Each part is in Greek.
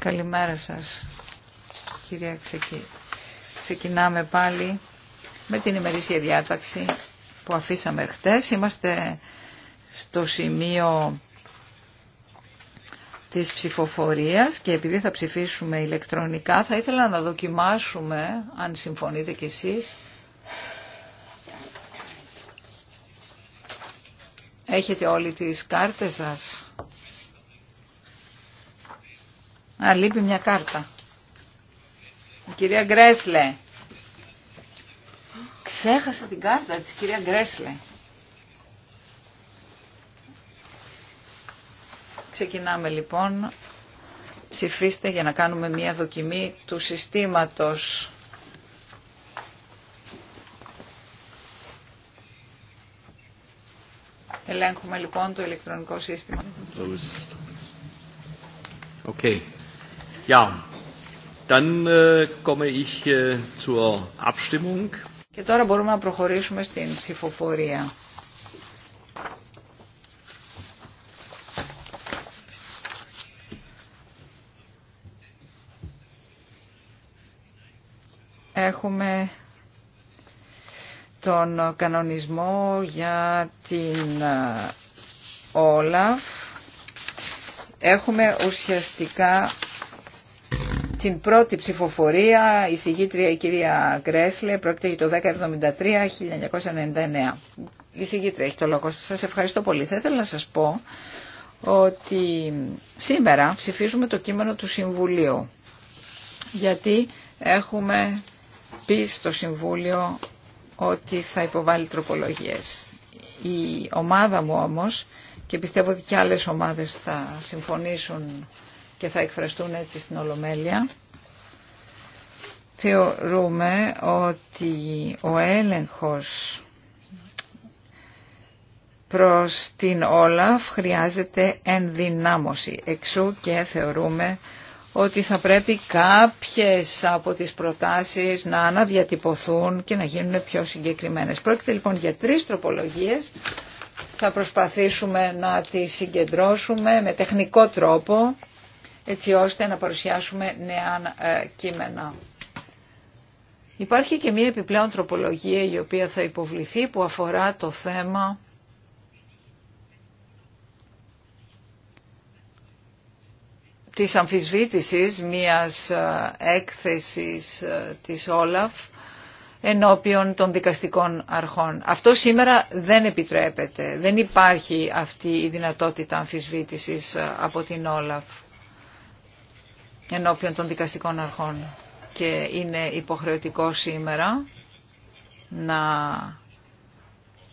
Καλημέρα σας, κυρία Ξεκι... Ξεκινάμε πάλι με την ημερήσια διάταξη που αφήσαμε χτες. Είμαστε στο σημείο της ψηφοφορίας και επειδή θα ψηφίσουμε ηλεκτρονικά θα ήθελα να δοκιμάσουμε, αν συμφωνείτε κι εσείς, Έχετε όλοι τις κάρτες σας. Α, λείπει μια κάρτα. Η κυρία Γκρέσλε. Ξέχασα την κάρτα της κυρία Γκρέσλε. Ξεκινάμε λοιπόν. Ψηφίστε για να κάνουμε μια δοκιμή του συστήματος. Ελέγχουμε λοιπόν το ηλεκτρονικό σύστημα. Okay. Äh, komme ich äh, zur Abstimmung. Και τώρα μπορούμε να προχωρήσουμε στην ψηφοφορία. Έχουμε τον κανονισμό για την ε, Όλαφ. Έχουμε ουσιαστικά την πρώτη ψηφοφορία, η συγγήτρια η κυρία Γκρέσλε, πρόκειται για το 1073-1999. Η συγγήτρια έχει το λόγο. Σας ευχαριστώ πολύ. Θα ήθελα να σας πω ότι σήμερα ψηφίζουμε το κείμενο του Συμβουλίου. Γιατί έχουμε πει στο Συμβούλιο ότι θα υποβάλει τροπολογίες. Η ομάδα μου όμως, και πιστεύω ότι και άλλες ομάδες θα συμφωνήσουν και θα εκφραστούν έτσι στην Ολομέλεια. Θεωρούμε ότι ο έλεγχος προς την Όλαφ χρειάζεται ενδυνάμωση. Εξού και θεωρούμε ότι θα πρέπει κάποιες από τις προτάσεις να αναδιατυπωθούν και να γίνουν πιο συγκεκριμένες. Πρόκειται λοιπόν για τρεις τροπολογίες. Θα προσπαθήσουμε να τις συγκεντρώσουμε με τεχνικό τρόπο έτσι ώστε να παρουσιάσουμε νέα ε, κείμενα. Υπάρχει και μία επιπλέον τροπολογία η οποία θα υποβληθεί που αφορά το θέμα της αμφισβήτησης μίας ε, έκθεσης ε, της Όλαφ ενώπιον των δικαστικών αρχών. Αυτό σήμερα δεν επιτρέπεται. Δεν υπάρχει αυτή η δυνατότητα αμφισβήτησης από την Όλαφ ενώπιον των δικαστικών αρχών και είναι υποχρεωτικό σήμερα να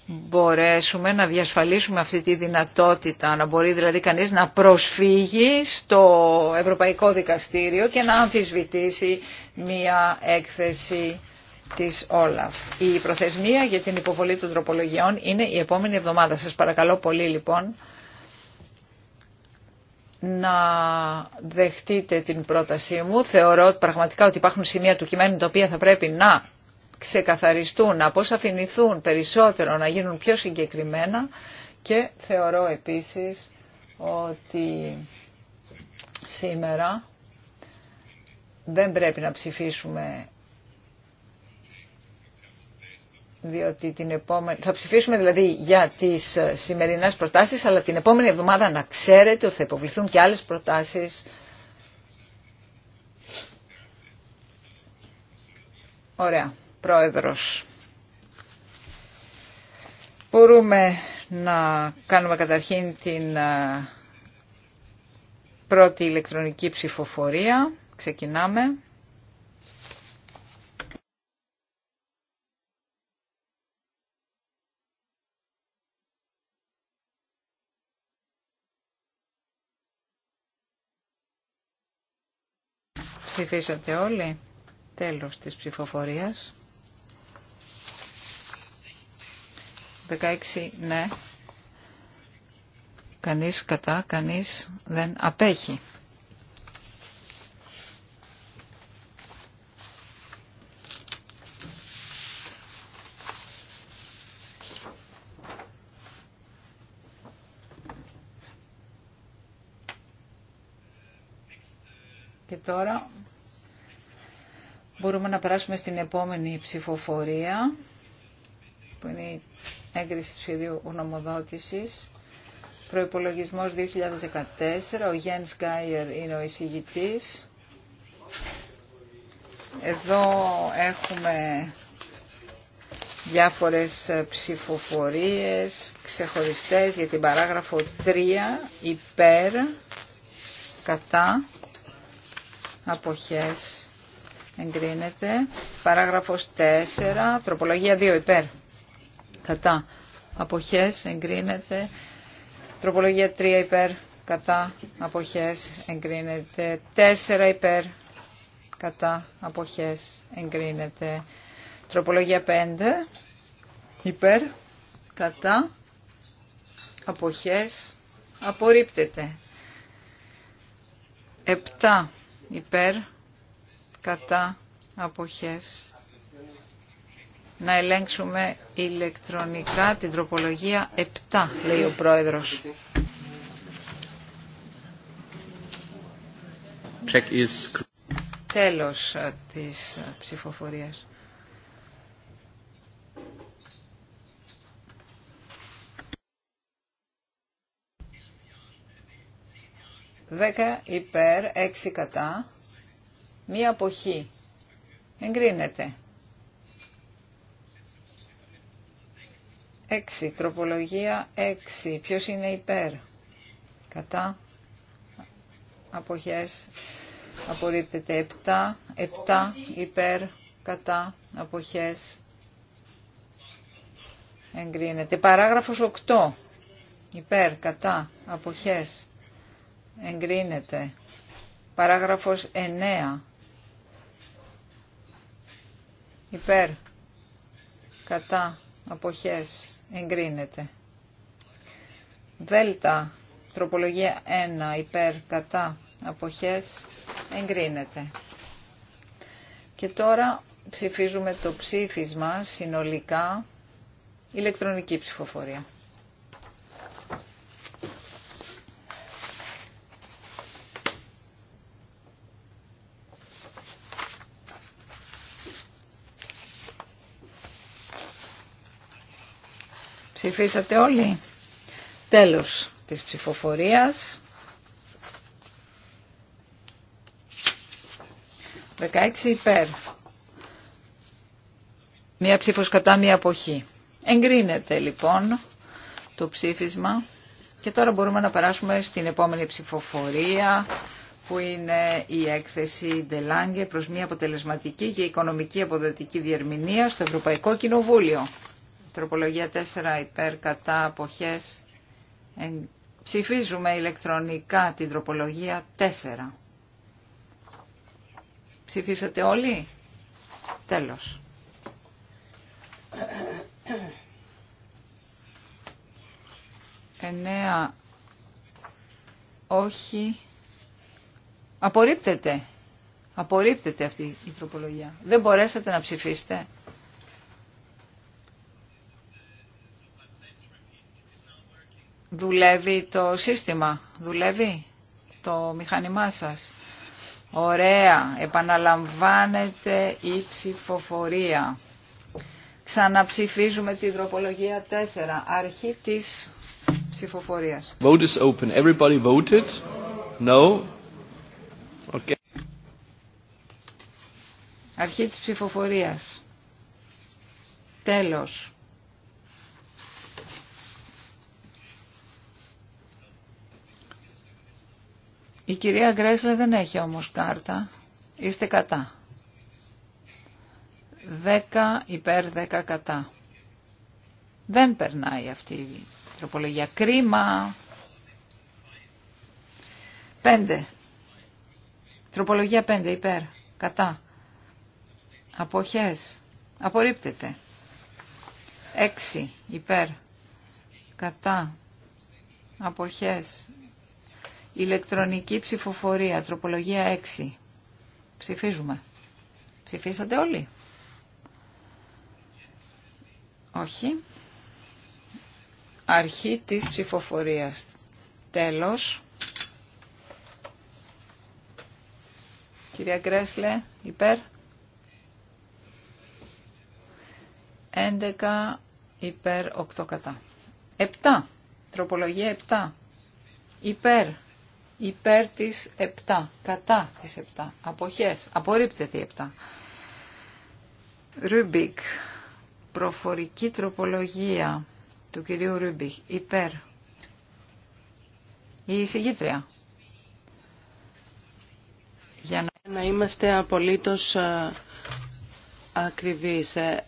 μπορέσουμε να διασφαλίσουμε αυτή τη δυνατότητα, να μπορεί δηλαδή κανείς να προσφύγει στο Ευρωπαϊκό Δικαστήριο και να αμφισβητήσει μία έκθεση της Όλαφ. Η προθεσμία για την υποβολή των τροπολογιών είναι η επόμενη εβδομάδα. Σας παρακαλώ πολύ λοιπόν να δεχτείτε την πρότασή μου. Θεωρώ πραγματικά ότι υπάρχουν σημεία του κειμένου τα οποία θα πρέπει να ξεκαθαριστούν, να αποσαφηνηθούν περισσότερο, να γίνουν πιο συγκεκριμένα και θεωρώ επίσης ότι σήμερα δεν πρέπει να ψηφίσουμε διότι την επόμενη... θα ψηφίσουμε δηλαδή για τις ε, σημερινές προτάσεις, αλλά την επόμενη εβδομάδα να ξέρετε ότι θα υποβληθούν και άλλες προτάσεις. Ωραία, πρόεδρος. Μπορούμε να κάνουμε καταρχήν την ε, πρώτη ηλεκτρονική ψηφοφορία. Ξεκινάμε. Ψηφίσατε όλοι. Τέλος της ψηφοφορίας. 16 ναι. Κανείς κατά, κανείς δεν απέχει. Τώρα μπορούμε να περάσουμε στην επόμενη ψηφοφορία, που είναι η έγκριση του σχεδίου γνωμοδότησης. Προϋπολογισμός 2014, ο Γιάννης Γκάιερ είναι ο εισηγητής. Εδώ έχουμε διάφορες ψηφοφορίες ξεχωριστές για την παράγραφο 3 υπέρ κατά αποχές εγκρίνεται. Παράγραφος 4, τροπολογία 2 υπέρ. Κατά αποχές εγκρίνεται. Τροπολογία 3 υπέρ. Κατά αποχές εγκρίνεται. 4 υπέρ. Κατά αποχές εγκρίνεται. Τροπολογία 5 υπέρ. Κατά αποχές απορρίπτεται. 7 υπέρ, κατά, αποχές. Να ελέγξουμε ηλεκτρονικά την τροπολογία 7, λέει ο πρόεδρος. Check is... Τέλος ε, της ε, ψηφοφορίας. 10 υπέρ, 6 κατά, μία αποχή. Εγκρίνεται. 6. Τροπολογία 6. Ποιος είναι υπέρ. Κατά. Αποχές. Απορρίπτεται 7. 7 υπέρ. Κατά. Αποχές. Εγκρίνεται. Παράγραφος 8. Υπέρ. Κατά. Αποχές εγκρίνεται. Παράγραφος 9. Υπέρ. Κατά. Αποχές. Εγκρίνεται. Δέλτα. Τροπολογία 1. Υπέρ. Κατά. Αποχές. Εγκρίνεται. Και τώρα ψηφίζουμε το ψήφισμα συνολικά ηλεκτρονική ψηφοφορία. Ψηφίσατε όλοι. Τέλος της ψηφοφορίας. 16 υπέρ. Μία ψήφος κατά μία αποχή. Εγκρίνεται λοιπόν το ψήφισμα και τώρα μπορούμε να περάσουμε στην επόμενη ψηφοφορία που είναι η έκθεση Ντελάνγκε προς μια αποτελεσματική και οικονομική αποδοτική διερμηνία στο Ευρωπαϊκό Κοινοβούλιο. Τροπολογία 4 υπέρ κατά αποχές. Ψηφίζουμε ηλεκτρονικά την τροπολογία 4. Ψηφίσατε όλοι. Τέλος. Εννέα. Όχι. Απορρίπτεται. Απορρίπτεται αυτή η τροπολογία. Δεν μπορέσατε να ψηφίσετε. Δουλεύει το σύστημα, δουλεύει το μηχανημά σας. Ωραία, επαναλαμβάνεται η ψηφοφορία. Ξαναψηφίζουμε την τροπολογία 4, αρχή της ψηφοφορίας. open. Everybody voted? No? Okay. Αρχή της ψηφοφορίας. Τέλος. Η κυρία Γκρέσλε δεν έχει όμως κάρτα. Είστε κατά. 10 υπέρ 10 κατά. Δεν περνάει αυτή η τροπολογία. Κρίμα. 5. Τροπολογία 5 υπέρ. Κατά. Αποχές. Απορρίπτεται. 6 υπέρ. Κατά. Αποχές. Ηλεκτρονική ψηφοφορία, τροπολογία 6. Ψηφίζουμε. Ψηφίσατε όλοι. Όχι. Αρχή της ψηφοφορίας. Τέλος. Κυρία Γκρέσλε, υπέρ. 11 υπέρ 8 κατά. 7. Τροπολογία 7. Υπέρ υπέρ της 7, κατά της 7, αποχές, απορρίπτεται η 7. Ρούμπικ, προφορική τροπολογία του κυρίου Ρούμπικ, υπέρ. Η εισηγήτρια. Για να... να είμαστε απολύτως ακριβείς. Ε.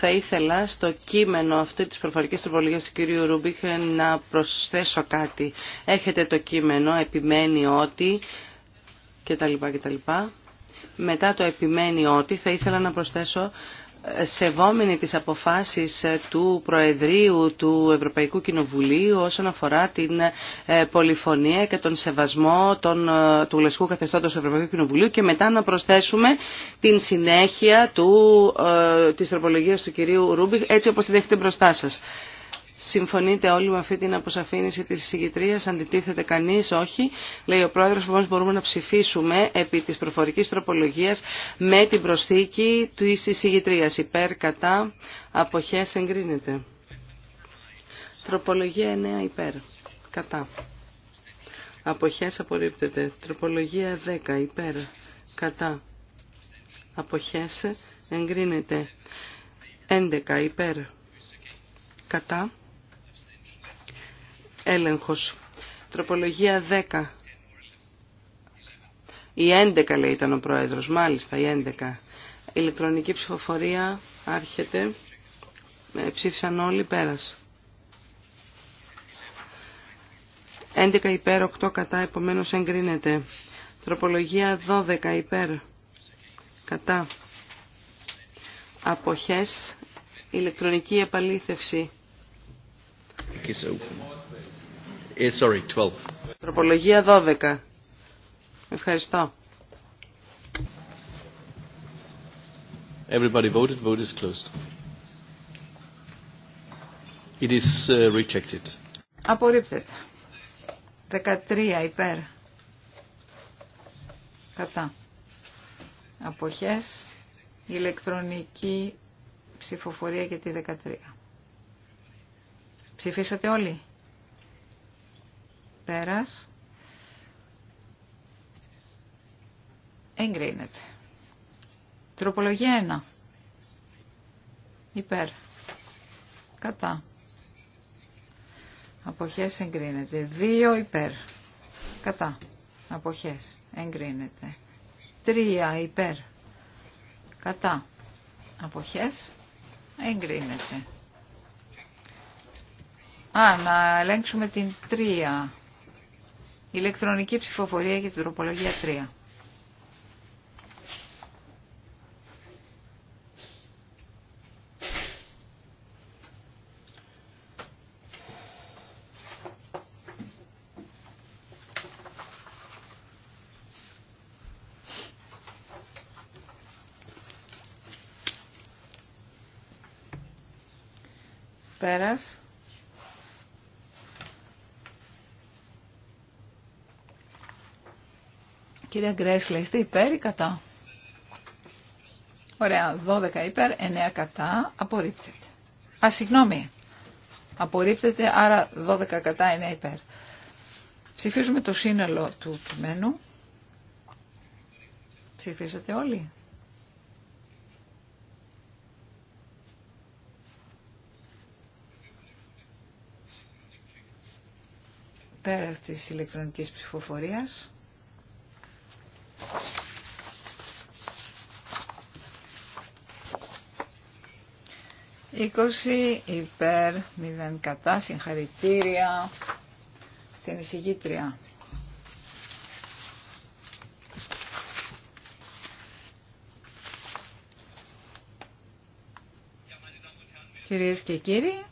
Θα ήθελα στο κείμενο αυτή της προφορικής τροπολογίας του κυρίου Ρούμπιχ να προσθέσω κάτι. Έχετε το κείμενο, επιμένει ότι κτλ. κτλ. Μετά το επιμένει ότι θα ήθελα να προσθέσω Σεβόμενη τις αποφάσεις ε, του Προεδρείου του Ευρωπαϊκού Κοινοβουλίου όσον αφορά την ε, πολυφωνία και τον σεβασμό των, ε, του λεσκού καθεστώτος του Ευρωπαϊκού Κοινοβουλίου και μετά να προσθέσουμε την συνέχεια του, της τροπολογίας του κυρίου Ρούμπιχ έτσι όπως τη δέχεται μπροστά σας. Συμφωνείτε όλοι με αυτή την αποσαφήνιση της συγκητρίας, αντιτίθεται κανείς, όχι. Λέει ο πρόεδρος, πως μπορούμε να ψηφίσουμε επί της προφορικής τροπολογίας με την προσθήκη του συγκητρίας. Υπέρ, κατά, αποχές, εγκρίνεται. Τροπολογία 9 υπέρ, κατά. Αποχές απορρίπτεται. Τροπολογία 10 υπέρ, κατά. Αποχέ. εγκρίνεται. 11 υπέρ, κατά έλεγχος. Τροπολογία 10. Η 11 λέει ήταν ο πρόεδρος, μάλιστα η 11. Ηλεκτρονική ψηφοφορία άρχεται. Ε, ψήφισαν όλοι, πέρας. 11 υπέρ, 8 κατά, επομένως εγκρίνεται. Τροπολογία 12 υπέρ, κατά. Αποχές, ηλεκτρονική επαλήθευση. Eh, Τροπολογία 12. Ευχαριστώ. Everybody voted. Vote is closed. It is uh, rejected. Απορρίπτεται. 13 υπέρ. Κατά. Αποχές. Ηλεκτρονική ψηφοφορία για τη 13. Ψηφίσατε όλοι. Πέρας. Εγκρίνεται. Τροπολογία 1. Υπέρ. Κατά. Αποχές εγκρίνεται. 2 υπέρ. Κατά. Αποχές εγκρίνεται. 3 υπέρ. Κατά. Αποχές εγκρίνεται. Α, να ελέγξουμε την 3. Ηλεκτρονική ψηφοφορία για την τροπολογία 3. κυρία Γκρέσλε. Είστε υπέρ ή κατά. Ωραία. 12 υπέρ, 9 κατά. Απορρίπτεται. Α, συγγνώμη. Απορρίπτεται, άρα 12 κατά, 9 υπέρ. Ψηφίζουμε το σύνολο του κειμένου. Ψηφίζετε όλοι. Πέρα τη ηλεκτρονική ψηφοφορία. 20 υπέρ 0 κατά συγχαρητήρια στην εισηγήτρια. Κυρίες και κύριοι,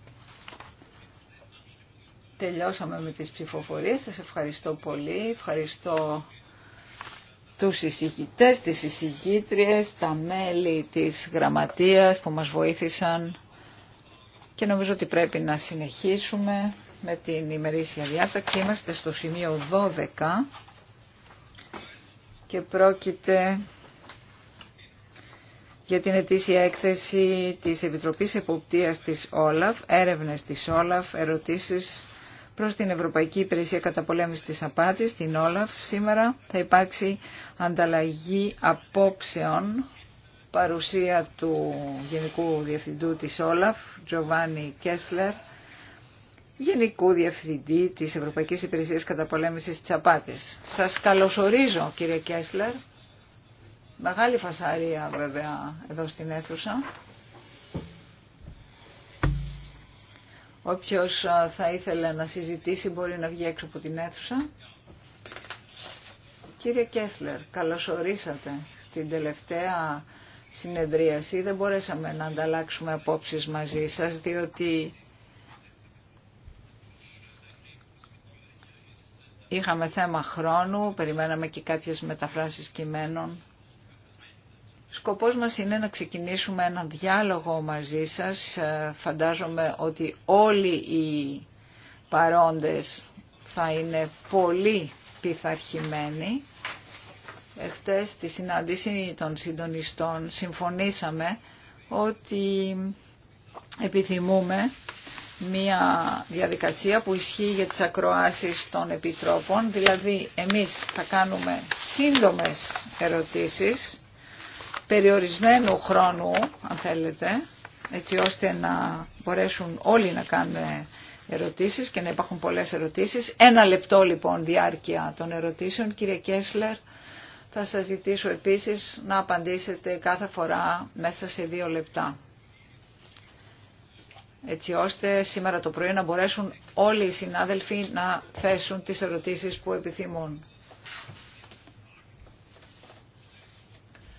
τελειώσαμε με τις ψηφοφορίες. Σας ευχαριστώ πολύ. Ευχαριστώ τους εισηγητές, τις εισηγήτριες, τα μέλη της γραμματείας που μας βοήθησαν και νομίζω ότι πρέπει να συνεχίσουμε με την ημερήσια διάταξη. Είμαστε στο σημείο 12 και πρόκειται για την ετήσια έκθεση της Επιτροπής Εποπτείας της Όλαφ, έρευνες της Όλαφ, ερωτήσεις προς την Ευρωπαϊκή Υπηρεσία Καταπολέμησης της Απάτης, την Όλαφ. Σήμερα θα υπάρξει ανταλλαγή απόψεων παρουσία του Γενικού Διευθυντού της Όλαφ, Τζοβάνι Κέσλερ, Γενικού Διευθυντή της Ευρωπαϊκής Υπηρεσίας Καταπολέμησης της Απάτης. Σας καλωσορίζω κύριε Κέσλερ. Μεγάλη φασαρία βέβαια εδώ στην αίθουσα. Όποιος θα ήθελε να συζητήσει μπορεί να βγει έξω από την αίθουσα. Κύριε Κέσλερ, καλωσορίσατε στην τελευταία συνεδρίαση. Δεν μπορέσαμε να ανταλλάξουμε απόψεις μαζί σας, διότι είχαμε θέμα χρόνου, περιμέναμε και κάποιες μεταφράσεις κειμένων. Σκοπός μας είναι να ξεκινήσουμε ένα διάλογο μαζί σας. Ε, φαντάζομαι ότι όλοι οι παρόντες θα είναι πολύ πειθαρχημένοι Εχθές στη συνάντηση των συντονιστών συμφωνήσαμε ότι επιθυμούμε μία διαδικασία που ισχύει για τις ακροάσεις των επιτρόπων, δηλαδή εμείς θα κάνουμε σύντομες ερωτήσεις, περιορισμένου χρόνου αν θέλετε, έτσι ώστε να μπορέσουν όλοι να κάνουν ερωτήσεις και να υπάρχουν πολλές ερωτήσεις. Ένα λεπτό λοιπόν διάρκεια των ερωτήσεων. Κύριε Κέσλερ, θα σας ζητήσω επίσης να απαντήσετε κάθε φορά μέσα σε δύο λεπτά. Έτσι ώστε σήμερα το πρωί να μπορέσουν όλοι οι συνάδελφοι να θέσουν τις ερωτήσεις που επιθυμούν.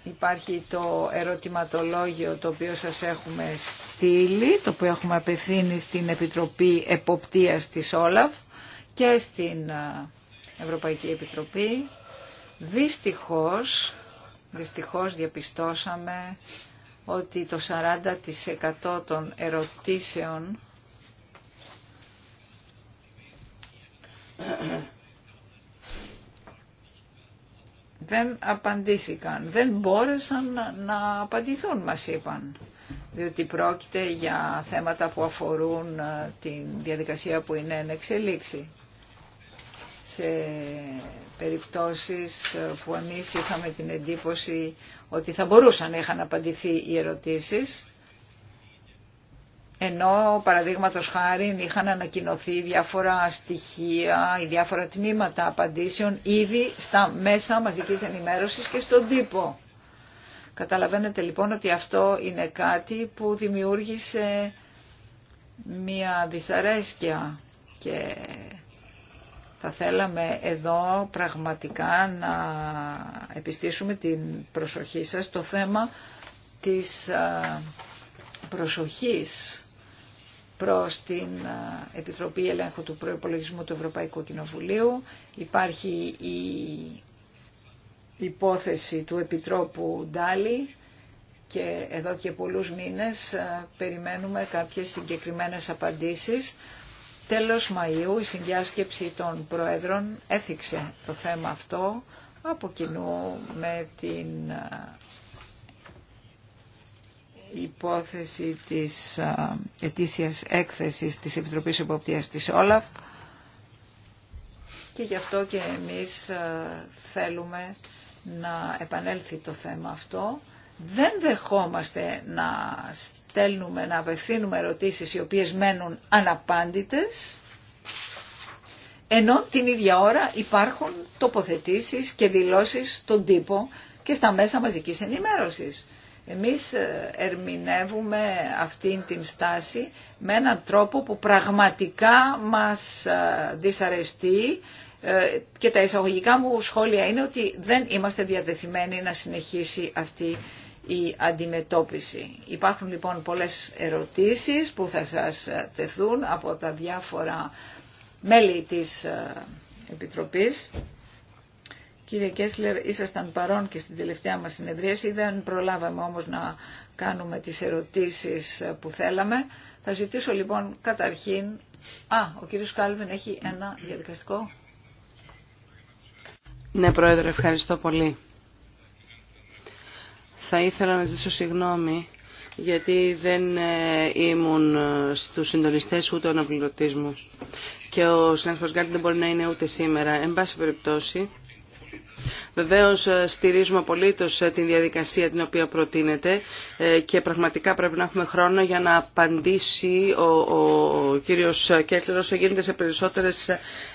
Υπάρχει το ερωτηματολόγιο το οποίο σας έχουμε στείλει, το οποίο έχουμε απευθύνει στην Επιτροπή Εποπτείας της Όλαφ και στην ε, Ευρωπαϊκή Επιτροπή. Δυστυχώς, δυστυχώς διαπιστώσαμε ότι το 40% των ερωτήσεων δεν απαντήθηκαν, δεν μπόρεσαν να απαντηθούν μας είπαν διότι πρόκειται για θέματα που αφορούν ε, την διαδικασία που είναι εν εξελίξη σε περιπτώσεις που εμείς είχαμε την εντύπωση ότι θα μπορούσαν να είχαν απαντηθεί οι ερωτήσεις ενώ παραδείγματο χάρη είχαν ανακοινωθεί διάφορα στοιχεία ή διάφορα τμήματα απαντήσεων ήδη στα μέσα μαζικής ενημέρωσης και στον τύπο. Καταλαβαίνετε λοιπόν ότι αυτό είναι κάτι που δημιούργησε μια δυσαρέσκεια και θα θέλαμε εδώ πραγματικά να επιστήσουμε την προσοχή σας στο θέμα της προσοχής προς την Επιτροπή Ελέγχου του Προϋπολογισμού του Ευρωπαϊκού Κοινοβουλίου. Υπάρχει η υπόθεση του Επιτρόπου Ντάλι και εδώ και πολλούς μήνες περιμένουμε κάποιες συγκεκριμένες απαντήσεις. Τέλος Μαΐου η συνδιάσκεψη των Προέδρων έθιξε το θέμα αυτό από κοινού με την ε, υπόθεση της ε, ετήσιας έκθεσης της Επιτροπής Εποπτείας της Όλαφ και γι' αυτό και εμείς ε, θέλουμε να επανέλθει το θέμα αυτό δεν δεχόμαστε να στέλνουμε, να απευθύνουμε ερωτήσεις οι οποίες μένουν αναπάντητες, ενώ την ίδια ώρα υπάρχουν τοποθετήσεις και δηλώσεις στον τύπο και στα μέσα μαζικής ενημέρωσης. Εμείς ε, ερμηνεύουμε αυτήν την στάση με έναν τρόπο που πραγματικά μας ε, δυσαρεστεί ε, και τα εισαγωγικά μου σχόλια είναι ότι δεν είμαστε διατεθειμένοι να συνεχίσει αυτή η αντιμετώπιση. Υπάρχουν λοιπόν πολλές ερωτήσεις που θα σας ε, τεθούν από τα διάφορα μέλη της ε, Επιτροπής. Κύριε Κέσλερ, ήσασταν παρόν και στην τελευταία μας συνεδρίαση, δεν προλάβαμε όμως να κάνουμε τις ερωτήσεις ε, που θέλαμε. Θα ζητήσω λοιπόν καταρχήν... Α, ο κύριος Κάλβιν έχει ένα διαδικαστικό. Ναι, Πρόεδρε, ευχαριστώ πολύ. Θα ήθελα να ζητήσω συγγνώμη γιατί δεν ε, ήμουν ε, στους συντονιστές ούτε ο αναπληρωτής μου. Και ο συνάδελφος Γκάρντ δεν μπορεί να είναι ούτε σήμερα. Εν πάση περιπτώσει, Βεβαίως ε, στηρίζουμε απολύτως την διαδικασία την οποία προτείνεται και πραγματικά πρέπει να έχουμε χρόνο για να απαντήσει ο, ο, ο κύριος Κέσλερ όσο γίνεται σε περισσότερες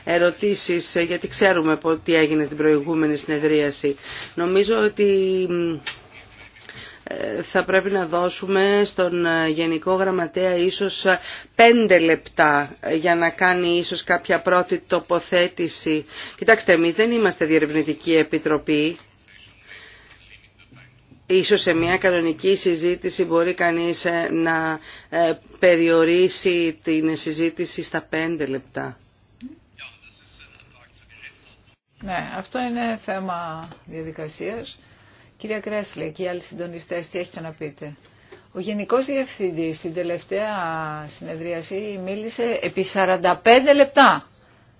ερωτήσεις γιατί ξέρουμε τι έγινε την προηγούμενη συνεδρίαση. Νομίζω ότι θα πρέπει να δώσουμε στον Γενικό Γραμματέα ίσως πέντε λεπτά για να κάνει ίσως κάποια πρώτη τοποθέτηση. Κοιτάξτε, εμείς δεν είμαστε διερευνητική επιτροπή. Ίσως σε μια κανονική συζήτηση μπορεί κανείς ε, να ε, περιορίσει την συζήτηση στα πέντε λεπτά. Ναι, αυτό είναι θέμα διαδικασίας. Κυρία Κρέσλε και οι άλλοι συντονιστέ, τι έχετε να πείτε. Ο Γενικός Διευθυντής στην τελευταία συνεδρίαση μίλησε επί 45 λεπτά.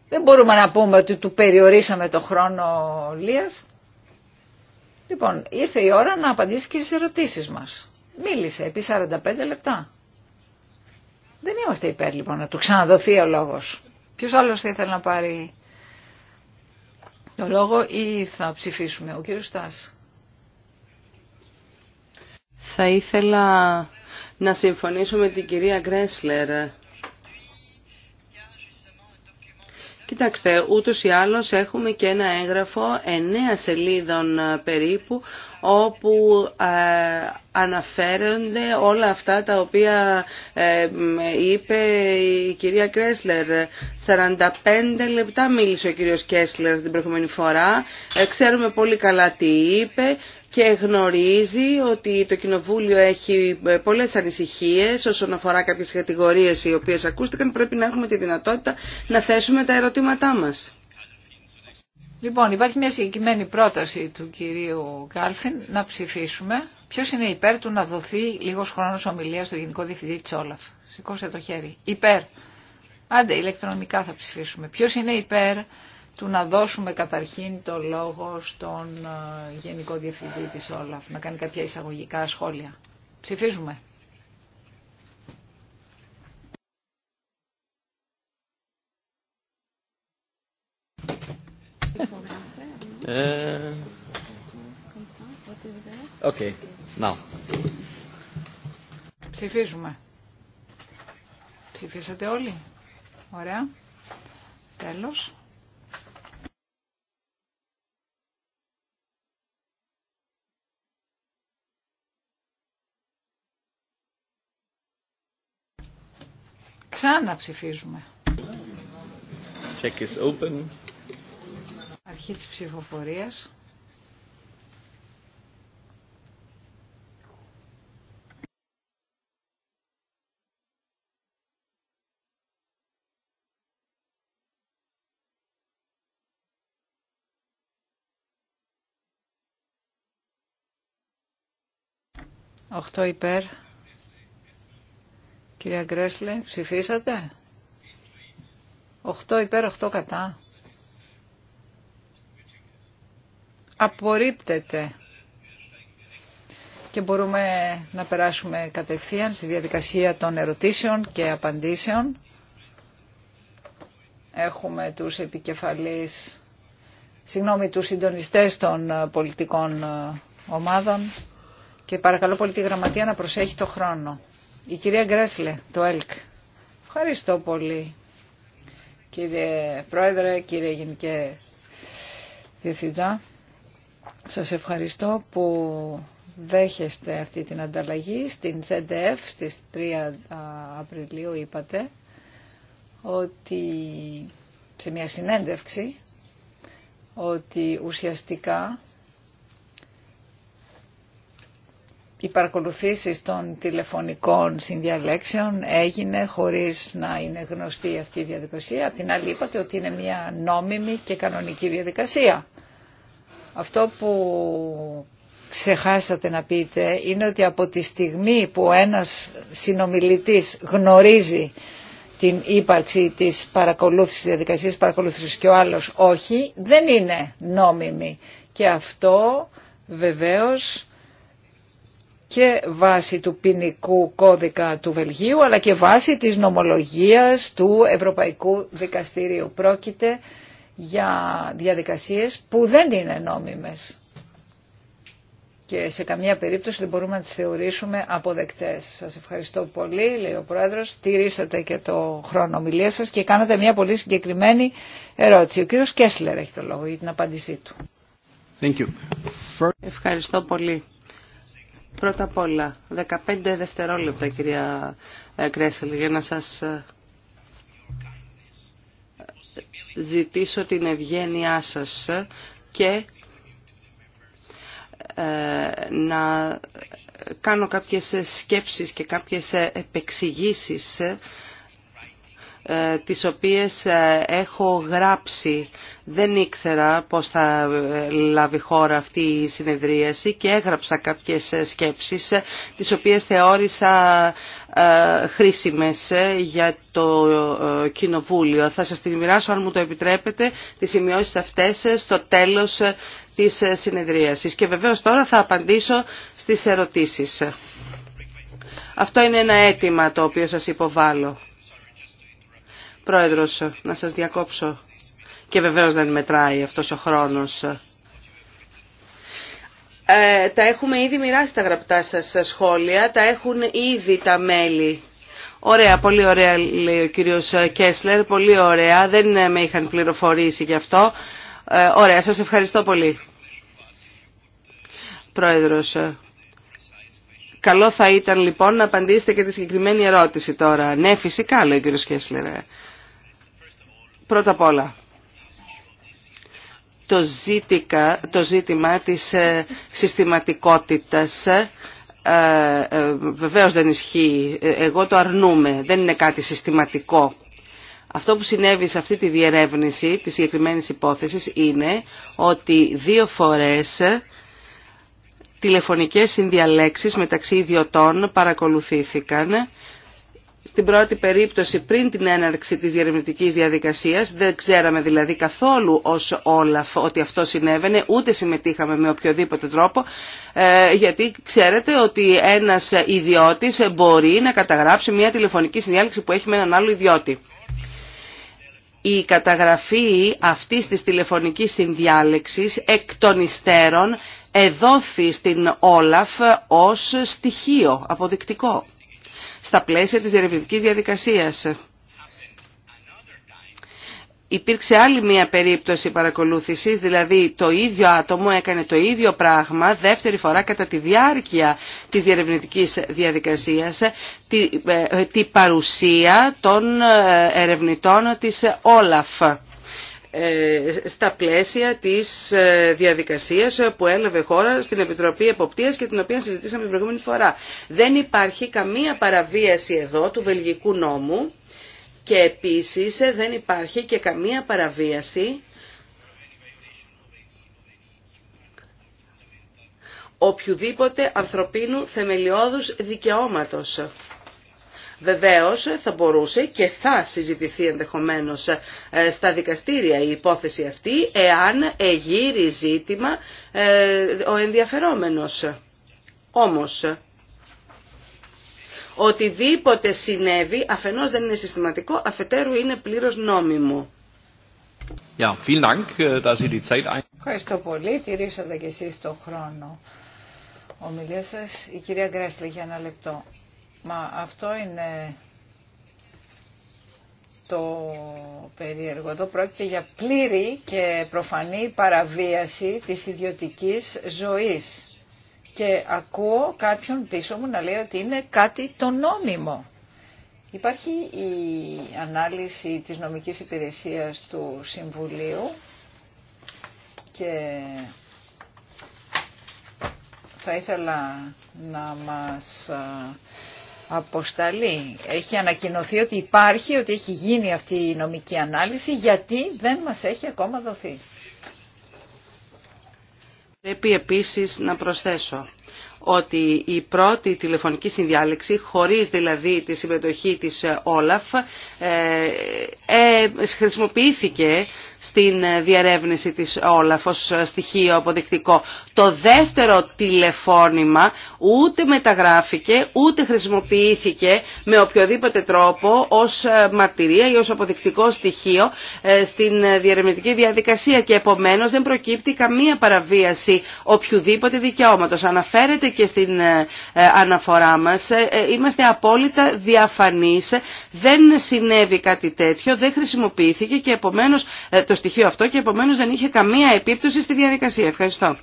Δεν μπορούμε να πούμε ότι του περιορίσαμε το χρόνο Λίας. Λοιπόν, ήρθε η ώρα να απαντήσει και στις ερωτήσεις μας. Μίλησε επί 45 λεπτά. Δεν είμαστε υπέρ λοιπόν να του ξαναδοθεί ο λόγος. Ποιος άλλο θα ήθελε να πάρει το λόγο ή θα ψηφίσουμε. Ο κύριος Στάς. Θα ήθελα να συμφωνήσω με την κυρία Γκρέσλερ. Κοιτάξτε, ούτως ή άλλως έχουμε και ένα έγγραφο εννέα σελίδων περίπου όπου ε, αναφέρονται όλα αυτά τα οποία ε, είπε η κυρία Κρέσλερ. 45 λεπτά μίλησε ο κύριος Κέσλερ την προηγούμενη φορά. Ε, ξέρουμε πολύ καλά τι είπε και γνωρίζει ότι το Κοινοβούλιο έχει ε, πολλές ανησυχίες όσον αφορά κάποιες κατηγορίες οι οποίες ακούστηκαν. Πρέπει να έχουμε τη δυνατότητα να θέσουμε τα ερωτήματά μας. Λοιπόν, υπάρχει μια συγκεκριμένη πρόταση του κυρίου Κάλφιν να ψηφίσουμε. Ποιο είναι υπέρ του να δοθεί λίγο χρόνο ομιλία στο Γενικό Διευθυντή τη Όλαφ. Σηκώσε το χέρι. Υπέρ. Άντε, ηλεκτρονικά θα ψηφίσουμε. Ποιο είναι υπέρ του να δώσουμε καταρχήν το λόγο στον ε, Γενικό Διευθυντή της Όλαφ, να κάνει κάποια εισαγωγικά σχόλια. Ψηφίζουμε. Ε, okay. Now. Ψηφίζουμε. Ψηφίσατε όλοι. Ωραία. Τέλος. Ξαναψηφίζουμε. Check is open. Αρχή της ψηφοφορίας. Οχτώ υπέρ, Κυρία Γκρέσλε, ψηφίσατε. 8 υπέρ, 8 κατά. Απορρίπτεται. Και μπορούμε να περάσουμε κατευθείαν στη διαδικασία των ερωτήσεων και απαντήσεων. Έχουμε τους επικεφαλείς, συγγνώμη, τους συντονιστές των πολιτικών ε, ομάδων και παρακαλώ πολύ τη γραμματεία να προσέχει το χρόνο. Η κυρία Γκρέσλε, το ΕΛΚ. Ευχαριστώ πολύ. Κύριε Πρόεδρε, κύριε Γενικέ Διευθυντά, σας ευχαριστώ που δέχεστε αυτή την ανταλλαγή στην ZDF στις 3 Απριλίου είπατε ότι σε μια συνέντευξη ότι ουσιαστικά οι παρακολουθήσεις των τηλεφωνικών συνδιαλέξεων έγινε χωρίς να είναι γνωστή αυτή η διαδικασία. Απ' την άλλη είπατε ότι είναι μια νόμιμη και κανονική διαδικασία. Αυτό που ξεχάσατε να πείτε είναι ότι από τη στιγμή που ένας συνομιλητής γνωρίζει την ύπαρξη της παρακολούθησης, της διαδικασίας παρακολούθησης και ο άλλος όχι, δεν είναι νόμιμη. Και αυτό βεβαίως και βάσει του ποινικού κώδικα του Βελγίου αλλά και βάσει της νομολογίας του Ευρωπαϊκού Δικαστηρίου. Πρόκειται για διαδικασίες που δεν είναι νόμιμες και σε καμία περίπτωση δεν μπορούμε να τις θεωρήσουμε αποδεκτές. Σας ευχαριστώ πολύ, λέει ο Πρόεδρος. Τηρήσατε και το χρόνο ομιλία σας και κάνατε μια πολύ συγκεκριμένη ερώτηση. Ο κύριος Κέσλερ έχει το λόγο για την απάντησή του. Ευχαριστώ πολύ. Πρώτα απ' όλα, 15 δευτερόλεπτα κυρία ε, Κρέσελ για να σας ε, ζητήσω την ευγένειά σας και ε, να κάνω κάποιες σκέψεις και κάποιες επεξηγήσεις ε, τις οποίες ε, έχω γράψει. Δεν ήξερα πώς θα ε, λάβει χώρα αυτή η συνεδρίαση και έγραψα κάποιες σκέψεις τις οποίες θεώρησα χρήσιμες για το Κοινοβούλιο. Θα σας την μοιράσω αν μου το επιτρέπετε τις σημειώσεις αυτές στο τέλος της συνεδρίασης. Και βεβαίως τώρα θα απαντήσω στις ερωτήσεις. Αυτό είναι ένα αίτημα το οποίο σας υποβάλλω. Πρόεδρος, να σας διακόψω. Και βεβαίως δεν μετράει αυτός ο χρόνος. Ε, τα έχουμε ήδη μοιράσει τα γραπτά σας σχόλια, τα έχουν ήδη τα μέλη. Ωραία, πολύ ωραία λέει ο κύριος Κέσλερ, πολύ ωραία, δεν με είχαν πληροφορήσει γι' αυτό. Ε, ωραία, σας ευχαριστώ πολύ. Πρόεδρος, ε, καλό θα ήταν λοιπόν να απαντήσετε και τη συγκεκριμένη ερώτηση τώρα. Ναι, φυσικά λέει ο κύριος Κέσλερ. Πρώτα απ' όλα, το, ζήτημα της ε, συστηματικότητας ε, ε, βεβαίως δεν ισχύει. Εγώ το αρνούμαι. Δεν είναι κάτι συστηματικό. Αυτό που συνέβη σε αυτή τη διερεύνηση της συγκεκριμένη υπόθεσης είναι ότι δύο φορές τηλεφωνικές συνδιαλέξεις μεταξύ ιδιωτών παρακολουθήθηκαν στην πρώτη περίπτωση πριν την έναρξη της διαρευνητικής διαδικασίας, δεν ξέραμε δηλαδή καθόλου ως όλα ότι αυτό συνέβαινε, ούτε συμμετείχαμε με οποιοδήποτε τρόπο, ε, γιατί ξέρετε ότι ένας ιδιώτης μπορεί να καταγράψει μια τηλεφωνική συνδιάλεξη που έχει με έναν άλλο ιδιώτη. Η καταγραφή αυτής της τηλεφωνικής συνδιάλεξης εκ των υστέρων εδόθη στην Όλαφ ως στοιχείο αποδεικτικό στα πλαίσια της διερευνητικής διαδικασίας. Υπήρξε άλλη μία περίπτωση παρακολούθησης, δηλαδή το ίδιο άτομο έκανε το ίδιο πράγμα δεύτερη φορά κατά τη διάρκεια της διερευνητικής διαδικασίας τη, ε, ε, παρουσία των ε, ερευνητών της Όλαφ. Ε, στα πλαίσια της ε, διαδικασίας που έλαβε χώρα στην Επιτροπή Εποπτείας και την οποία συζητήσαμε την προηγούμενη φορά. Δεν υπάρχει καμία παραβίαση εδώ του βελγικού νόμου και επίσης ε, δεν υπάρχει και καμία παραβίαση οποιοδήποτε ανθρωπίνου θεμελιώδους δικαιώματος. Βεβαίως θα μπορούσε και θα συζητηθεί ενδεχομένως ε, στα δικαστήρια η υπόθεση αυτή εάν εγείρει ζήτημα ε, ο ενδιαφερόμενος. Όμως, οτιδήποτε συνέβη αφενός δεν είναι συστηματικό, αφετέρου είναι πλήρως νόμιμο. vielen Dank, äh, dass die Zeit... Ευχαριστώ πολύ. Τηρήσατε και εσείς το χρόνο ομιλία σας. Η κυρία Γκρέσλη για ένα λεπτό. Μα αυτό είναι το περίεργο. Εδώ πρόκειται για πλήρη και προφανή παραβίαση της ιδιωτικής ζωής. Και ακούω κάποιον πίσω μου να λέει ότι είναι κάτι το νόμιμο. Υπάρχει η ανάλυση της νομικής υπηρεσίας του Συμβουλίου και θα ήθελα να μας αποσταλεί. Έχει ανακοινωθεί ότι υπάρχει, ότι έχει γίνει αυτή η νομική ανάλυση, γιατί δεν μας έχει ακόμα δοθεί. Πρέπει επίσης να προσθέσω ότι η πρώτη τηλεφωνική συνδιάλεξη, χωρίς δηλαδή τη συμμετοχή της ε, Όλαφ, ε, ε, χρησιμοποιήθηκε στην διαρεύνηση της Όλαφ ως στοιχείο αποδεικτικό. Το δεύτερο τηλεφώνημα ούτε μεταγράφηκε, ούτε χρησιμοποιήθηκε με οποιοδήποτε τρόπο ως ε, μαρτυρία ή ως αποδεικτικό στοιχείο ε, στην ε, διαρευνητική διαδικασία και επομένως δεν προκύπτει καμία παραβίαση οποιοδήποτε δικαιώματος. Αναφέρεται και στην αναφορά μας, είμαστε απόλυτα διαφανείς, δεν συνέβη κάτι τέτοιο, δεν χρησιμοποιήθηκε και επομένως το στοιχείο αυτό και επομένως δεν είχε καμία επίπτωση στη διαδικασία. Ευχαριστώ.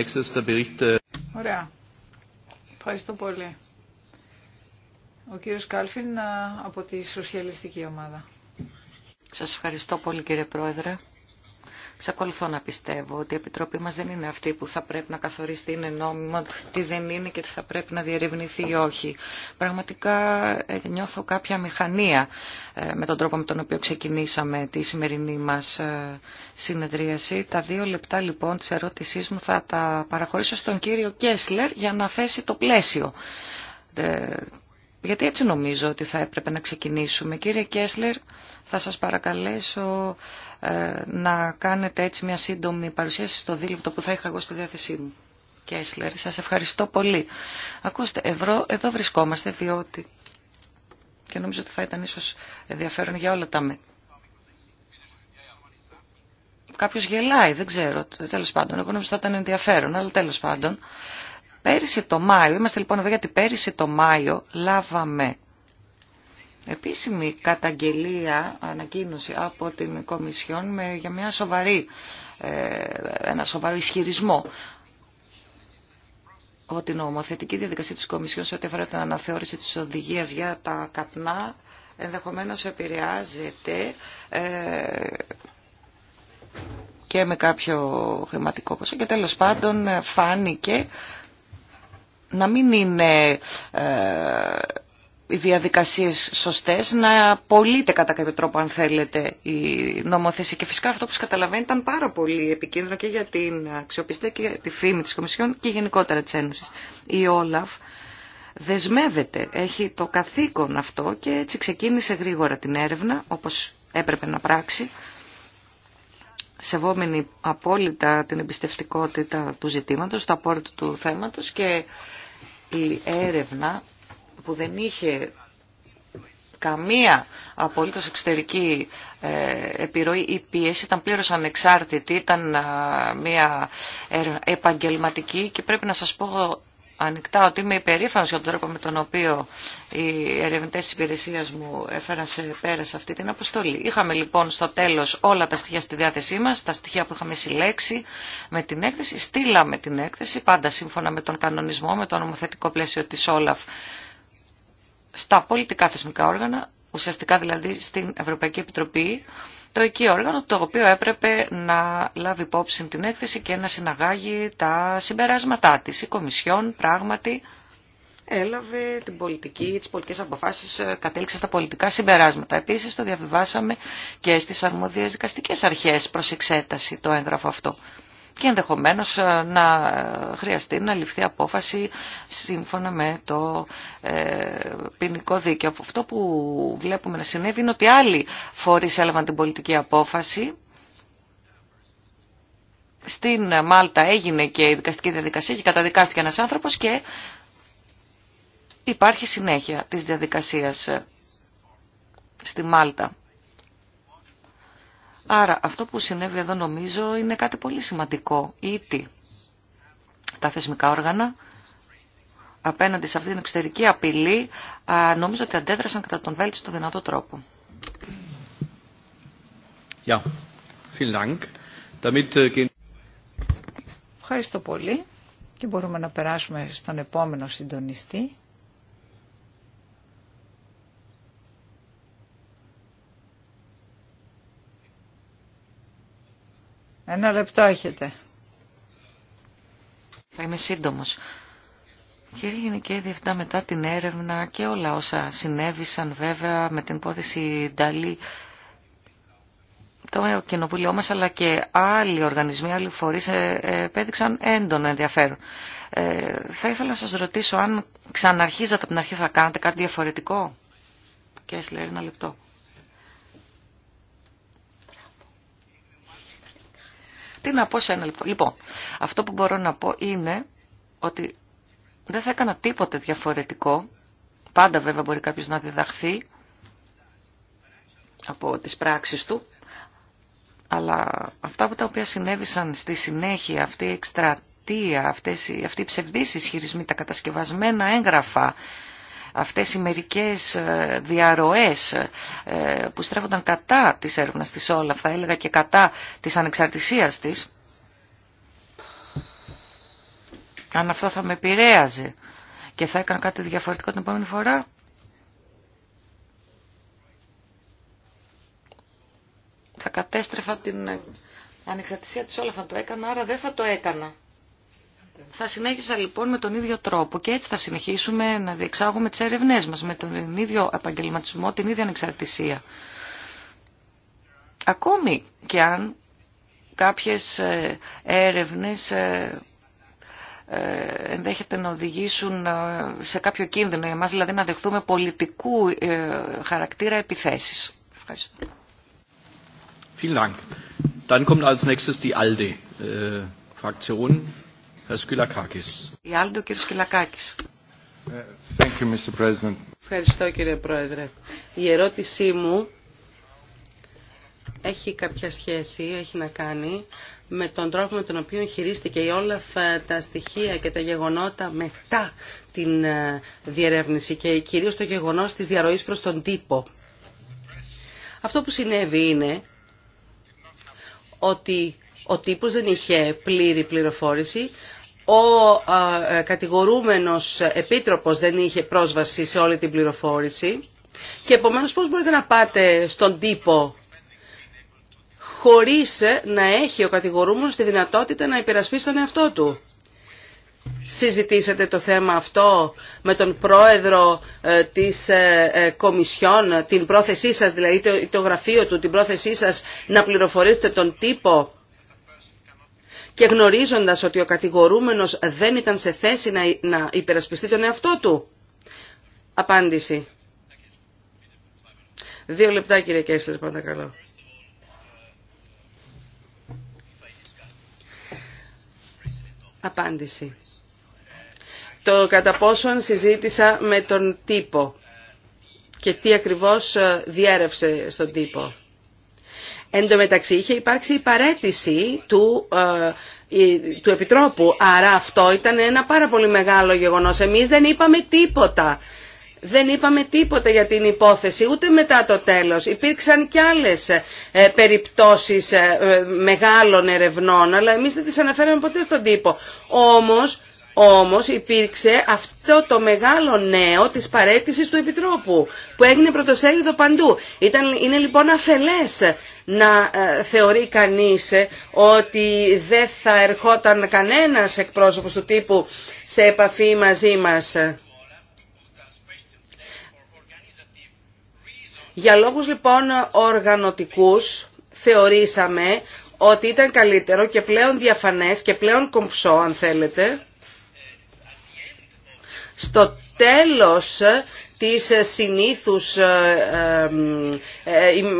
Äh, Ωραία. Ευχαριστώ πολύ. Ο κύριος Κάλφιν ε, από τη Σοσιαλιστική Ομάδα. Σας ευχαριστώ πολύ κύριε Πρόεδρε. Ξεκολουθώ να πιστεύω ότι η Επιτροπή μας δεν είναι αυτή που θα πρέπει να καθορίσει τι είναι νόμιμο, τι δεν είναι και τι θα πρέπει να διερευνηθεί ή όχι. Πραγματικά ε, νιώθω κάποια μηχανία ε, με τον τρόπο με τον οποίο ξεκινήσαμε τη σημερινή μας ε, συνεδρίαση. Τα δύο λεπτά λοιπόν της ερώτησής μου θα τα παραχωρήσω στον κύριο Κέσλερ για να θέσει το πλαίσιο γιατί έτσι νομίζω ότι θα έπρεπε να ξεκινήσουμε. Κύριε Κέσλερ, θα σας παρακαλέσω ε, να κάνετε έτσι μια σύντομη παρουσίαση στο δίληπτο που θα είχα εγώ στη διάθεσή μου. Κέσλερ, σας ευχαριστώ πολύ. Ακούστε, ευρώ, εδώ βρισκόμαστε διότι και νομίζω ότι θα ήταν ίσως ενδιαφέρον για όλα τα με Κάποιος γελάει, δεν ξέρω, τέλος πάντων. Εγώ νομίζω ότι θα ήταν ενδιαφέρον, αλλά τέλος πάντων. Πέρυσι το Μάιο, είμαστε λοιπόν εδώ γιατί πέρυσι το Μάιο λάβαμε επίσημη καταγγελία, ανακοίνωση από την Κομισιόν με, για μια σοβαρή, ε, ένα σοβαρό ισχυρισμό ότι η νομοθετική διαδικασία της Κομισιόν σε ό,τι αφορά την αναθεώρηση της οδηγίας για τα καπνά ενδεχομένως επηρεάζεται ε, και με κάποιο χρηματικό ποσό και τέλος πάντων φάνηκε να μην είναι ε, οι διαδικασίες σωστές, να πωλείται κατά κάποιο τρόπο αν θέλετε η νομοθεσία. Και φυσικά αυτό που καταλαβαίνει ήταν πάρα πολύ επικίνδυνο και για την αξιοπιστία και για τη φήμη της Κομισιόν και γενικότερα της Ένωσης. Η Όλαφ δεσμεύεται, έχει το καθήκον αυτό και έτσι ξεκίνησε γρήγορα την έρευνα όπως έπρεπε να πράξει Σεβόμενη απόλυτα την εμπιστευτικότητα του ζητήματος, το απόρριτο του θέματος και η έρευνα που δεν είχε καμία απολύτως εξωτερική ε, επιρροή ή πίεση, ήταν πλήρως ανεξάρτητη, ήταν ε, μια επαγγελματική και πρέπει να σας πω ανοιχτά ότι είμαι υπερήφανο για τον τρόπο με τον οποίο οι ερευνητέ τη υπηρεσία μου έφεραν σε πέρα σε αυτή την αποστολή. Είχαμε λοιπόν στο τέλος όλα τα στοιχεία στη διάθεσή μας, τα στοιχεία που είχαμε συλλέξει με την έκθεση, στείλαμε την έκθεση, πάντα σύμφωνα με τον κανονισμό, με το νομοθετικό πλαίσιο τη Όλαφ, στα πολιτικά θεσμικά όργανα, ουσιαστικά δηλαδή στην Ευρωπαϊκή Επιτροπή, το οικείο όργανο το οποίο έπρεπε να λάβει υπόψη την έκθεση και να συναγάγει τα συμπεράσματά της. Η Κομισιόν πράγματι έλαβε την πολιτική, τις πολιτικές αποφάσεις, ε, κατέληξε στα πολιτικά συμπεράσματα. Επίσης το διαβιβάσαμε και στις αρμόδιες δικαστικές αρχές προς εξέταση το έγγραφο αυτό και ενδεχομένως ε, να ε, χρειαστεί να ληφθεί απόφαση σύμφωνα με το ε, ποινικό δίκαιο. Αυτό που βλέπουμε να συνέβη είναι ότι άλλοι φορείς έλαβαν την πολιτική απόφαση στην Μάλτα έγινε και η δικαστική διαδικασία και καταδικάστηκε ένας άνθρωπος και υπάρχει συνέχεια της διαδικασίας στη Μάλτα. Άρα αυτό που συνέβη εδώ νομίζω είναι κάτι πολύ σημαντικό. Ήτι τα θεσμικά όργανα απέναντι σε αυτή την εξωτερική απειλή νομίζω ότι αντέδρασαν κατά τον βέλτιστο δυνατό τρόπο. Äh, Ευχαριστώ πολύ και μπορούμε να περάσουμε στον επόμενο συντονιστή. Ένα λεπτό έχετε. Θα είμαι σύντομος. Κύριε Γενική Διευθυντά, μετά την έρευνα και όλα όσα συνέβησαν βέβαια με την υπόθεση Νταλή, το κοινοβούλιο μας αλλά και άλλοι οργανισμοί, άλλοι φορείς ε, ε, επέδειξαν έντονο ενδιαφέρον. Ε, θα ήθελα να σας ρωτήσω αν ξαναρχίζατε από την αρχή θα κάνετε κάτι διαφορετικό. Κέσλερ, ένα λεπτό. Τι να πω σε ένα λεπτό. Λοιπόν, αυτό που μπορώ να πω είναι ότι δεν θα έκανα τίποτε διαφορετικό. Πάντα βέβαια μπορεί κάποιος να διδαχθεί από τις πράξεις του. Αλλά αυτά που τα οποία συνέβησαν στη συνέχεια αυτή η εκστρατεία, αυτή η ψευδής ισχυρισμή, τα κατασκευασμένα έγγραφα, αυτές οι μερικές ε, διαρροές ε, που στρέφονταν κατά της έρευνας της όλα, θα έλεγα και κατά της ανεξαρτησίας της, αν αυτό θα με επηρέαζε και θα έκανα κάτι διαφορετικό την επόμενη φορά. Θα κατέστρεφα την ανεξαρτησία της όλα, θα το έκανα, άρα δεν θα το έκανα. Θα συνέχισα λοιπόν με τον ίδιο τρόπο και έτσι θα συνεχίσουμε να διεξάγουμε τις έρευνές μας με τον ίδιο επαγγελματισμό, την ίδια ανεξαρτησία. Ακόμη και αν κάποιες ε, έρευνες ε, ε, ενδέχεται να οδηγήσουν σε κάποιο κίνδυνο για μας, δηλαδή να δεχθούμε πολιτικού χαρακτήρα επιθέσεις. Ευχαριστώ. Vielen Dank. Dann kommt als nächstes die alde äh, η άλλη του ε, Ευχαριστώ κύριε Πρόεδρε. Η ερώτησή μου έχει κάποια σχέση, έχει να κάνει με τον τρόπο με τον οποίο χειρίστηκε η όλα ε, τα στοιχεία και τα γεγονότα μετά την ε, διερεύνηση και κυρίως το γεγονός της διαρροής προς τον τύπο. Αυτό που συνέβη είναι ότι ο τύπος δεν είχε πλήρη πληροφόρηση ο ε, κατηγορούμενος επίτροπος δεν είχε πρόσβαση σε όλη την πληροφόρηση και επομένως πώς μπορείτε να πάτε στον τύπο χωρίς να έχει ο κατηγορούμενος τη δυνατότητα να υπερασπίσει τον εαυτό του. Συζητήσατε το θέμα αυτό με τον πρόεδρο ε, της ε, Κομισιόν, την πρόθεσή σας, δηλαδή το γραφείο του, την πρόθεσή σας να πληροφορήσετε τον τύπο και γνωρίζοντας ότι ο κατηγορούμενος δεν ήταν σε θέση να υπερασπιστεί τον εαυτό του. Απάντηση. Δύο λεπτά κύριε Κέσλερ, πάντα καλό. Απάντηση. Το κατά πόσον συζήτησα με τον τύπο και τι ακριβώς ε, διέρευσε στον τύπο. Εν τω μεταξύ είχε υπάρξει η παρέτηση του ε, του Επιτρόπου. Άρα αυτό ήταν ένα πάρα πολύ μεγάλο γεγονός. Εμείς δεν είπαμε τίποτα. Δεν είπαμε τίποτα για την υπόθεση ούτε μετά το τέλος. Υπήρξαν και άλλες ε, περιπτώσεις ε, μεγάλων ερευνών, αλλά εμείς δεν τις αναφέραμε ποτέ στον τύπο. Όμως, όμως υπήρξε αυτό το μεγάλο νέο της παρέτησης του Επιτρόπου, που έγινε πρωτοσέλιδο παντού. Ήταν, είναι λοιπόν αφελές να ε, θεωρεί κανείς ε, ότι δεν θα ερχόταν κανένας εκπρόσωπος του τύπου σε επαφή μαζί μας. Για λόγους λοιπόν οργανωτικούς θεωρήσαμε ότι ήταν καλύτερο και πλέον διαφανές και πλέον κομψό αν θέλετε στο τέλος τις ε, συνήθους ε, ε,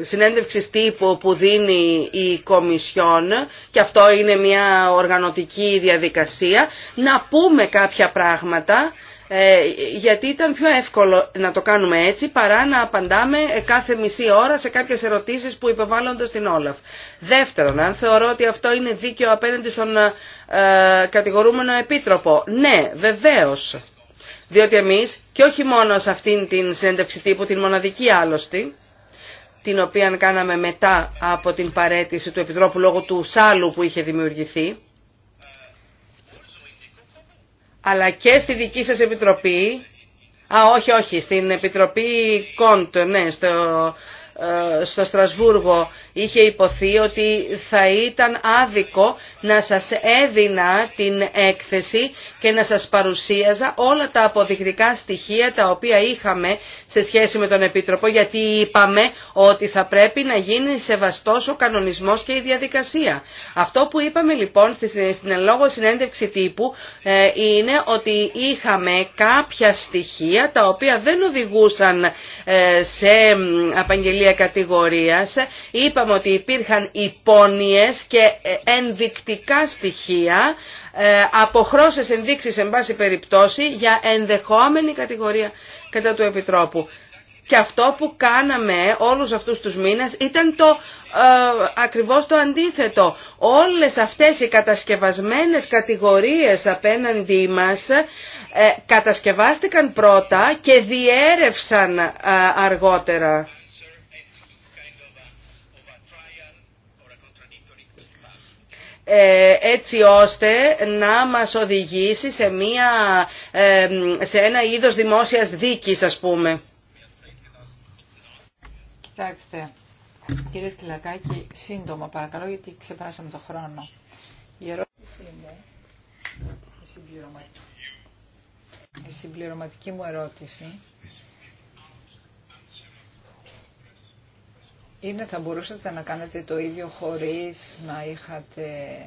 συνέντευξης τύπου που δίνει η Κομισιόν και αυτό είναι μια οργανωτική διαδικασία να πούμε κάποια πράγματα γιατί ήταν πιο εύκολο να το κάνουμε έτσι παρά να απαντάμε κάθε μισή ώρα σε κάποιες ερωτήσεις που υπεβάλλονται στην Όλαφ. Δεύτερον, αν θεωρώ ότι αυτό είναι δίκαιο απέναντι στον κατηγορούμενο επίτροπο. Ναι, βεβαίως. Διότι εμείς, και όχι μόνο σε αυτήν την συνέντευξη τύπου, την μοναδική άλλωστη, την οποία κάναμε μετά από την παρέτηση του Επιτρόπου λόγω του σάλου που είχε δημιουργηθεί, αλλά και στη δική σας Επιτροπή, α όχι όχι, στην Επιτροπή Κόντ, ναι, στο, ε, στο Στρασβούργο, είχε υποθεί ότι θα ήταν άδικο να σας έδινα την έκθεση και να σας παρουσίαζα όλα τα αποδεικτικά στοιχεία τα οποία είχαμε σε σχέση με τον Επίτροπο γιατί είπαμε ότι θα πρέπει να γίνει σεβαστός ο κανονισμός και η διαδικασία. Αυτό που είπαμε λοιπόν στην λόγω συνέντευξη τύπου ε, είναι ότι είχαμε κάποια στοιχεία τα οποία δεν οδηγούσαν ε, σε απαγγελία κατηγορίας είπαμε ότι υπήρχαν υπόνοιες και ε, ενδεικτικά στοιχεία, ε, χρώσες ενδείξεις εν πάση περιπτώσει για ενδεχόμενη κατηγορία κατά του Επιτρόπου. Και αυτό που κάναμε όλους αυτούς τους μήνες ήταν το ε, ακριβώς το αντίθετο. Όλες αυτές οι κατασκευασμένες κατηγορίες απέναντι μας ε, κατασκευάστηκαν πρώτα και διέρευσαν αργότερα. Ε, έτσι ώστε να μας οδηγήσει σε, μια, ε, σε ένα είδος δημόσιας δίκης ας πούμε. Κοιτάξτε, κύριε Σκυλακάκη, σύντομα παρακαλώ γιατί ξεπεράσαμε το χρόνο. Η ερώτησή μου, η συμπληρωματική μου ερώτηση είναι θα μπορούσατε να κάνετε το ίδιο χωρίς να είχατε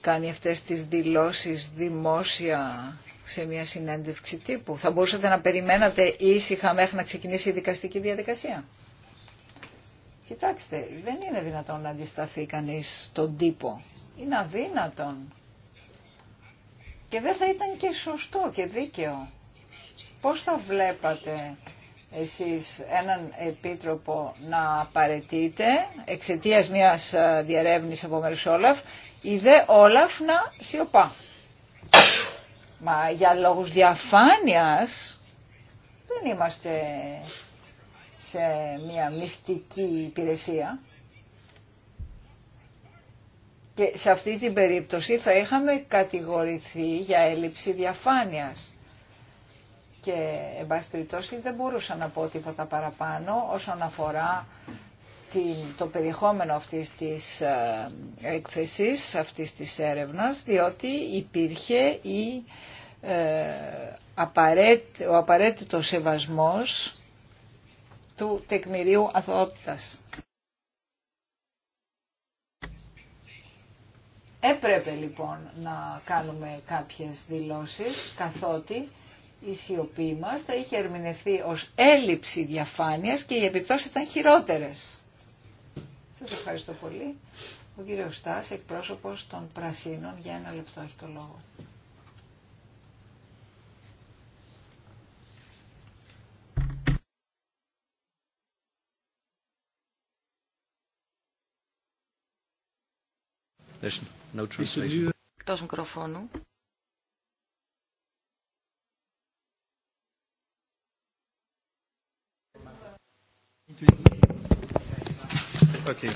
κάνει αυτές τις δηλώσεις δημόσια σε μια συνέντευξη τύπου. Θα μπορούσατε να περιμένατε ήσυχα μέχρι να ξεκινήσει η δικαστική διαδικασία. Κοιτάξτε, δεν είναι δυνατόν να αντισταθεί κανείς στον τύπο. Είναι αδύνατον. Και δεν θα ήταν και σωστό και δίκαιο. Πώς θα βλέπατε εσείς έναν επίτροπο να παρετείτε εξαιτία μιας ε, διερεύνησης από μέρους Όλαφ ή δε Όλαφ να σιωπά. Μα για λόγους διαφάνειας δεν είμαστε σε μια μυστική υπηρεσία. Και σε αυτή την περίπτωση θα είχαμε κατηγορηθεί για έλλειψη διαφάνειας και εν δεν μπορούσα να πω τίποτα παραπάνω όσον αφορά το περιεχόμενο αυτής της ε, έκθεσης, αυτής της έρευνας, διότι υπήρχε η, ε, ο απαραίτητος σεβασμός του τεκμηρίου αθωότητας. Έπρεπε λοιπόν να κάνουμε κάποιες δηλώσεις, καθότι η σιωπή μας θα είχε ερμηνευθεί ως έλλειψη διαφάνειας και οι επιπτώσεις ήταν χειρότερες. Σας ευχαριστώ πολύ. Ο κύριος Στάς, εκπρόσωπος των Πρασίνων, για ένα λεπτό έχει το λόγο. Εκτός μικροφώνου. Eh,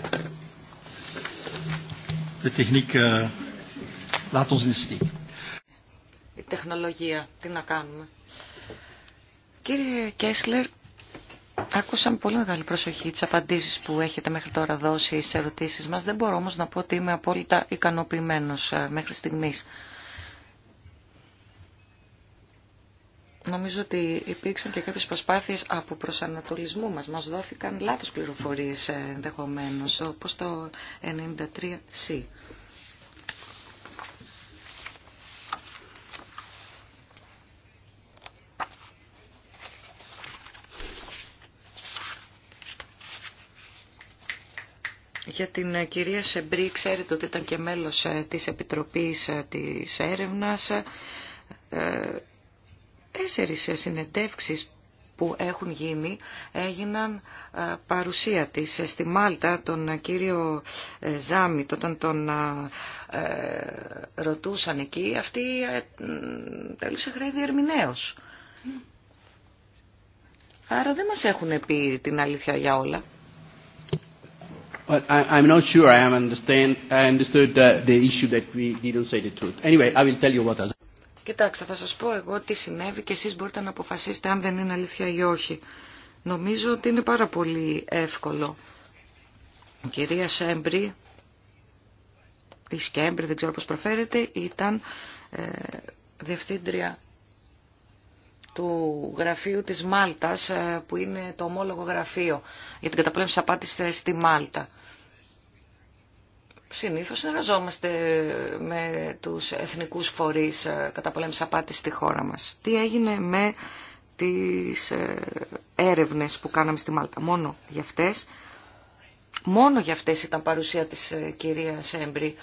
Η τεχνολογία, τι να κάνουμε. Κύριε Κέσλερ, άκουσα με πολύ μεγάλη προσοχή τις απαντήσεις που έχετε μέχρι τώρα δώσει σε ερωτήσεις μας. Δεν μπορώ όμως να πω ότι είμαι απόλυτα ικανοποιημένος ε, μέχρι στιγμής. Νομίζω ότι υπήρξαν και κάποιες προσπάθειες από προσανατολισμού μας. Μας δόθηκαν λάθος πληροφορίες ενδεχομένω, όπως το 93C. Για την ε, κυρία Σεμπρί, ξέρετε ότι ήταν και μέλος ε, της Επιτροπής ε, της Έρευνας τέσσερις συνεντεύξεις που έχουν γίνει έγιναν ε, παρουσία της ε, στη Μάλτα τον ε, κύριο Ζάμι όταν τον ρωτούσαν εκεί αυτή τέλειωσε χρέη διερμηνέως άρα δεν μας έχουν πει την αλήθεια για όλα But I, I'm not sure I understand. I understood the, uh, the issue that we didn't say the truth. Anyway, I will tell you what has. Κοιτάξτε, θα σας πω εγώ τι συνέβη και εσείς μπορείτε να αποφασίσετε αν δεν είναι αλήθεια ή όχι. Νομίζω ότι είναι πάρα πολύ εύκολο. Η κυρία Σέμπρη, η Σκέμπρη, δεν ξέρω πώς προφέρεται, ήταν ε, διευθύντρια του γραφείου της Μάλτας, ε, που είναι το ομόλογο γραφείο για την καταπλέμψη ε, στη Μάλτα. Συνήθως συνεργαζόμαστε με τους εθνικούς φορείς ε, κατά πολέμης απάτης στη χώρα μας. Τι έγινε με τις ε, έρευνες που κάναμε στη Μάλτα. Μόνο για αυτές, μόνο για αυτές ήταν παρουσία της ε, κυρίας Έμπρη.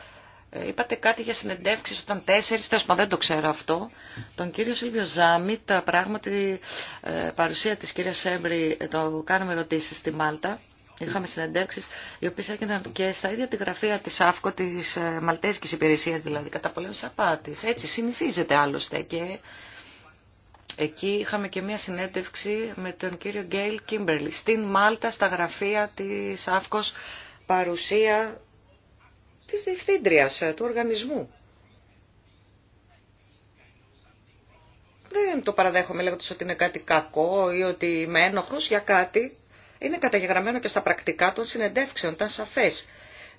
Είπατε κάτι για συνεντεύξεις όταν τέσσερις, τέλος δεν το ξέρω αυτό. Τον κύριο Σίλβιο Ζάμι, τα πράγματι παρουσία της κυρίας Σέμπρη το κάναμε ερωτήσεις στη Μάλτα. Είχαμε συνεντεύξει οι οποίε έγιναν και στα ίδια τη γραφεία τη ΑΦΚΟ, τη ε, Μαλτέζικη Υπηρεσία δηλαδή, κατά πολέμου απάτη. Έτσι συνηθίζεται άλλωστε. Και εκεί είχαμε και μία συνέντευξη με τον κύριο Γκέιλ Κίμπερλι στην Μάλτα, στα γραφεία τη ΑΦΚΟ, παρουσία τη διευθύντρια ε, του οργανισμού. Δεν το παραδέχομαι λέγοντα ότι είναι κάτι κακό ή ότι είμαι ένοχο για κάτι είναι καταγεγραμμένο και στα πρακτικά των συνεντεύξεων, ήταν σαφές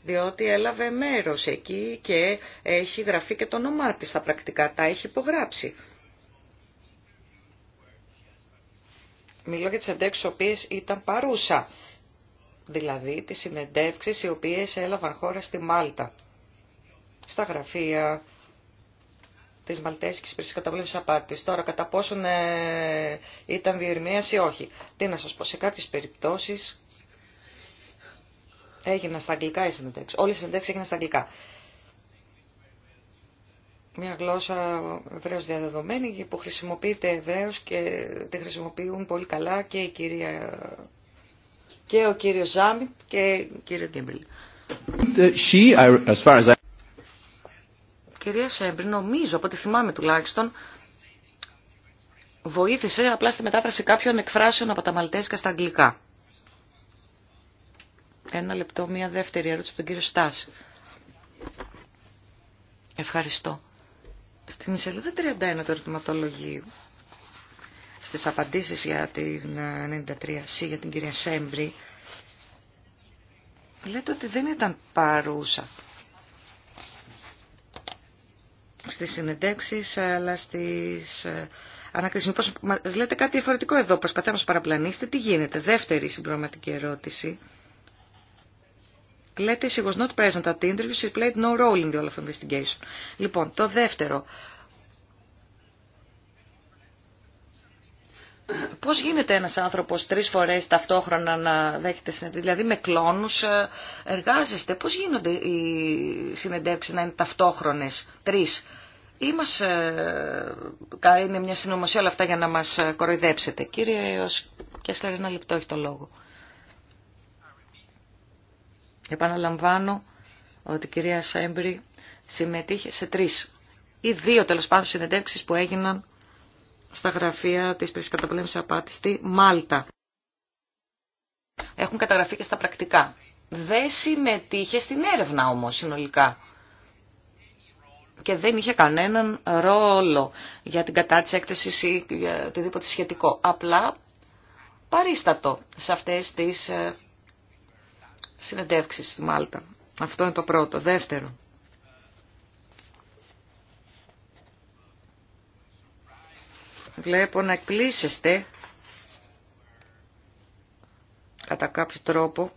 διότι έλαβε μέρος εκεί και έχει γραφεί και το όνομά της στα πρακτικά, τα έχει υπογράψει. Μιλώ για τις συνεντεύξεις ήταν παρούσα, δηλαδή τις συνεντεύξεις οι οποίες έλαβαν χώρα στη Μάλτα, στα γραφεία τη μαλτέσικη Υπηρεσία καταβολή Απάτη. Τώρα, κατά πόσον ε, ήταν διερμίαση, ή όχι. Τι να σα πω, σε κάποιε περιπτώσει έγιναν στα αγγλικά οι συνεντεύξει. Όλε οι συνεντεύξει έγιναν στα αγγλικά. Μια γλώσσα ευρέω διαδεδομένη που χρησιμοποιείται ευρέω και τη χρησιμοποιούν πολύ καλά και ο κύριος Ζάμιτ και ο κύριος Γκέμπριλ κυρία Σέμπρη, νομίζω, από ό,τι θυμάμαι τουλάχιστον, βοήθησε απλά στη μετάφραση κάποιων εκφράσεων από τα Μαλτέζικα στα Αγγλικά. Ένα λεπτό, μία δεύτερη ερώτηση από τον κύριο Στάση. Ευχαριστώ. Στην σελίδα 31 του ερωτηματολογίου, στις απαντήσεις για την 93C, για την κυρία Σέμπρη, λέτε ότι δεν ήταν παρούσα στις συνεντεύξεις, αλλά στις ε, ανακρίσεις. Μήπως λέτε κάτι διαφορετικό εδώ, προσπαθείτε να μας παραπλανήσετε, τι γίνεται. Δεύτερη συμπληρωματική ερώτηση. Λέτε, she was not present at the interview, she played no role in the whole investigation. Λοιπόν, το δεύτερο, Πώς γίνεται ένας άνθρωπος τρεις φορές ταυτόχρονα να δέχεται συνέντευξη, δηλαδή με κλόνους ε, εργάζεστε, πώς γίνονται οι συνεντεύξεις να είναι ταυτόχρονες, τρεις. Ή μας ε, είναι μια συνωμοσία όλα αυτά για να μας ε, κοροϊδέψετε. Κύριε και ένα λεπτό έχει το λόγο. Επαναλαμβάνω ότι η κυρία Σέμπρη συμμετείχε σε τρεις ή δύο τέλος πάντων συνεντεύξεις που έγιναν στα γραφεία της Περισκαταπολέμησης Απάτης στη Μάλτα. Έχουν καταγραφεί και στα πρακτικά. Δεν συμμετείχε στην έρευνα όμως συνολικά και δεν είχε κανέναν ρόλο για την κατάρτιση έκθεση ή για οτιδήποτε σχετικό. Απλά παρίστατο σε αυτές τις ε, συνεντεύξεις στη Μάλτα. Αυτό είναι το πρώτο. Δεύτερο. βλέπω να εκπλήσεστε κατά κάποιο τρόπο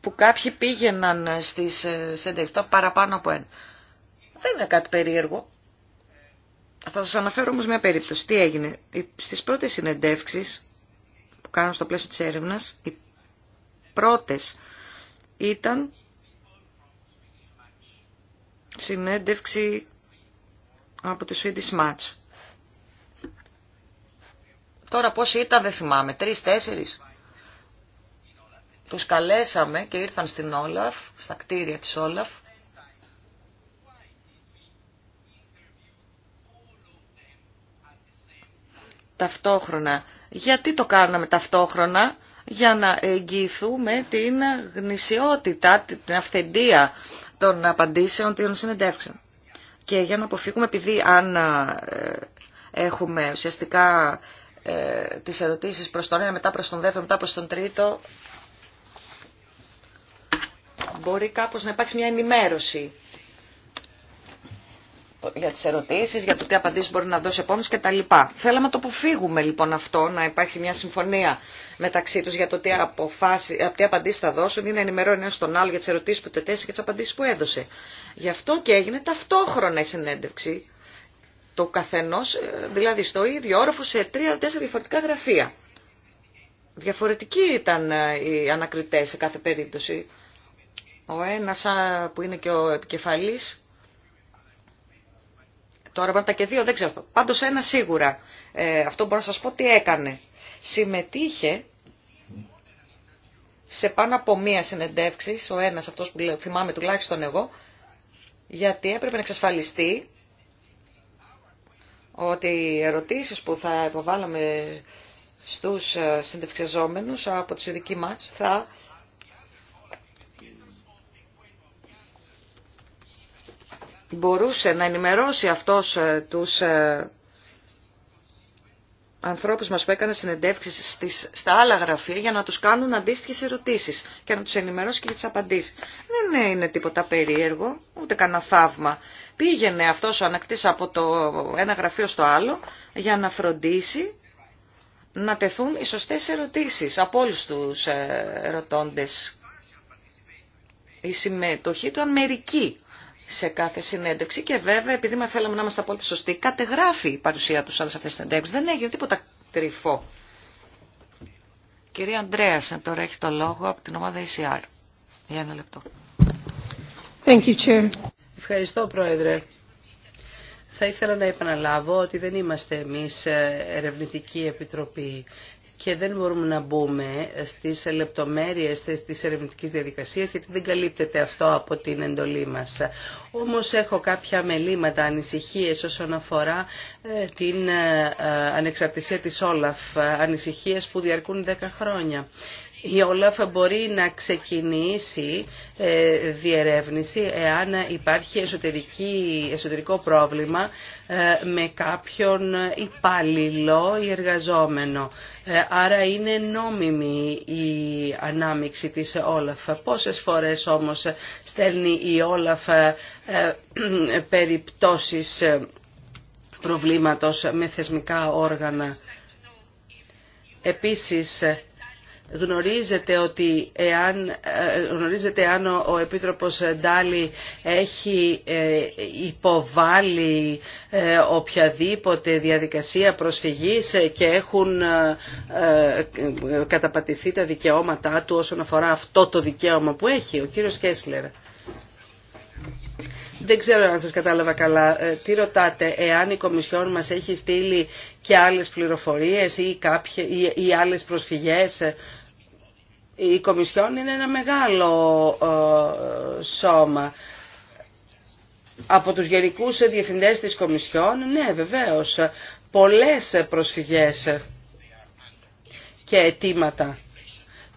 που κάποιοι πήγαιναν στις ε, σεντεκτό παραπάνω από ένα. Δεν είναι κάτι περίεργο. Θα σας αναφέρω όμως μια περίπτωση. Τι έγινε. Στις πρώτες συνεντεύξεις που κάνουν στο πλαίσιο της έρευνας, οι πρώτες ήταν συνέντευξη από τη Swedish Match. Τώρα πόσοι ήταν δεν θυμάμαι, τρεις, τέσσερις. Τους καλέσαμε και ήρθαν στην Όλαφ, στα κτίρια της Όλαφ. Ταυτόχρονα. Γιατί το κάναμε ταυτόχρονα, για να εγγυηθούμε την γνησιότητα, την αυθεντία των απαντήσεων, των συνεντεύξεων. Και για να αποφύγουμε, επειδή αν ε, έχουμε ουσιαστικά ε, τις ερωτήσεις προς τον ένα, μετά προς τον δεύτερο, μετά προς τον τρίτο, μπορεί κάπως να υπάρξει μια ενημέρωση για τις ερωτήσεις, για το τι απαντήσεις μπορεί να δώσει επόμενος και τα λοιπά. Θέλαμε να το αποφύγουμε λοιπόν αυτό, να υπάρχει μια συμφωνία μεταξύ τους για το τι, αποφάσι, ε, τι απαντήσεις θα δώσουν ή να ενημερώνει ένας τον άλλο για τις ερωτήσεις που τετέσει και τις απαντήσεις που έδωσε. Γι' αυτό και έγινε ταυτόχρονα η συνέντευξη το καθενός, ε, δηλαδή στο ίδιο όροφο σε τρία-τέσσερα διαφορετικά γραφεία. Διαφορετικοί ήταν ε, οι ανακριτές σε κάθε περίπτωση. Ο ένας που είναι και ο επικεφαλής Τώρα πάντα και δύο δεν ξέρω. Πάντως ένα σίγουρα. Ε, αυτό μπορώ να σα πω τι έκανε. Συμμετείχε σε πάνω από μία συνεντεύξη, ο ένας αυτό που θυμάμαι τουλάχιστον εγώ, γιατί έπρεπε να εξασφαλιστεί ότι οι ερωτήσεις που θα υποβάλαμε στους ε, συνδευξεζόμενους από τη ειδικοί μάτς θα μπορούσε να ενημερώσει αυτός ε, τους ε, ανθρώπους μας που έκανε συνεντεύξεις στις, στα άλλα γραφεία για να τους κάνουν αντίστοιχες ερωτήσεις και να τους ενημερώσει και για τις απαντήσεις. Δεν ε, είναι τίποτα περίεργο, ούτε κανένα θαύμα. Πήγαινε αυτός ο ανακτής από το ένα γραφείο στο άλλο για να φροντίσει να τεθούν οι σωστές ερωτήσεις από όλους τους ερωτώντες. Η συμμετοχή του αν σε κάθε συνέντευξη και βέβαια επειδή μα θέλαμε να είμαστε απόλυτα σωστοί, κατεγράφει η παρουσία του σε αυτέ τις συνέντευξει. Δεν έγινε τίποτα κρυφό. Κυρία Αντρέας, τώρα έχει το λόγο από την ομάδα ECR. Για ένα λεπτό. Thank you, Chair. Ευχαριστώ, Πρόεδρε. Θα ήθελα να επαναλάβω ότι δεν είμαστε εμείς ε, ερευνητική επιτροπή και δεν μπορούμε να μπούμε στις λεπτομέρειες της ερευνητικής διαδικασίας γιατί δεν καλύπτεται αυτό από την εντολή μας. Όμως έχω κάποια μελήματα, ανησυχίες όσον αφορά ε, την ε, ε, ανεξαρτησία της Όλαφ, ανησυχίες που διαρκούν 10 χρόνια η Όλαφ μπορεί να ξεκινήσει ε, διερεύνηση εάν υπάρχει εσωτερική, εσωτερικό πρόβλημα ε, με κάποιον υπάλληλο ή εργαζόμενο. Ε, άρα είναι νόμιμη η ανάμειξη της Όλαφ. Πόσες φορές όμως στέλνει η Όλαφ περιπτώσεις προβλήματος με θεσμικά όργανα. Επίσης, Γνωρίζετε ότι εάν, ε, γνωρίζετε αν ο, ο Επίτροπος Ντάλι έχει ε, υποβάλει ε, οποιαδήποτε διαδικασία προσφυγής και έχουν καταπατηθεί τα δικαιώματά του όσον αφορά αυτό το δικαίωμα που έχει ο κύριος Κέσλερ. Δεν ξέρω αν σας κατάλαβα καλά. Τι ρωτάτε, εάν η Κομισιόν μας έχει στείλει και άλλες πληροφορίες ή, κάποιες, ή, ή άλλες προσφυγές η Κομισιόν είναι ένα μεγάλο ε, σώμα. Από τους γενικούς διευθυντές της Κομισιόν, ναι βεβαίως, πολλές προσφυγές και αιτήματα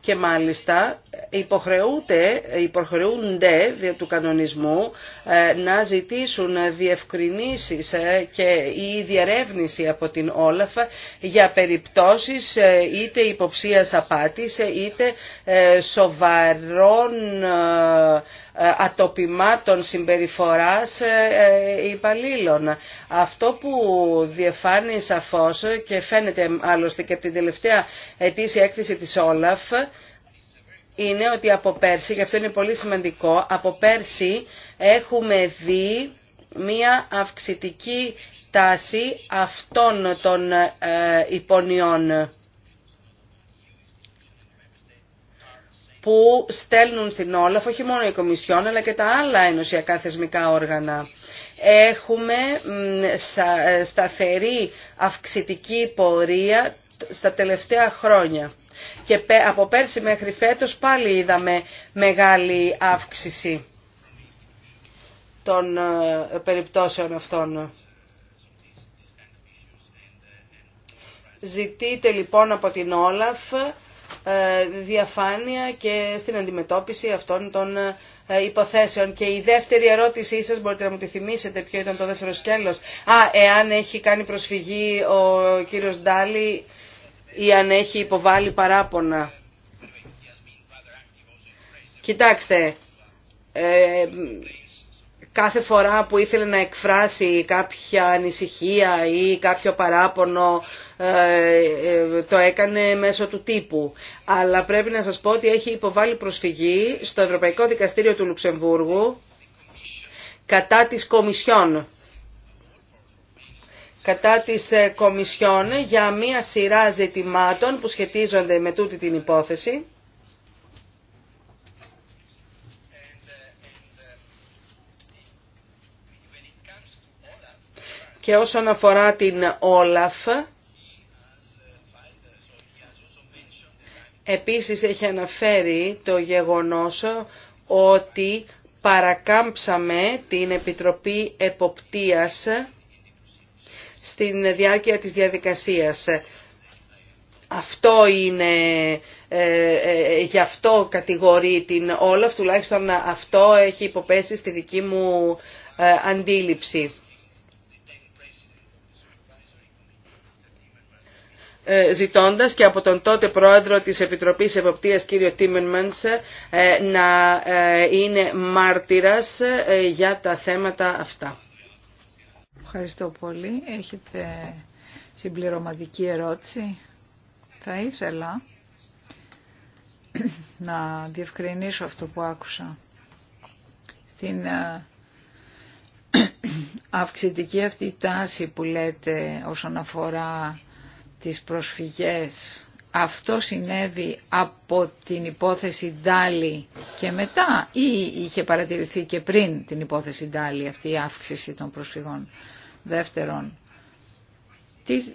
και μάλιστα υποχρεούνται, υποχρεούνται δια του κανονισμού ε, να ζητήσουν διευκρινήσεις ε, και η διερεύνηση από την Όλαφ για περιπτώσεις ε, είτε υποψίας απάτης είτε σοβαρών ε, ατοπιμάτων συμπεριφοράς ε, ε, υπαλλήλων. Αυτό που διεφάνει σαφώς και φαίνεται άλλωστε και από την τελευταία ετήσια έκθεση της Όλαφ είναι ότι από πέρσι, και αυτό είναι πολύ σημαντικό, από πέρσι έχουμε δει μία αυξητική τάση αυτών των υπονοιών. που στέλνουν στην Όλαφ όχι μόνο η Κομισιόν αλλά και τα άλλα ενωσιακά θεσμικά όργανα. Έχουμε ε, σταθερή αυξητική πορεία στα τελευταία χρόνια. Και από πέρσι μέχρι φέτος πάλι είδαμε μεγάλη αύξηση των ε, περιπτώσεων αυτών. Ζητείτε λοιπόν από την Όλαφ ε, διαφάνεια και στην αντιμετώπιση αυτών των ε, υποθέσεων. Και η δεύτερη ερώτησή σας, μπορείτε να μου τη θυμίσετε ποιο ήταν το δεύτερο σκέλος. Α, εάν έχει κάνει προσφυγή ο κύριος Ντάλι ή αν έχει υποβάλει παράπονα. Κοιτάξτε, ε, κάθε φορά που ήθελε να εκφράσει κάποια ανησυχία ή κάποιο παράπονο ε, ε, το έκανε μέσω του τύπου. Αλλά πρέπει να σας πω ότι έχει υποβάλει προσφυγή στο Ευρωπαϊκό Δικαστήριο του Λουξεμβούργου κατά της Κομισιόν κατά της ε, Κομισιόν για μία σειρά ζητημάτων που σχετίζονται με τούτη την υπόθεση Και όσον αφορά την Όλαφ, επίσης έχει αναφέρει το γεγονός ότι παρακάμψαμε την Επιτροπή Εποπτείας στην διάρκεια της διαδικασίας. Αυτό είναι, ε, ε, ε γι' αυτό κατηγορεί την Όλαφ, τουλάχιστον αυτό έχει υποπέσει στη δική μου ε, αντίληψη. Ε, ζητώντας και από τον τότε πρόεδρο της Επιτροπής Εποπτείας κύριο Τίμενμανς ε, να ε, είναι μάρτυρας για τα θέματα αυτά. Ευχαριστώ πολύ. Έχετε συμπληρωματική ερώτηση. Θα ήθελα να διευκρινίσω αυτό που άκουσα. Στην αυξητική αυτή τάση που λέτε όσον αφορά τις προσφυγές. Αυτό συνέβη από την υπόθεση Ντάλι και μετά ή είχε παρατηρηθεί και πριν την υπόθεση Ντάλι αυτή η αύξηση των προσφυγών. Δεύτερον, τι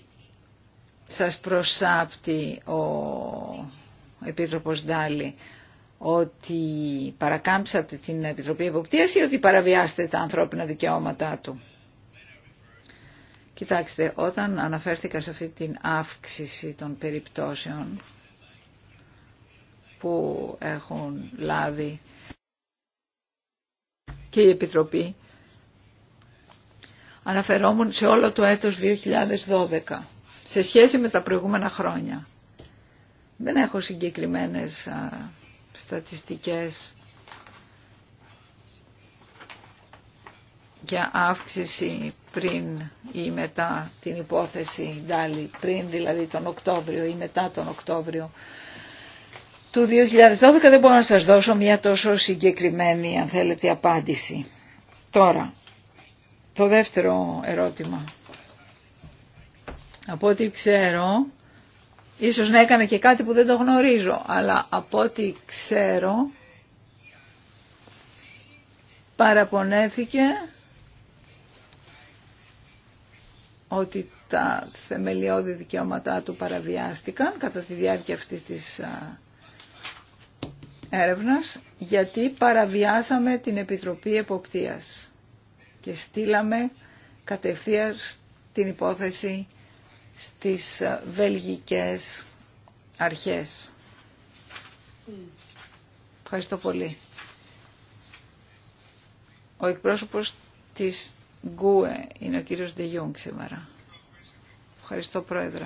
σας προσάπτει ο Επίτροπος Ντάλι ότι παρακάμψατε την Επιτροπή Εποπτείας ή ότι παραβιάσετε τα ανθρώπινα δικαιώματά του. Κοιτάξτε, όταν αναφέρθηκα σε αυτή την αύξηση των περιπτώσεων που έχουν λάβει και η Επιτροπή, αναφερόμουν σε όλο το έτος 2012, σε σχέση με τα προηγούμενα χρόνια. Δεν έχω συγκεκριμένες στατιστικές για αύξηση πριν ή μετά την υπόθεση Ντάλι, πριν δηλαδή τον Οκτώβριο ή μετά τον Οκτώβριο του 2012 δεν μπορώ να σας δώσω μια τόσο συγκεκριμένη αν θέλετε απάντηση. Τώρα, το δεύτερο ερώτημα. Από ό,τι ξέρω, ίσως να έκανα και κάτι που δεν το γνωρίζω, αλλά από ό,τι ξέρω παραπονέθηκε ότι τα θεμελιώδη δικαιώματά του παραβιάστηκαν κατά τη διάρκεια αυτής της έρευνας, γιατί παραβιάσαμε την Επιτροπή Εποπτείας και στείλαμε κατευθείαν την υπόθεση στις βελγικές αρχές. Ευχαριστώ πολύ. Ο εκπρόσωπος της Γκούε είναι ο κύριος Ντεγιούγκ σήμερα. Ευχαριστώ πρόεδρε.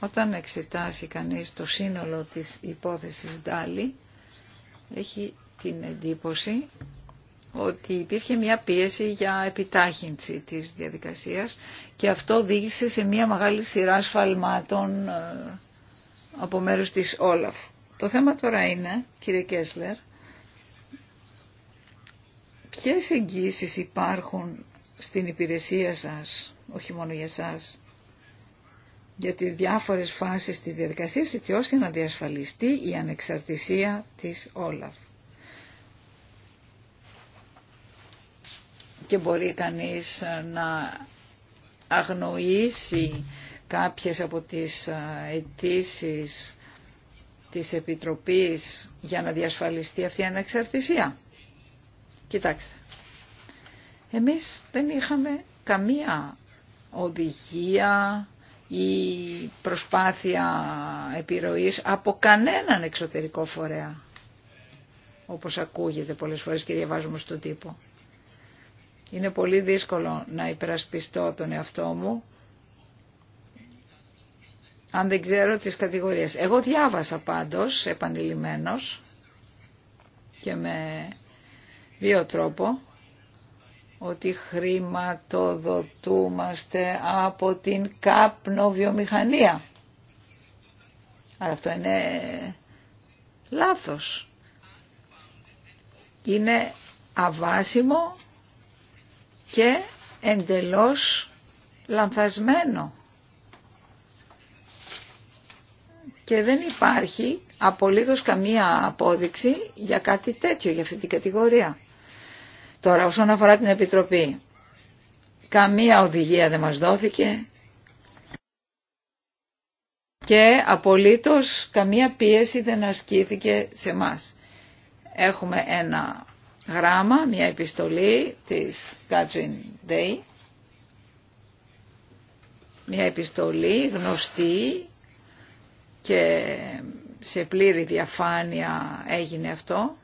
Όταν εξετάσει κανείς το σύνολο της υπόθεσης Ντάλι, έχει την εντύπωση ότι υπήρχε μια πίεση για επιτάχυνση της διαδικασίας και αυτό οδήγησε σε μια μεγάλη σειρά σφαλμάτων ε, από μέρους της Όλαφ. Το θέμα τώρα είναι, κύριε Κέσλερ, ποιες εγγύσεις υπάρχουν στην υπηρεσία σας, όχι μόνο για σας, για τις διάφορες φάσεις της διαδικασίας, έτσι ώστε να διασφαλιστεί η ανεξαρτησία της Όλαφ. Και μπορεί κανείς να αγνοήσει κάποιες από τις ε, αιτήσει της Επιτροπής για να διασφαλιστεί αυτή η ανεξαρτησία. Κοιτάξτε, εμείς δεν είχαμε καμία οδηγία ή προσπάθεια επιρροής από κανέναν εξωτερικό φορέα, όπως ακούγεται πολλές φορές και διαβάζουμε στον τύπο. Είναι πολύ δύσκολο να υπερασπιστώ τον εαυτό μου αν δεν ξέρω τις κατηγορίες. Εγώ διάβασα πάντως επανειλημμένος και με δύο τρόπο ότι χρηματοδοτούμαστε από την κάπνο καπνοβιομηχανία. Αλλά αυτό είναι λάθος. Είναι αβάσιμο και εντελώς λανθασμένο. Και δεν υπάρχει απολύτως καμία απόδειξη για κάτι τέτοιο, για αυτή την κατηγορία. Τώρα όσον αφορά την Επιτροπή, καμία οδηγία δεν μας δόθηκε και απολύτως καμία πίεση δεν ασκήθηκε σε μας. Έχουμε ένα γράμμα, μια επιστολή της Κάτριν Day, μια επιστολή γνωστή και σε πλήρη διαφάνεια έγινε αυτό.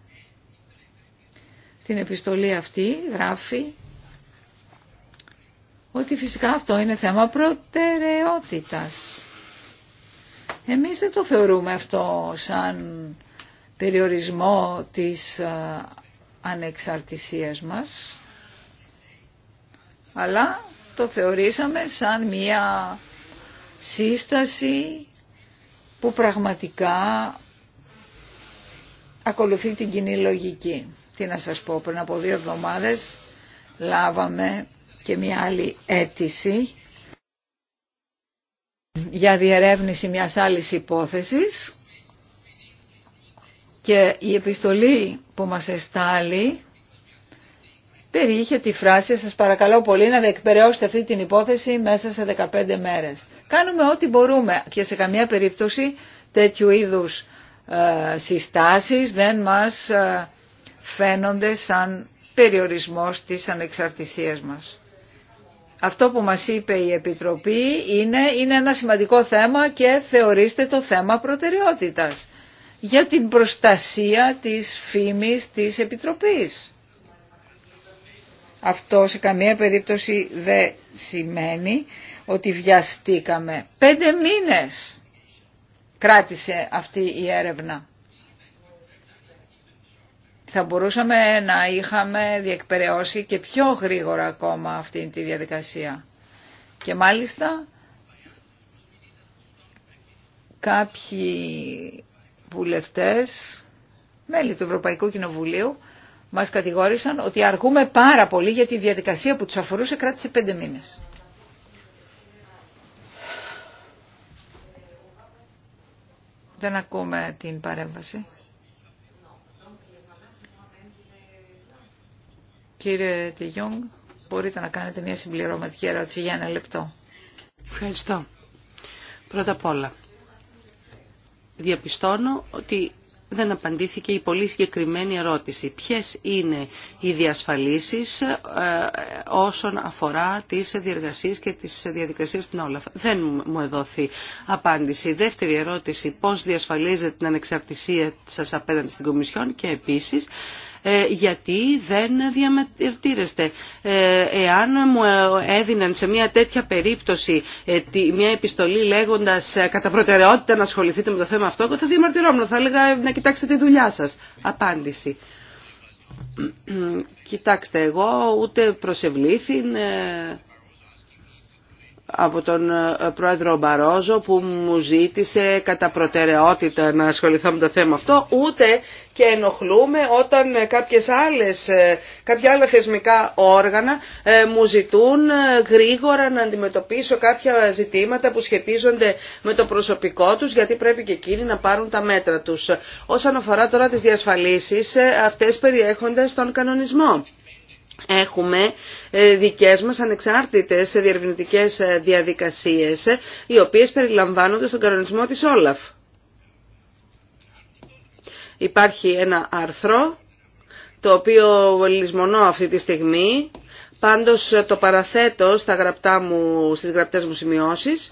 Την επιστολή αυτή γράφει ότι φυσικά αυτό είναι θέμα προτεραιότητας. Εμείς δεν το θεωρούμε αυτό σαν περιορισμό της ανεξαρτησίας μας, αλλά το θεωρήσαμε σαν μία σύσταση που πραγματικά ακολουθεί την κοινή λογική τι να σας πω, πριν από δύο εβδομάδες λάβαμε και μια άλλη αίτηση για διερεύνηση μιας άλλης υπόθεσης και η επιστολή που μας εστάλει περιείχε τη φράση «Σας παρακαλώ πολύ να διεκπαιρεώσετε αυτή την υπόθεση μέσα σε 15 μέρες». Κάνουμε ό,τι μπορούμε και σε καμία περίπτωση τέτοιου είδους ε, συστάσεις δεν μας ε, φαίνονται σαν περιορισμός της ανεξαρτησίας μας. Αυτό που μας είπε η Επιτροπή είναι, είναι ένα σημαντικό θέμα και θεωρήστε το θέμα προτεραιότητας για την προστασία της φήμης της Επιτροπής. Αυτό σε καμία περίπτωση δεν σημαίνει ότι βιαστήκαμε. Πέντε μήνες κράτησε αυτή η έρευνα θα μπορούσαμε να είχαμε διεκπαιρεώσει και πιο γρήγορα ακόμα αυτή τη διαδικασία. Και μάλιστα κάποιοι βουλευτές, μέλη του Ευρωπαϊκού Κοινοβουλίου, μας κατηγόρησαν ότι αργούμε πάρα πολύ για τη διαδικασία που τους αφορούσε κράτησε πέντε μήνες. Δεν ακούμε την παρέμβαση. Κύριε Τιγιόγκ, μπορείτε να κάνετε μια συμπληρωματική ερώτηση για ένα λεπτό. Ευχαριστώ. Πρώτα απ' όλα, διαπιστώνω ότι δεν απαντήθηκε η πολύ συγκεκριμένη ερώτηση. Ποιες είναι οι διασφαλίσεις ε, όσον αφορά τις διεργασίες και τις διαδικασίες στην Όλαφ. Δεν μου εδόθη απάντηση. Η δεύτερη ερώτηση, πώς διασφαλίζετε την ανεξαρτησία σας απέναντι στην Κομισιόν και επίσης ε, γιατί δεν διαμαρτύρεστε. Ε, εάν μου έδιναν σε μια τέτοια περίπτωση ε, μια επιστολή λέγοντας κατά προτεραιότητα να ασχοληθείτε με το θέμα αυτό, θα διαμαρτυρόμουν, θα έλεγα να κοιτάξετε τη δουλειά σας. Απάντηση. Κοιτάξτε, εγώ ούτε προσευλήθην, από τον ε, πρόεδρο Μπαρόζο που μου ζήτησε κατά προτεραιότητα να ασχοληθώ με το θέμα αυτό, ούτε και ενοχλούμε όταν ε, κάποιες άλλες, ε, κάποια άλλα θεσμικά όργανα μου ζητούν γρήγορα να αντιμετωπίσω κάποια ζητήματα που σχετίζονται με το προσωπικό τους, γιατί πρέπει και εκείνοι να πάρουν τα μέτρα τους. Όσον αφορά τώρα τις διασφαλίσεις, αυτές περιέχονται στον κανονισμό. Έχουμε ε, δικές μας ανεξάρτητες διερευνητικές ε, διαδικασίες, ε, οι οποίες περιλαμβάνονται στον κανονισμό της Όλαφ. Υπάρχει ένα άρθρο, το οποίο λησμονώ αυτή τη στιγμή, πάντως το παραθέτω στα γραπτά μου, στις γραπτές μου σημειώσεις.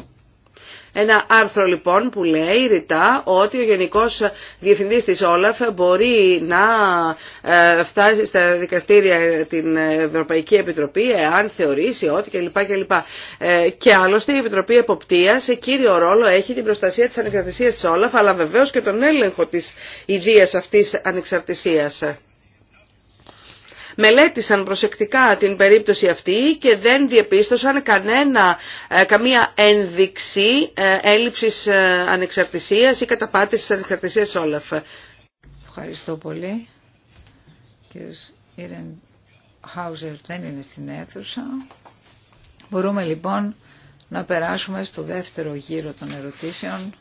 Ένα άρθρο λοιπόν που λέει ρητά ότι ο Γενικός Διευθυντής της Όλαφ μπορεί να ε, φτάσει στα δικαστήρια την Ευρωπαϊκή Επιτροπή εάν θεωρήσει ότι κλπ. κλπ. Ε, και άλλωστε η Επιτροπή Εποπτείας σε κύριο ρόλο έχει την προστασία της ανεξαρτησία της Όλαφ αλλά βεβαίως και τον έλεγχο της ιδίας αυτής ανεξαρτησίας μελέτησαν προσεκτικά την περίπτωση αυτή και δεν διεπίστωσαν κανένα, ε, καμία ένδειξη ε, έλλειψης ε, ανεξαρτησίας ή καταπάτησης ανεξαρτησίας Όλαφ. Ευχαριστώ πολύ. Κύριος Ιρεν Χάουζερ δεν είναι στην αίθουσα. Μπορούμε λοιπόν να περάσουμε στο δεύτερο γύρο των ερωτήσεων.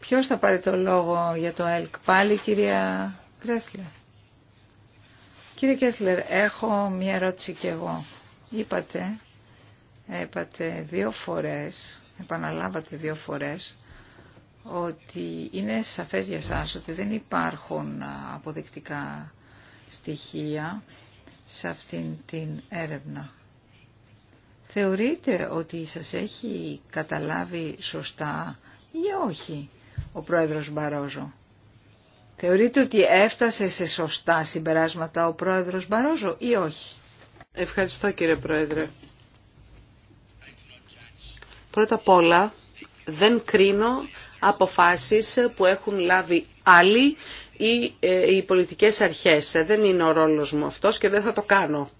Ποιος θα πάρει το λόγο για το ΕΛΚ πάλι, κυρία Κρέσλερ. Κύριε έχω μία ερώτηση κι εγώ. Είπατε, είπατε δύο φορές, επαναλάβατε δύο φορές, ότι είναι σαφές για σας ότι δεν υπάρχουν αποδεικτικά στοιχεία σε αυτήν την έρευνα. Θεωρείτε ότι σας έχει καταλάβει σωστά ή όχι ο πρόεδρος Μπαρόζο. Θεωρείτε ότι έφτασε σε σωστά συμπεράσματα ο πρόεδρος Μπαρόζο ή όχι. Ευχαριστώ κύριε πρόεδρε. Πρώτα απ' όλα δεν κρίνω αποφάσεις που έχουν λάβει άλλοι ή ε, οι πολιτικές αρχές. Δεν είναι ο ρόλος μου αυτός και δεν θα το κάνω.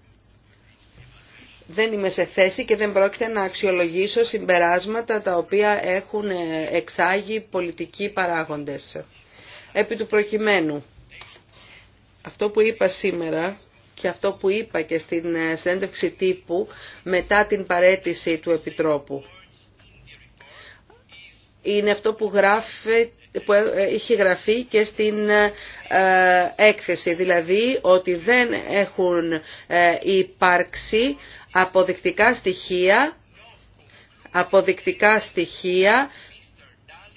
Δεν είμαι σε θέση και δεν πρόκειται να αξιολογήσω συμπεράσματα τα οποία έχουν ε, εξάγει πολιτικοί παράγοντες επί του προκειμένου. Αυτό που είπα σήμερα και αυτό που είπα και στην ε, συνέντευξη τύπου μετά την παρέτηση του Επιτρόπου. Είναι αυτό που, γράφει, που ε, είχε γραφεί και στην ε, έκθεση, δηλαδή ότι δεν έχουν υπάρξει αποδεικτικά στοιχεία αποδεικτικά στοιχεία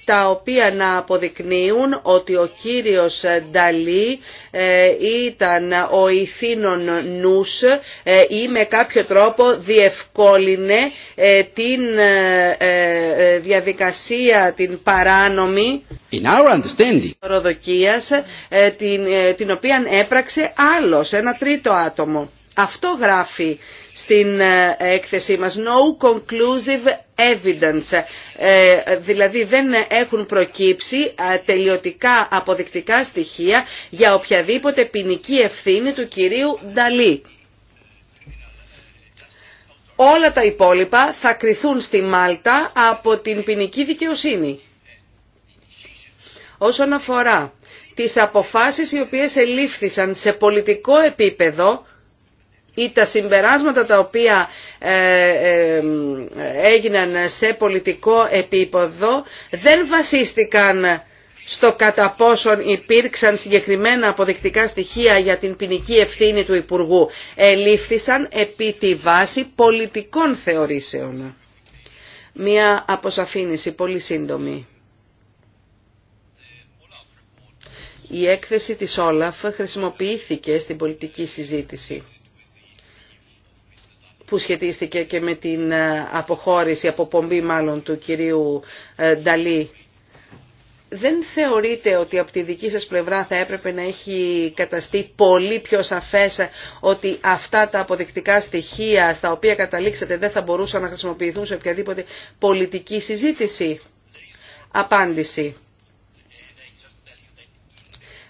τα οποία να αποδεικνύουν ότι ο κύριος Νταλή ε, ήταν ο ηθήνων νους ε, ή με κάποιο τρόπο διευκόλυνε ε, την διαδικασία την παράνομη In our understanding. την, την οποία έπραξε άλλος, ένα τρίτο άτομο. Αυτό γράφει στην ε, έκθεσή μας. No conclusive evidence, ε, δηλαδή δεν έχουν προκύψει ε, τελειωτικά αποδεικτικά στοιχεία για οποιαδήποτε ποινική ευθύνη του κυρίου Νταλή. Όλα τα υπόλοιπα θα κριθούν στη Μάλτα από την ποινική δικαιοσύνη. Όσον αφορά τις αποφάσεις οι οποίες ελήφθησαν σε πολιτικό επίπεδο ή τα συμπεράσματα τα οποία ε, ε, έγιναν σε πολιτικό επίπεδο δεν βασίστηκαν στο κατά πόσον υπήρξαν συγκεκριμένα αποδεικτικά στοιχεία για την ποινική ευθύνη του Υπουργού. Ελήφθησαν επί τη βάση πολιτικών θεωρήσεων. Μία αποσαφήνιση πολύ σύντομη. Η έκθεση της Όλαφ χρησιμοποιήθηκε στην πολιτική συζήτηση που σχετίστηκε και με την ε, αποχώρηση, αποπομπή μάλλον του κυρίου ε, Νταλή. Δεν θεωρείτε ότι από τη δική σας πλευρά θα έπρεπε να έχει καταστεί πολύ πιο σαφές ότι αυτά τα αποδεικτικά στοιχεία στα οποία καταλήξατε δεν θα μπορούσαν να χρησιμοποιηθούν σε οποιαδήποτε πολιτική συζήτηση. Απάντηση.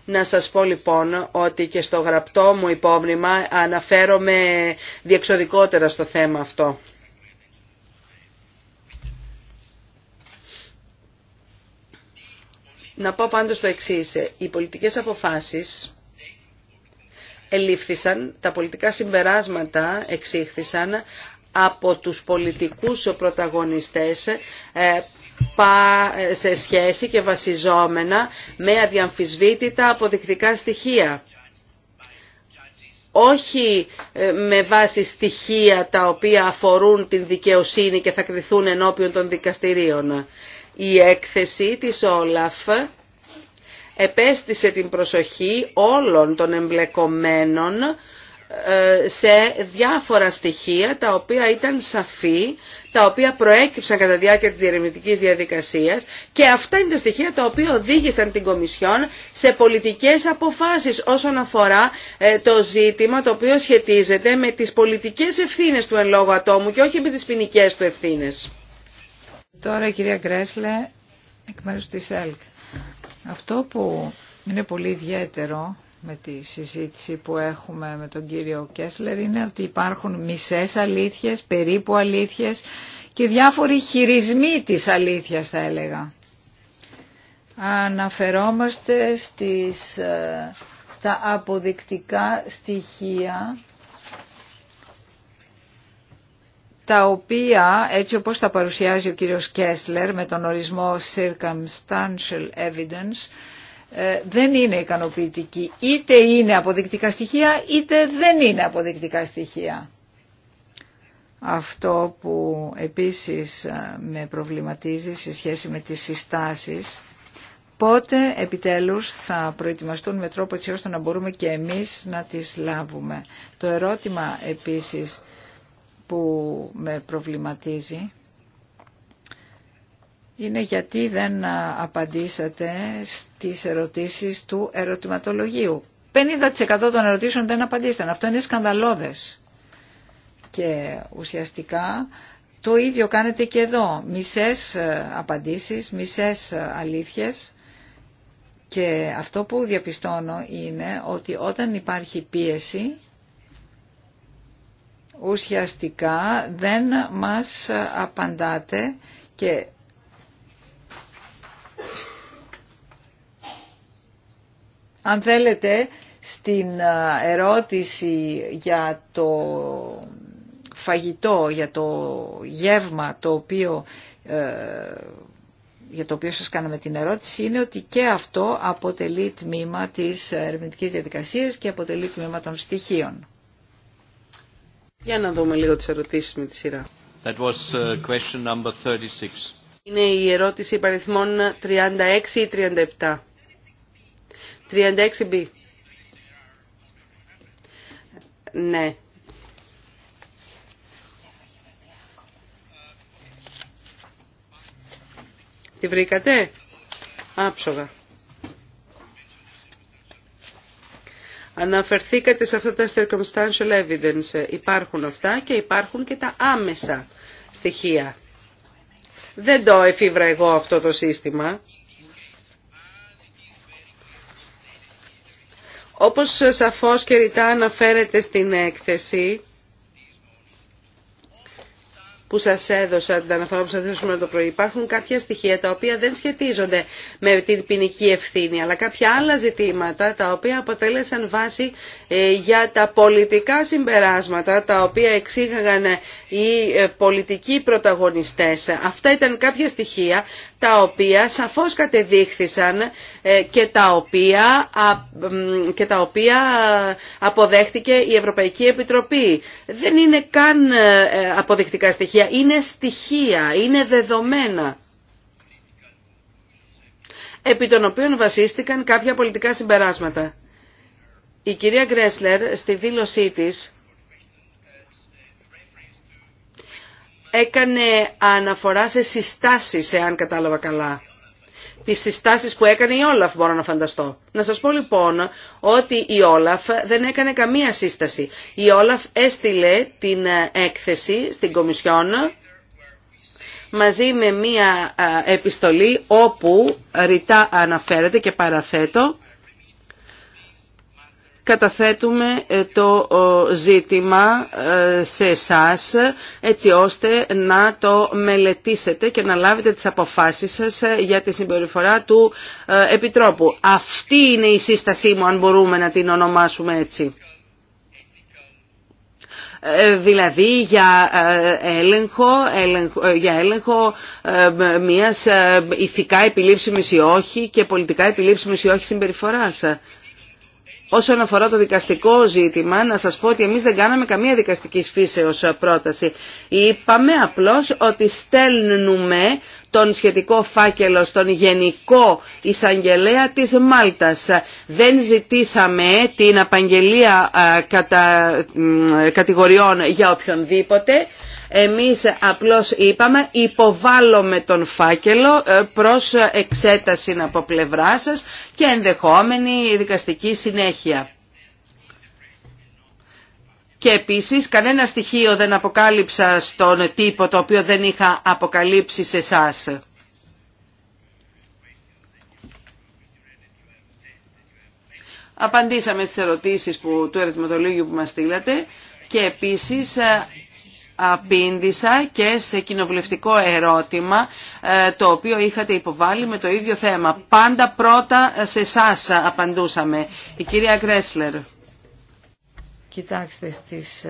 Να σας πω λοιπόν ότι και στο γραπτό μου υπόμνημα αναφέρομαι διεξοδικότερα στο θέμα αυτό. Να πω πάντως το εξής. Οι πολιτικές αποφάσεις ελήφθησαν, τα πολιτικά συμπεράσματα εξήχθησαν από τους πολιτικούς πρωταγωνιστές ε, σε σχέση και βασιζόμενα με αδιαμφισβήτητα αποδεικτικά στοιχεία. Όχι ε, με βάση στοιχεία τα οποία αφορούν την δικαιοσύνη και θα κριθούν ενώπιον των δικαστηρίων. Η έκθεση της Όλαφ επέστησε την προσοχή όλων των εμπλεκομένων ε, σε διάφορα στοιχεία τα οποία ήταν σαφή, τα οποία προέκυψαν κατά διάρκεια της διερευνητικής διαδικασίας και αυτά είναι τα στοιχεία τα οποία οδήγησαν την Κομισιόν σε πολιτικές αποφάσεις όσον αφορά ε, το ζήτημα το οποίο σχετίζεται με τις πολιτικές ευθύνες του εν λόγω ατόμου και όχι με τις ποινικέ του ευθύνες. Τώρα η κυρία Γκρέσλε εκ μέρους της ΕΛΚ. Αυτό που είναι πολύ ιδιαίτερο με τη συζήτηση που έχουμε με τον κύριο Κέσλερ είναι ότι υπάρχουν μισές αλήθειες, περίπου αλήθειες και διάφοροι χειρισμοί της αλήθειας θα έλεγα. Αναφερόμαστε στις, ε, στα αποδεικτικά στοιχεία τα οποία, έτσι όπως τα παρουσιάζει ο κύριος Κέσλερ με τον ορισμό circumstantial evidence, ε, δεν είναι ικανοποιητική. Είτε είναι αποδεικτικά στοιχεία είτε δεν είναι αποδεικτικά στοιχεία. Αυτό που επίσης ε, με προβληματίζει σε σχέση με τις συστάσεις, πότε επιτέλους θα προετοιμαστούν με τρόπο έτσι ώστε να μπορούμε και εμείς να τις λάβουμε. Το ερώτημα επίσης που με προβληματίζει είναι γιατί δεν απαντήσατε στις ερωτήσεις του ερωτηματολογίου. 50% των ερωτήσεων δεν απαντήσαν. Αυτό είναι σκανδαλώδες. Και ουσιαστικά το ίδιο κάνετε και εδώ. Μισές απαντήσεις, μισές αλήθειες. Και αυτό που διαπιστώνω είναι ότι όταν υπάρχει πίεση, ουσιαστικά δεν μας απαντάτε και Αν θέλετε, στην ερώτηση για το φαγητό, για το γεύμα το οποίο, ε, για το οποίο σας κάναμε την ερώτηση είναι ότι και αυτό αποτελεί τμήμα της ερευνητικής διαδικασίας και αποτελεί τμήμα των στοιχείων. Για να δούμε λίγο τις ερωτήσεις με τη σειρά. That was ε, question number 36. Είναι η ερώτηση παριθμών 36 ή 37. 36B. Ναι. Τη βρήκατε? Άψογα. Αναφερθήκατε σε αυτά τα circumstantial evidence. Υπάρχουν αυτά και υπάρχουν και τα άμεσα στοιχεία. Δεν το εφήβρα εγώ αυτό το σύστημα. Όπως σαφώς και ρητά αναφέρεται στην έκθεση που σας έδωσα την αναφορά που σας έδωσα το πρωί, υπάρχουν κάποια στοιχεία τα οποία δεν σχετίζονται με την ποινική ευθύνη, αλλά κάποια άλλα ζητήματα τα οποία αποτέλεσαν βάση ε, για τα πολιτικά συμπεράσματα τα οποία εξήγαγαν ε, οι ε, πολιτικοί πρωταγωνιστές. Αυτά ήταν κάποια στοιχεία τα οποία σαφώς κατεδείχθησαν ε, και τα οποία, και τα οποία αποδέχτηκε η Ευρωπαϊκή Επιτροπή. Δεν είναι καν ε, αποδεικτικά στοιχεία, είναι στοιχεία, είναι δεδομένα επί των οποίων βασίστηκαν κάποια πολιτικά συμπεράσματα. Η κυρία Γκρέσλερ στη δήλωσή της έκανε αναφορά σε συστάσεις, εάν κατάλαβα καλά. Τις συστάσεις που έκανε η Όλαφ μπορώ να φανταστώ. Να σας πω λοιπόν ότι η Όλαφ δεν έκανε καμία σύσταση. Η Όλαφ έστειλε την ε, έκθεση στην Κομισιόν μαζί με μία ε, επιστολή όπου ρητά αναφέρεται και παραθέτω καταθέτουμε ε, το ζήτημα ε, σε εσά έτσι ώστε να το μελετήσετε και να λάβετε τις αποφάσεις σας ε, για τη συμπεριφορά του Επιτρόπου. Αυτή είναι η σύστασή μου αν μπορούμε να την ονομάσουμε έτσι δηλαδή για έλεγχο, για έλεγχο μιας ηθικά επιλήψιμης ή όχι και πολιτικά επιλήψιμης ή όχι συμπεριφοράς. Όσον αφορά το δικαστικό ζήτημα, να σας πω ότι εμείς δεν κάναμε καμία δικαστική φύσεως ε, πρόταση. Είπαμε απλώς ότι στέλνουμε τον σχετικό φάκελο στον Γενικό Εισαγγελέα της Μάλτας. Δεν ζητήσαμε την απαγγελία ε, κατηγοριών για οποιονδήποτε εμείς απλώς είπαμε υποβάλλουμε τον φάκελο ε, προς εξέταση από πλευρά σας και ενδεχόμενη δικαστική συνέχεια. Και επίσης κανένα στοιχείο δεν αποκάλυψα στον τύπο το οποίο δεν είχα αποκαλύψει σε εσά. Απαντήσαμε στις ερωτήσεις που, του ερωτηματολόγιου που μας στείλατε και επίσης ε, απήντησα και σε κοινοβουλευτικό ερώτημα ε, το οποίο είχατε υποβάλει με το ίδιο θέμα. Πάντα πρώτα σε εσά απαντούσαμε. Η κυρία Γκρέσλερ. Κοιτάξτε, στις 5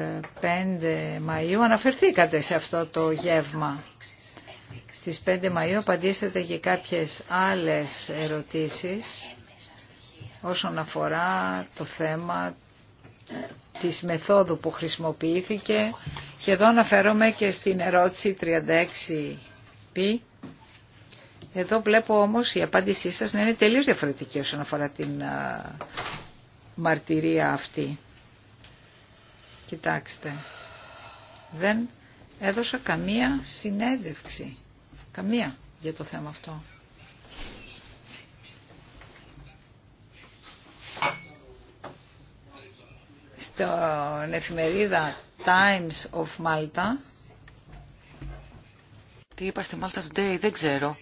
ε, Μαΐου αναφερθήκατε σε αυτό το γεύμα. Στις 5 Μαΐου απαντήσατε και κάποιες άλλες ερωτήσεις όσον αφορά το θέμα της μεθόδου που χρησιμοποιήθηκε και εδώ αναφέρομαι και στην ερώτηση 36π. Εδώ βλέπω όμως η απάντησή σας να είναι τελείως διαφορετική όσον αφορά την μαρτυρία αυτή. Κοιτάξτε, δεν έδωσα καμία συνέντευξη, καμία για το θέμα αυτό. την εφημερίδα Times of Malta. Τι είπα στη Malta Today, δεν ξέρω.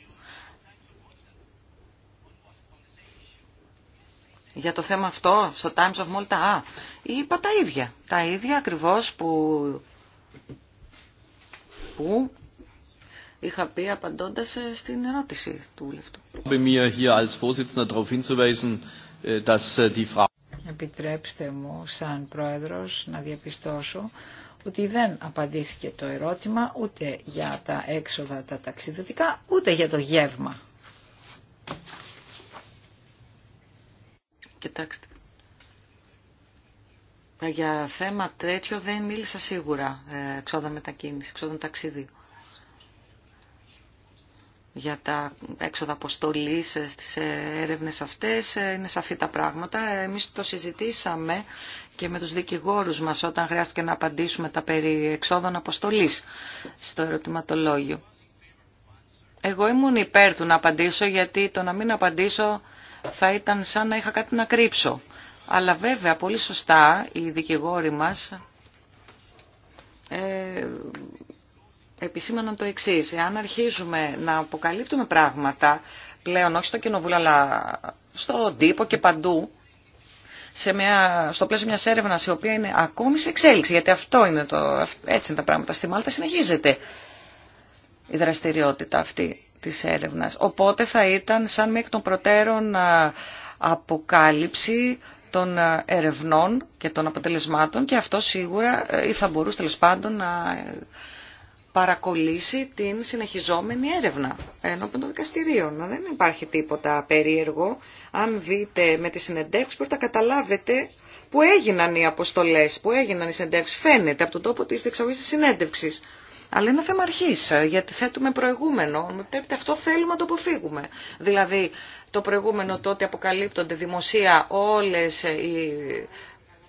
Για το θέμα αυτό, στο Times of Malta, α, είπα τα ίδια. Τα ίδια ακριβώς που, που είχα πει απαντώντας ε, στην ερώτηση του βουλευτού επιτρέψτε μου σαν πρόεδρος να διαπιστώσω ότι δεν απαντήθηκε το ερώτημα ούτε για τα έξοδα τα ταξιδιωτικά, ούτε για το γεύμα. Κοιτάξτε. Για θέμα τέτοιο δεν μίλησα σίγουρα ε, εξόδα μετακίνηση, εξόδων ταξιδίου για τα έξοδα αποστολή ε, στις ε, έρευνες αυτές. Ε, είναι σαφή τα πράγματα. Εμείς το συζητήσαμε και με τους δικηγόρους μας όταν χρειάστηκε να απαντήσουμε τα περί εξόδων αποστολής στο ερωτηματολόγιο. Εγώ ήμουν υπέρ του να απαντήσω γιατί το να μην απαντήσω θα ήταν σαν να είχα κάτι να κρύψω. Αλλά βέβαια πολύ σωστά οι δικηγόροι μας επισήμαναν το εξή. Εάν αρχίζουμε να αποκαλύπτουμε πράγματα, πλέον όχι στο κοινοβούλιο, αλλά στον τύπο και παντού, σε μια, στο πλαίσιο μια έρευνα η οποία είναι ακόμη σε εξέλιξη, γιατί αυτό είναι το, έτσι είναι τα πράγματα. Στη Μάλτα συνεχίζεται η δραστηριότητα αυτή της έρευνας. Οπότε θα ήταν σαν μέχρι εκ των προτέρων αποκάλυψη των ερευνών και των αποτελεσμάτων και αυτό σίγουρα ε, ή θα μπορούσε τέλο πάντων να παρακολύσει την συνεχιζόμενη έρευνα ενώπιον των δικαστηρίων. Δεν υπάρχει τίποτα περίεργο. Αν δείτε με τις συνεντεύξεις πρώτα καταλάβετε που έγιναν οι αποστολές, που έγιναν οι συνεντεύξεις. Φαίνεται από τον τόπο της διεξαγωγής της συνέντευξης. Αλλά είναι θέμα αρχή, γιατί θέτουμε προηγούμενο. αυτό θέλουμε να το αποφύγουμε. Δηλαδή, το προηγούμενο τότε αποκαλύπτονται δημοσία όλες οι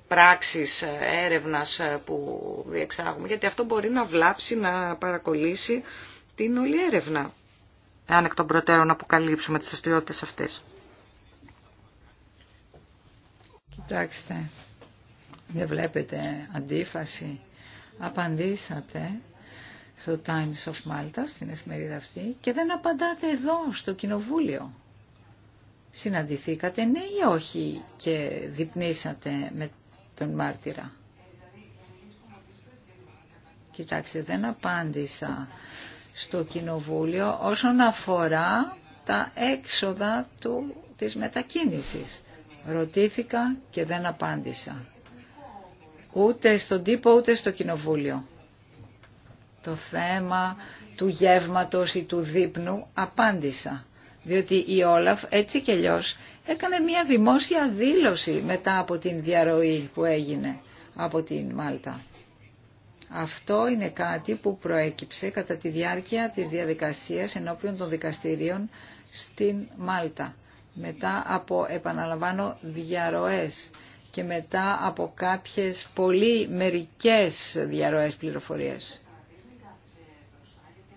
πράξεις ε, έρευνας ε, που διεξάγουμε, γιατί αυτό μπορεί να βλάψει, να παρακολύσει την όλη έρευνα, αν εκ των προτέρων αποκαλύψουμε τις δραστηριότητε αυτές. Κοιτάξτε, δεν βλέπετε αντίφαση. Απαντήσατε στο Times of Malta, στην εφημερίδα αυτή, και δεν απαντάτε εδώ, στο Κοινοβούλιο. Συναντηθήκατε, ναι ή όχι, και διπνήσατε με τον μάρτυρα. Κοιτάξτε, δεν απάντησα στο Κοινοβούλιο όσον αφορά τα έξοδα του, της μετακίνησης. Ρωτήθηκα και δεν απάντησα. Ούτε στον τύπο, ούτε στο Κοινοβούλιο. Το θέμα του γεύματος ή του δείπνου απάντησα. Διότι η Όλαφ έτσι κι αλλιώς έκανε μια δημόσια δήλωση μετά από την διαρροή που έγινε από την Μάλτα. Αυτό είναι κάτι που προέκυψε κατά τη διάρκεια της διαδικασίας ενώπιον των δικαστηρίων στην Μάλτα. Μετά από, επαναλαμβάνω, διαρροές και μετά από κάποιες πολύ μερικές διαρροές πληροφορίες.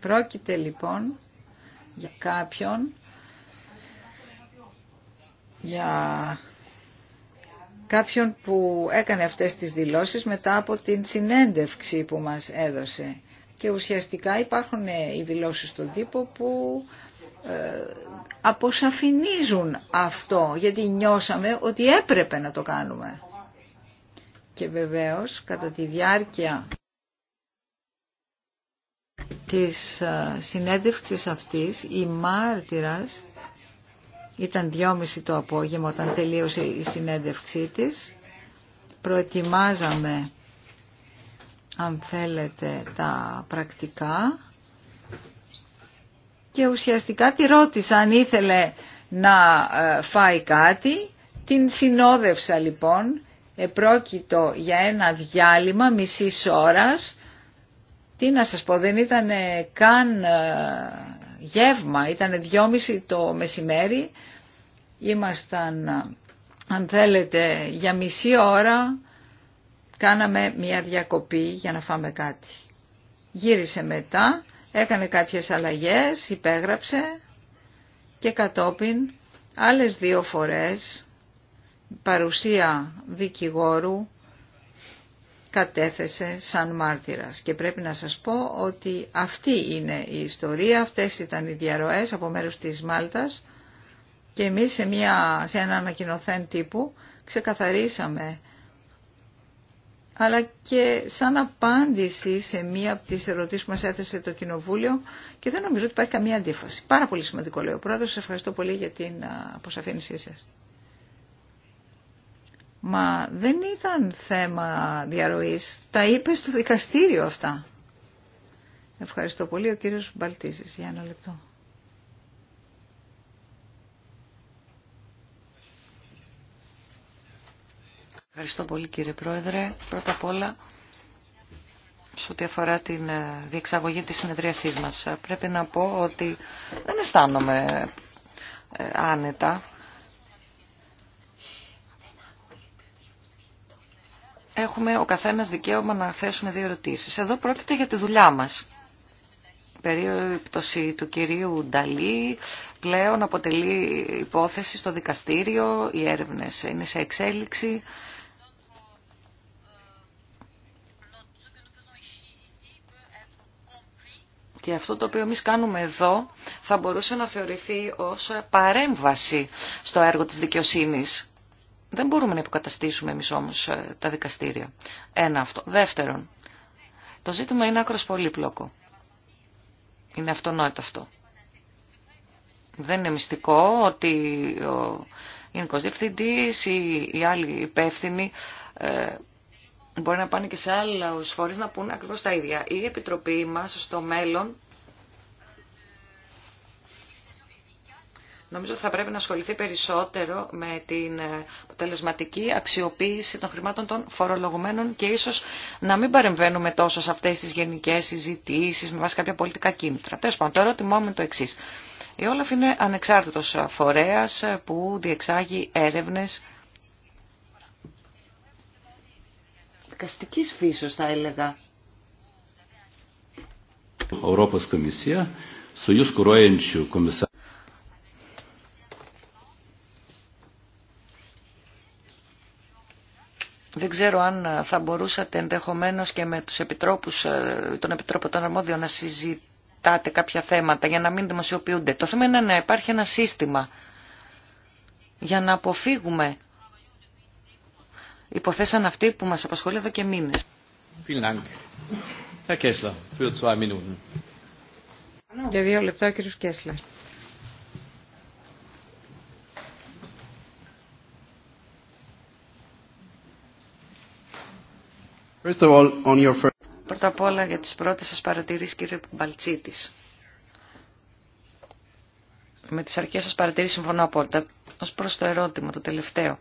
Πρόκειται λοιπόν για κάποιον για κάποιον που έκανε αυτές τις δηλώσεις μετά από την συνέντευξη που μας έδωσε. Και ουσιαστικά υπάρχουν ε, οι δηλώσεις στον τύπο που ε, αποσαφηνίζουν αυτό, γιατί νιώσαμε ότι έπρεπε να το κάνουμε. Και βεβαίως κατά τη διάρκεια της ε, συνέντευξης αυτής η μάρτυρας ήταν δυόμιση το απόγευμα όταν τελείωσε η συνέντευξή της. Προετοιμάζαμε, αν θέλετε, τα πρακτικά και ουσιαστικά τη ρώτησα αν ήθελε να ε, φάει κάτι. Την συνόδευσα λοιπόν, επρόκειτο για ένα διάλειμμα μισής ώρας. Τι να σας πω, δεν ήταν καν ε, γεύμα. Ήταν δυόμιση το μεσημέρι. Ήμασταν, αν θέλετε, για μισή ώρα κάναμε μια διακοπή για να φάμε κάτι. Γύρισε μετά, έκανε κάποιες αλλαγές, υπέγραψε και κατόπιν άλλες δύο φορές παρουσία δικηγόρου κατέθεσε σαν μάρτυρας. Και πρέπει να σας πω ότι αυτή είναι η ιστορία, αυτές ήταν οι διαρροές από μέρους της Μάλτας και εμείς σε, μια, σε ένα ανακοινοθέν τύπου ξεκαθαρίσαμε αλλά και σαν απάντηση σε μία από τις ερωτήσεις που μας έθεσε το Κοινοβούλιο και δεν νομίζω ότι υπάρχει καμία αντίφαση. Πάρα πολύ σημαντικό λέει ο Πρόεδρος. Σας ευχαριστώ πολύ για την αποσαφήνισή σας. Μα δεν ήταν θέμα διαρροής. Τα είπε στο δικαστήριο αυτά. Ευχαριστώ πολύ. Ο κύριος Μπαλτίζης. Για ένα λεπτό. Ευχαριστώ πολύ κύριε Πρόεδρε. Πρώτα απ' όλα, σε ό,τι αφορά την ε, διεξαγωγή της συνεδρίασής μας, ε, πρέπει να πω ότι δεν αισθάνομαι ε, άνετα έχουμε ο καθένας δικαίωμα να θέσουμε δύο ερωτήσεις. Εδώ πρόκειται για τη δουλειά μας. Περίπτωση του κυρίου Νταλή πλέον αποτελεί υπόθεση στο δικαστήριο, οι έρευνες είναι σε εξέλιξη. Και αυτό το οποίο εμείς κάνουμε εδώ θα μπορούσε να θεωρηθεί ως παρέμβαση στο έργο της δικαιοσύνης. Δεν μπορούμε να υποκαταστήσουμε εμείς όμως ε, τα δικαστήρια. Ένα αυτό. Δεύτερον, το ζήτημα είναι άκρος πολύπλοκο. Είναι αυτονόητο αυτό. Δεν είναι μυστικό ότι ο γενικός διευθυντής ή οι άλλοι υπεύθυνοι ε, μπορεί να πάνε και σε άλλους φορείς να πούνε ακριβώς τα ίδια. Η Επιτροπή μας στο μέλλον Νομίζω ότι θα πρέπει να ασχοληθεί περισσότερο με την αποτελεσματική αξιοποίηση των χρημάτων των φορολογουμένων και ίσως να μην παρεμβαίνουμε τόσο σε αυτές τις γενικές συζητήσεις με βάση κάποια πολιτικά κίνητρα. Τέλος πάντων, το ερώτημά μου είναι το εξής. Η Όλαφ είναι ανεξάρτητος φορέας που διεξάγει έρευνες δικαστικής φύσεως θα έλεγα. Δεν ξέρω αν ε, θα μπορούσατε ενδεχομένως και με τους επιτρόπους, ε, τον Επιτρόπο των Αρμόδιων να συζητάτε κάποια θέματα για να μην δημοσιοποιούνται. Το θέμα είναι να υπάρχει ένα σύστημα για να αποφύγουμε υποθέσαν αυτή που μας απασχολεί εδώ και μήνες. Για δύο λεπτά First Πρώτα απ' όλα για τις πρώτες σας παρατηρήσεις κύριε Μπαλτσίτης. Με τις αρχές σας παρατηρήσεις συμφωνώ απόλυτα. Ως προς το ερώτημα, το τελευταίο.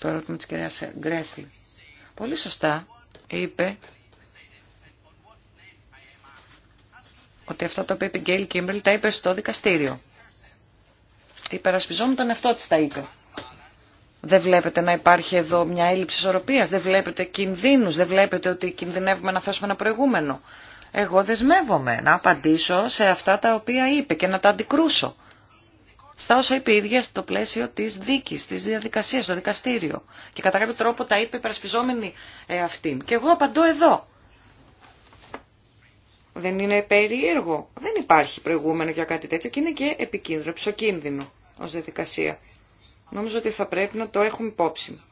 Το ερώτημα της κυρίας Γκρέσλι. Πολύ σωστά είπε ότι αυτά τα οποία είπε η Γκέιλ Κίμπριλ τα είπε στο δικαστήριο. Υπερασπιζόμουν τον εαυτό της τα είπε. Δεν βλέπετε να υπάρχει εδώ μια έλλειψη ισορροπίας, δεν βλέπετε κινδύνους, δεν βλέπετε ότι κινδυνεύουμε να θέσουμε ένα προηγούμενο. Εγώ δεσμεύομαι να απαντήσω σε αυτά τα οποία είπε και να τα αντικρούσω. Στα όσα είπε η ίδια στο πλαίσιο τη δίκη, τη διαδικασία, στο δικαστήριο. Και κατά κάποιο τρόπο τα είπε υπερασπιζόμενη ε, αυτήν. Και εγώ απαντώ εδώ. Δεν είναι περίεργο. Δεν υπάρχει προηγούμενο για κάτι τέτοιο και είναι και επικίνδυνο, ψοκίνδυνο ω διαδικασία. Νομίζω ότι θα πρέπει να το έχουμε υπόψη.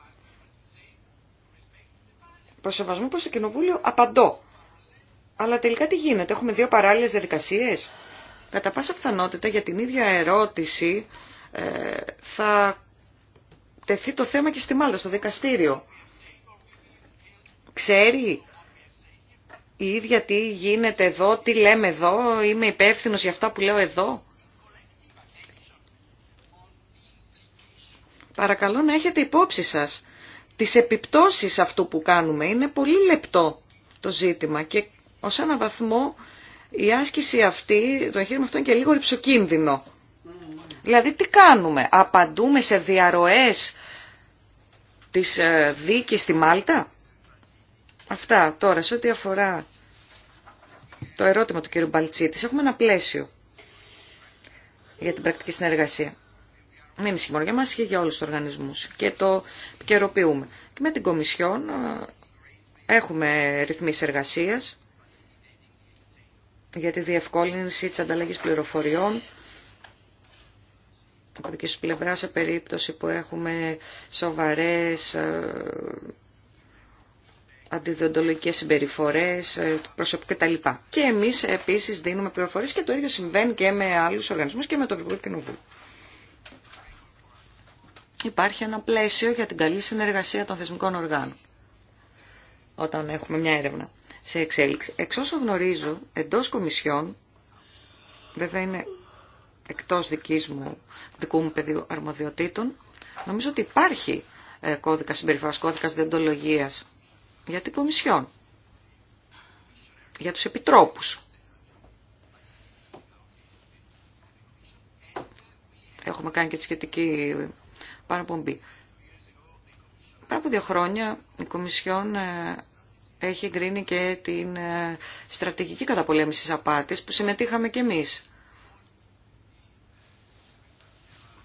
Προσεβασμό προς το Κοινοβούλιο απαντώ. Αλλά τελικά τι γίνεται, έχουμε δύο παράλληλες διαδικασίες. Κατά πάσα πιθανότητα για την ίδια ερώτηση ε, θα τεθεί το θέμα και στη Μάλτα, στο δικαστήριο. Ξέρει η ίδια τι γίνεται εδώ, τι λέμε εδώ, είμαι υπεύθυνο για αυτά που λέω εδώ. Παρακαλώ να έχετε υπόψη σας τις επιπτώσεις αυτού που κάνουμε. Είναι πολύ λεπτό το ζήτημα και ως ένα βαθμό η άσκηση αυτή, το εγχείρημα αυτό είναι και λίγο ρηψοκίνδυνο. Δηλαδή τι κάνουμε, απαντούμε σε διαρροές της ε, δίκης στη Μάλτα. Αυτά τώρα σε ό,τι αφορά το ερώτημα του κ. Μπαλτσίτης. Έχουμε ένα πλαίσιο για την πρακτική συνεργασία. Δεν ισχύει για μας, και για όλους τους οργανισμούς και το επικαιροποιούμε. Και με την Κομισιόν ε, έχουμε ρυθμίσει εργασίας για τη διευκόλυνση της ανταλλαγής πληροφοριών από δική σου πλευρά σε περίπτωση που έχουμε σοβαρές ε, αντιδοντολογικές συμπεριφορές, ε, τα κτλ. Και εμείς επίσης δίνουμε πληροφορίες και το ίδιο συμβαίνει και με άλλους οργανισμούς και με το Ευρωπαϊκό Κοινοβούλιο υπάρχει ένα πλαίσιο για την καλή συνεργασία των θεσμικών οργάνων όταν έχουμε μια έρευνα σε εξέλιξη. Εξ όσο γνωρίζω, εντός Κομισιών, βέβαια είναι εκτός δικής μου, δικού μου πεδίου αρμοδιοτήτων, νομίζω ότι υπάρχει ε, κώδικα συμπεριφοράς, κώδικας διοντολογίας για την Κομισιόν, για τους επιτρόπους. Έχουμε κάνει και τη σχετική παραπομπή. Πριν από δύο χρόνια η Κομισιόν ε, έχει εγκρίνει και την ε, στρατηγική καταπολέμηση της απάτης που συμμετείχαμε και εμείς.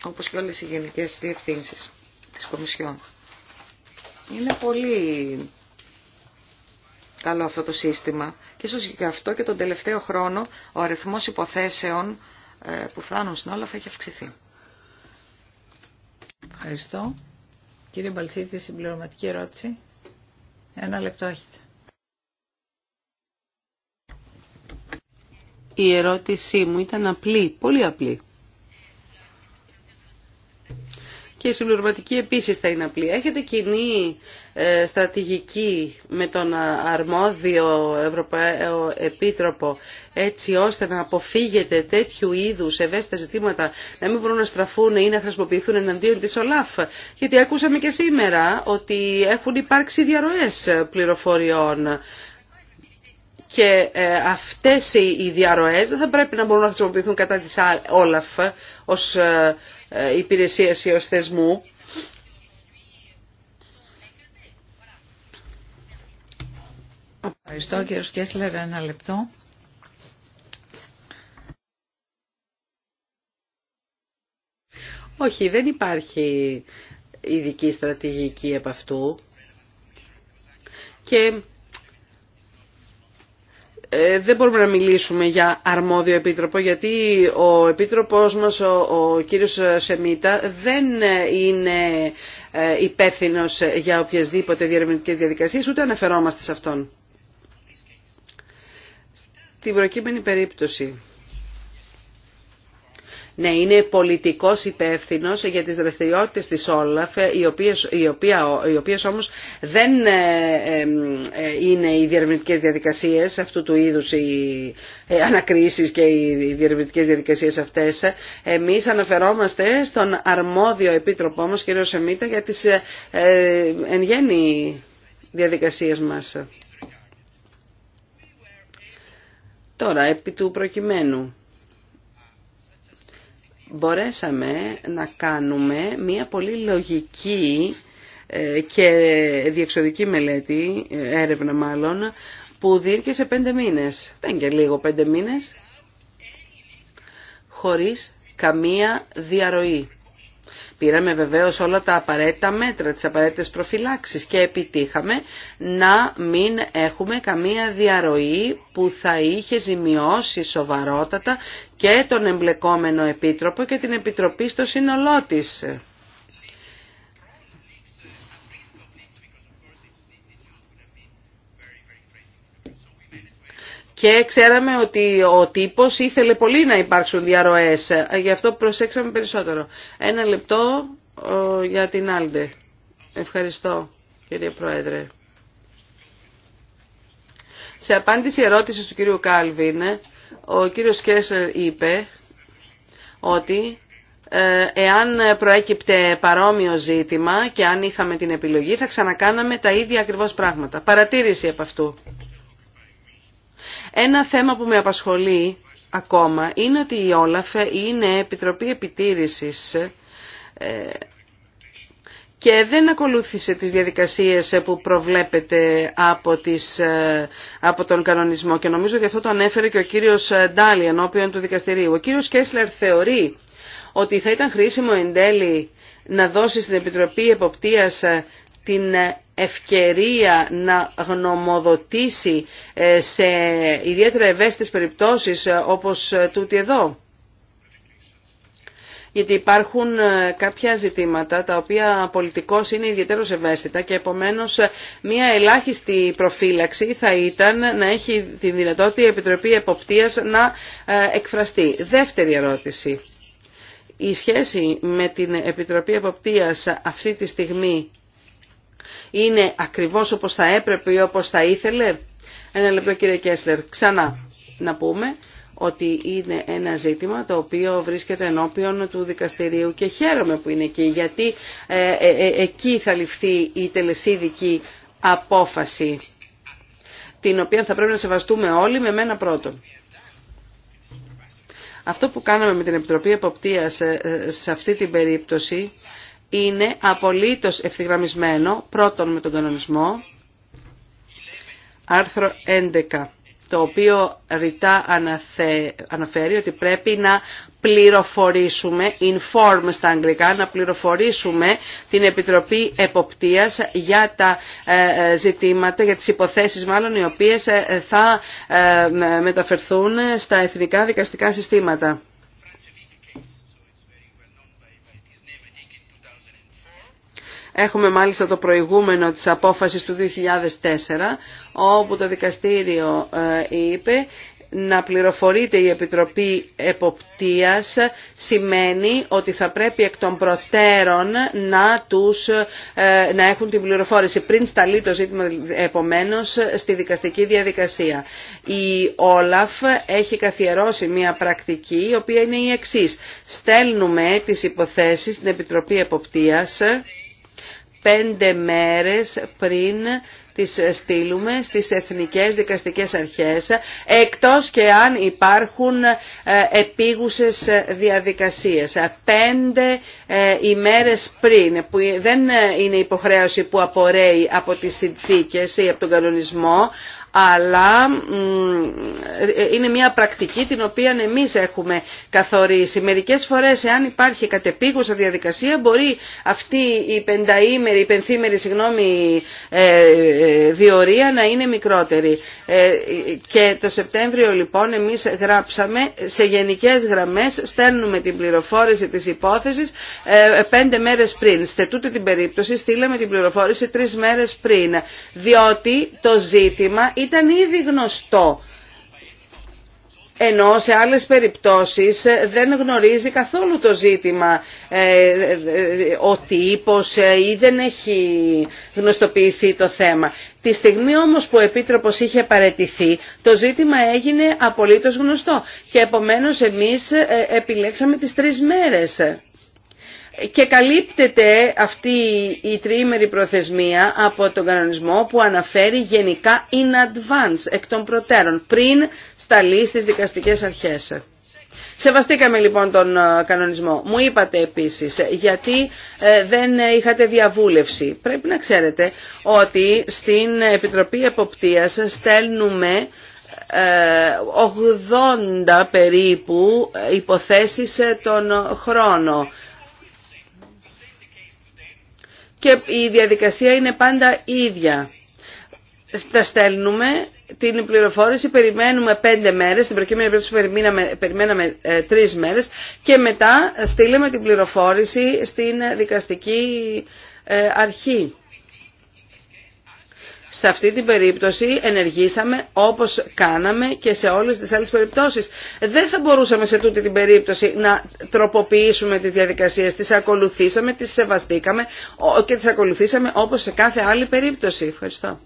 Όπως και όλες οι γενικές διευθύνσεις της Κομισιόν. Είναι πολύ καλό αυτό το σύστημα και ίσως γι' αυτό και τον τελευταίο χρόνο ο αριθμός υποθέσεων ε, που φτάνουν στην θα έχει αυξηθεί. Ευχαριστώ. Κύριε Μπαλτσίτη, συμπληρωματική ερώτηση. Ένα λεπτό έχετε. Η ερώτησή μου ήταν απλή, πολύ απλή. Και η συμπληρωματική επίσης θα είναι απλή. Έχετε κοινή ε, στρατηγική με τον αρμόδιο ευρωπαϊκό Επίτροπο έτσι ώστε να αποφύγετε τέτοιου είδους ευαίσθητα ζητήματα να μην μπορούν να στραφούν ή να χρησιμοποιηθούν εναντίον τη ΟΛΑΦ. Γιατί ακούσαμε και σήμερα ότι έχουν υπάρξει διαρροές πληροφοριών και ε, αυτές οι διαρροές δεν θα πρέπει να μπορούν να χρησιμοποιηθούν κατά της ΟΛΑΦ ως ε, υπηρεσία ή θεσμού Ευχαριστώ κύριο Σκέφλερ, ένα λεπτό. Όχι, δεν υπάρχει ειδική στρατηγική από αυτού. Και ε, δεν μπορούμε να μιλήσουμε για αρμόδιο επίτροπο γιατί ο επίτροπος μας, ο, ο κύριος Σεμίτα, δεν είναι ε, υπεύθυνος για οποιασδήποτε διαρευνητικές διαδικασίες, ούτε αναφερόμαστε σε αυτόν την προκείμενη περίπτωση. Ναι, είναι πολιτικός υπεύθυνο για τις δραστηριότητε της Όλαφ, οι οποίε οι όμως δεν ε, ε, είναι οι διαρευνητικέ διαδικασίες αυτού του είδου οι ε, ανακρίσει και οι διερευνητικέ διαδικασίες αυτές. Εμείς αναφερόμαστε στον αρμόδιο επίτροπό μας, κ. Σεμίτα, για τις εν γέννη διαδικασίες μας. Τώρα, επί του προκειμένου, μπορέσαμε να κάνουμε μία πολύ λογική ε, και διεξοδική μελέτη, ε, έρευνα μάλλον, που διήρκεσε πέντε μήνες. Δεν και λίγο πέντε μήνες, χωρίς καμία διαρροή. Πήραμε βεβαίως όλα τα απαραίτητα μέτρα, τις απαραίτητες προφυλάξεις και επιτύχαμε να μην έχουμε καμία διαρροή που θα είχε ζημιώσει σοβαρότατα και τον εμπλεκόμενο επίτροπο και την επιτροπή στο σύνολό της. και ξέραμε ότι ο τύπος ήθελε πολύ να υπάρξουν διαρροές. Γι' αυτό προσέξαμε περισσότερο. Ένα λεπτό για την Άλντε. Ευχαριστώ κύριε Πρόεδρε. Σε απάντηση ερώτηση του κύριου Κάλβιν, ο κύριος Κέσσερ είπε ότι ε, εάν προέκυπτε παρόμοιο ζήτημα και αν είχαμε την επιλογή θα ξανακάναμε τα ίδια ακριβώς πράγματα. Παρατήρηση από αυτού. Ένα θέμα που με απασχολεί ακόμα είναι ότι η Όλαφε είναι Επιτροπή Επιτήρησης ε, και δεν ακολούθησε τις διαδικασίες που προβλέπεται από, τις, ε, από τον κανονισμό και νομίζω ότι αυτό το ανέφερε και ο κύριος Ντάλι ενώπιον του δικαστηρίου. Ο κύριος Κέσλερ θεωρεί ότι θα ήταν χρήσιμο εν τέλει να δώσει στην Επιτροπή Εποπτείας ε, την ευκαιρία να γνωμοδοτήσει ε, σε ιδιαίτερα ευαίσθητες περιπτώσεις ε, όπως ε, τούτη εδώ. Γιατί υπάρχουν κάποια ζητήματα τα οποία πολιτικώς είναι ιδιαίτερο ευαίσθητα και επομένως μια ελάχιστη προφύλαξη θα ήταν να έχει τη δυνατότητα η Επιτροπή Εποπτείας να εκφραστεί. Δεύτερη ερώτηση. Η σχέση με την Επιτροπή Εποπτείας αυτή τη στιγμή είναι ακριβώς όπως θα έπρεπε ή όπως θα ήθελε. Ένα λεπτό κύριε Κέσλερ, ξανά να πούμε ότι είναι ένα ζήτημα το οποίο βρίσκεται ενώπιον του δικαστηρίου και χαίρομαι που είναι εκεί γιατί ε, ε, ε, εκεί θα ληφθεί η τελεσίδικη απόφαση την οποία θα πρέπει να σεβαστούμε όλοι με μένα πρωτον Αυτό που κάναμε με την Επιτροπή Εποπτείας σε αυτή την περίπτωση είναι απολύτως ευθυγραμμισμένο πρώτον με τον κανονισμό άρθρο 11 το οποίο ρητά αναφέρει ότι πρέπει να πληροφορήσουμε, inform στα αγγλικά, να πληροφορήσουμε την Επιτροπή Εποπτείας για τα ε, ε, ζητήματα, για τις υποθέσεις μάλλον οι οποίες ε, θα μεταφερθούν στα εθνικά δικαστικά συστήματα. Έχουμε μάλιστα το προηγούμενο της απόφασης του 2004, όπου το δικαστήριο ε, είπε να πληροφορείται η Επιτροπή Εποπτείας σημαίνει ότι θα πρέπει εκ των προτέρων να, τους, ε, να έχουν την πληροφόρηση πριν σταλεί το ζήτημα επομένως στη δικαστική διαδικασία. Η Όλαφ έχει καθιερώσει μια πρακτική η οποία είναι η εξής. Στέλνουμε τις υποθέσεις στην Επιτροπή Εποπτείας πέντε μέρες πριν τις στείλουμε στις εθνικές δικαστικές αρχές, εκτός και αν υπάρχουν ε, επίγουσες διαδικασίες. Πέντε ε, ημέρες πριν, που δεν είναι υποχρέωση που απορρέει από τις συνθήκες ή από τον κανονισμό, αλλά ε, ε, είναι μια πρακτική την οποία εμείς έχουμε καθορίσει. Μερικές φορές εάν υπάρχει κατεπίγουσα διαδικασία μπορεί αυτή η πενταήμερη, πενθήμερη συγγνώμη, ε, διορία να είναι μικρότερη. Και το Σεπτέμβριο λοιπόν εμείς γράψαμε σε γενικές γραμμές, στέλνουμε την πληροφόρηση της υπόθεσης πέντε μέρες πριν. Σε τούτη την περίπτωση στείλαμε την πληροφόρηση τρεις μέρες πριν, διότι το ζήτημα ήταν ήδη γνωστό ενώ σε άλλες περιπτώσεις ε, δεν γνωρίζει καθόλου το ζήτημα ε, ε, ο τύπος ή δεν έχει γνωστοποιηθεί το θέμα. Τη στιγμή όμως που ο Επίτροπος είχε παρετηθεί, το ζήτημα έγινε απολύτως γνωστό και επομένως εμείς επιλέξαμε τις τρεις μέρες και καλύπτεται αυτή η τριήμερη προθεσμία από τον κανονισμό που αναφέρει γενικά in advance, εκ των προτέρων, πριν σταλεί στις δικαστικές αρχές. Σεβαστήκαμε λοιπόν τον ε, κανονισμό. Μου είπατε επίσης ε, γιατί ε, δεν είχατε διαβούλευση. Πρέπει να ξέρετε ότι στην Επιτροπή Εποπτείας στέλνουμε 80 περίπου υποθέσεις τον χρόνο και η διαδικασία είναι πάντα ίδια. Τα στέλνουμε την πληροφόρηση, περιμένουμε πέντε μέρες, στην προκειμένη περίπτωση περιμέναμε, περιμέναμε ε, τρεις μέρες και μετά στείλαμε την πληροφόρηση στην δικαστική ε, αρχή σε αυτή την περίπτωση ενεργήσαμε όπως κάναμε και σε όλες τις άλλες περιπτώσεις. Δεν θα μπορούσαμε σε τούτη την περίπτωση να τροποποιήσουμε τις διαδικασίες. Τις ακολουθήσαμε, τις σεβαστήκαμε και τις ακολουθήσαμε όπως σε κάθε άλλη περίπτωση. Ευχαριστώ.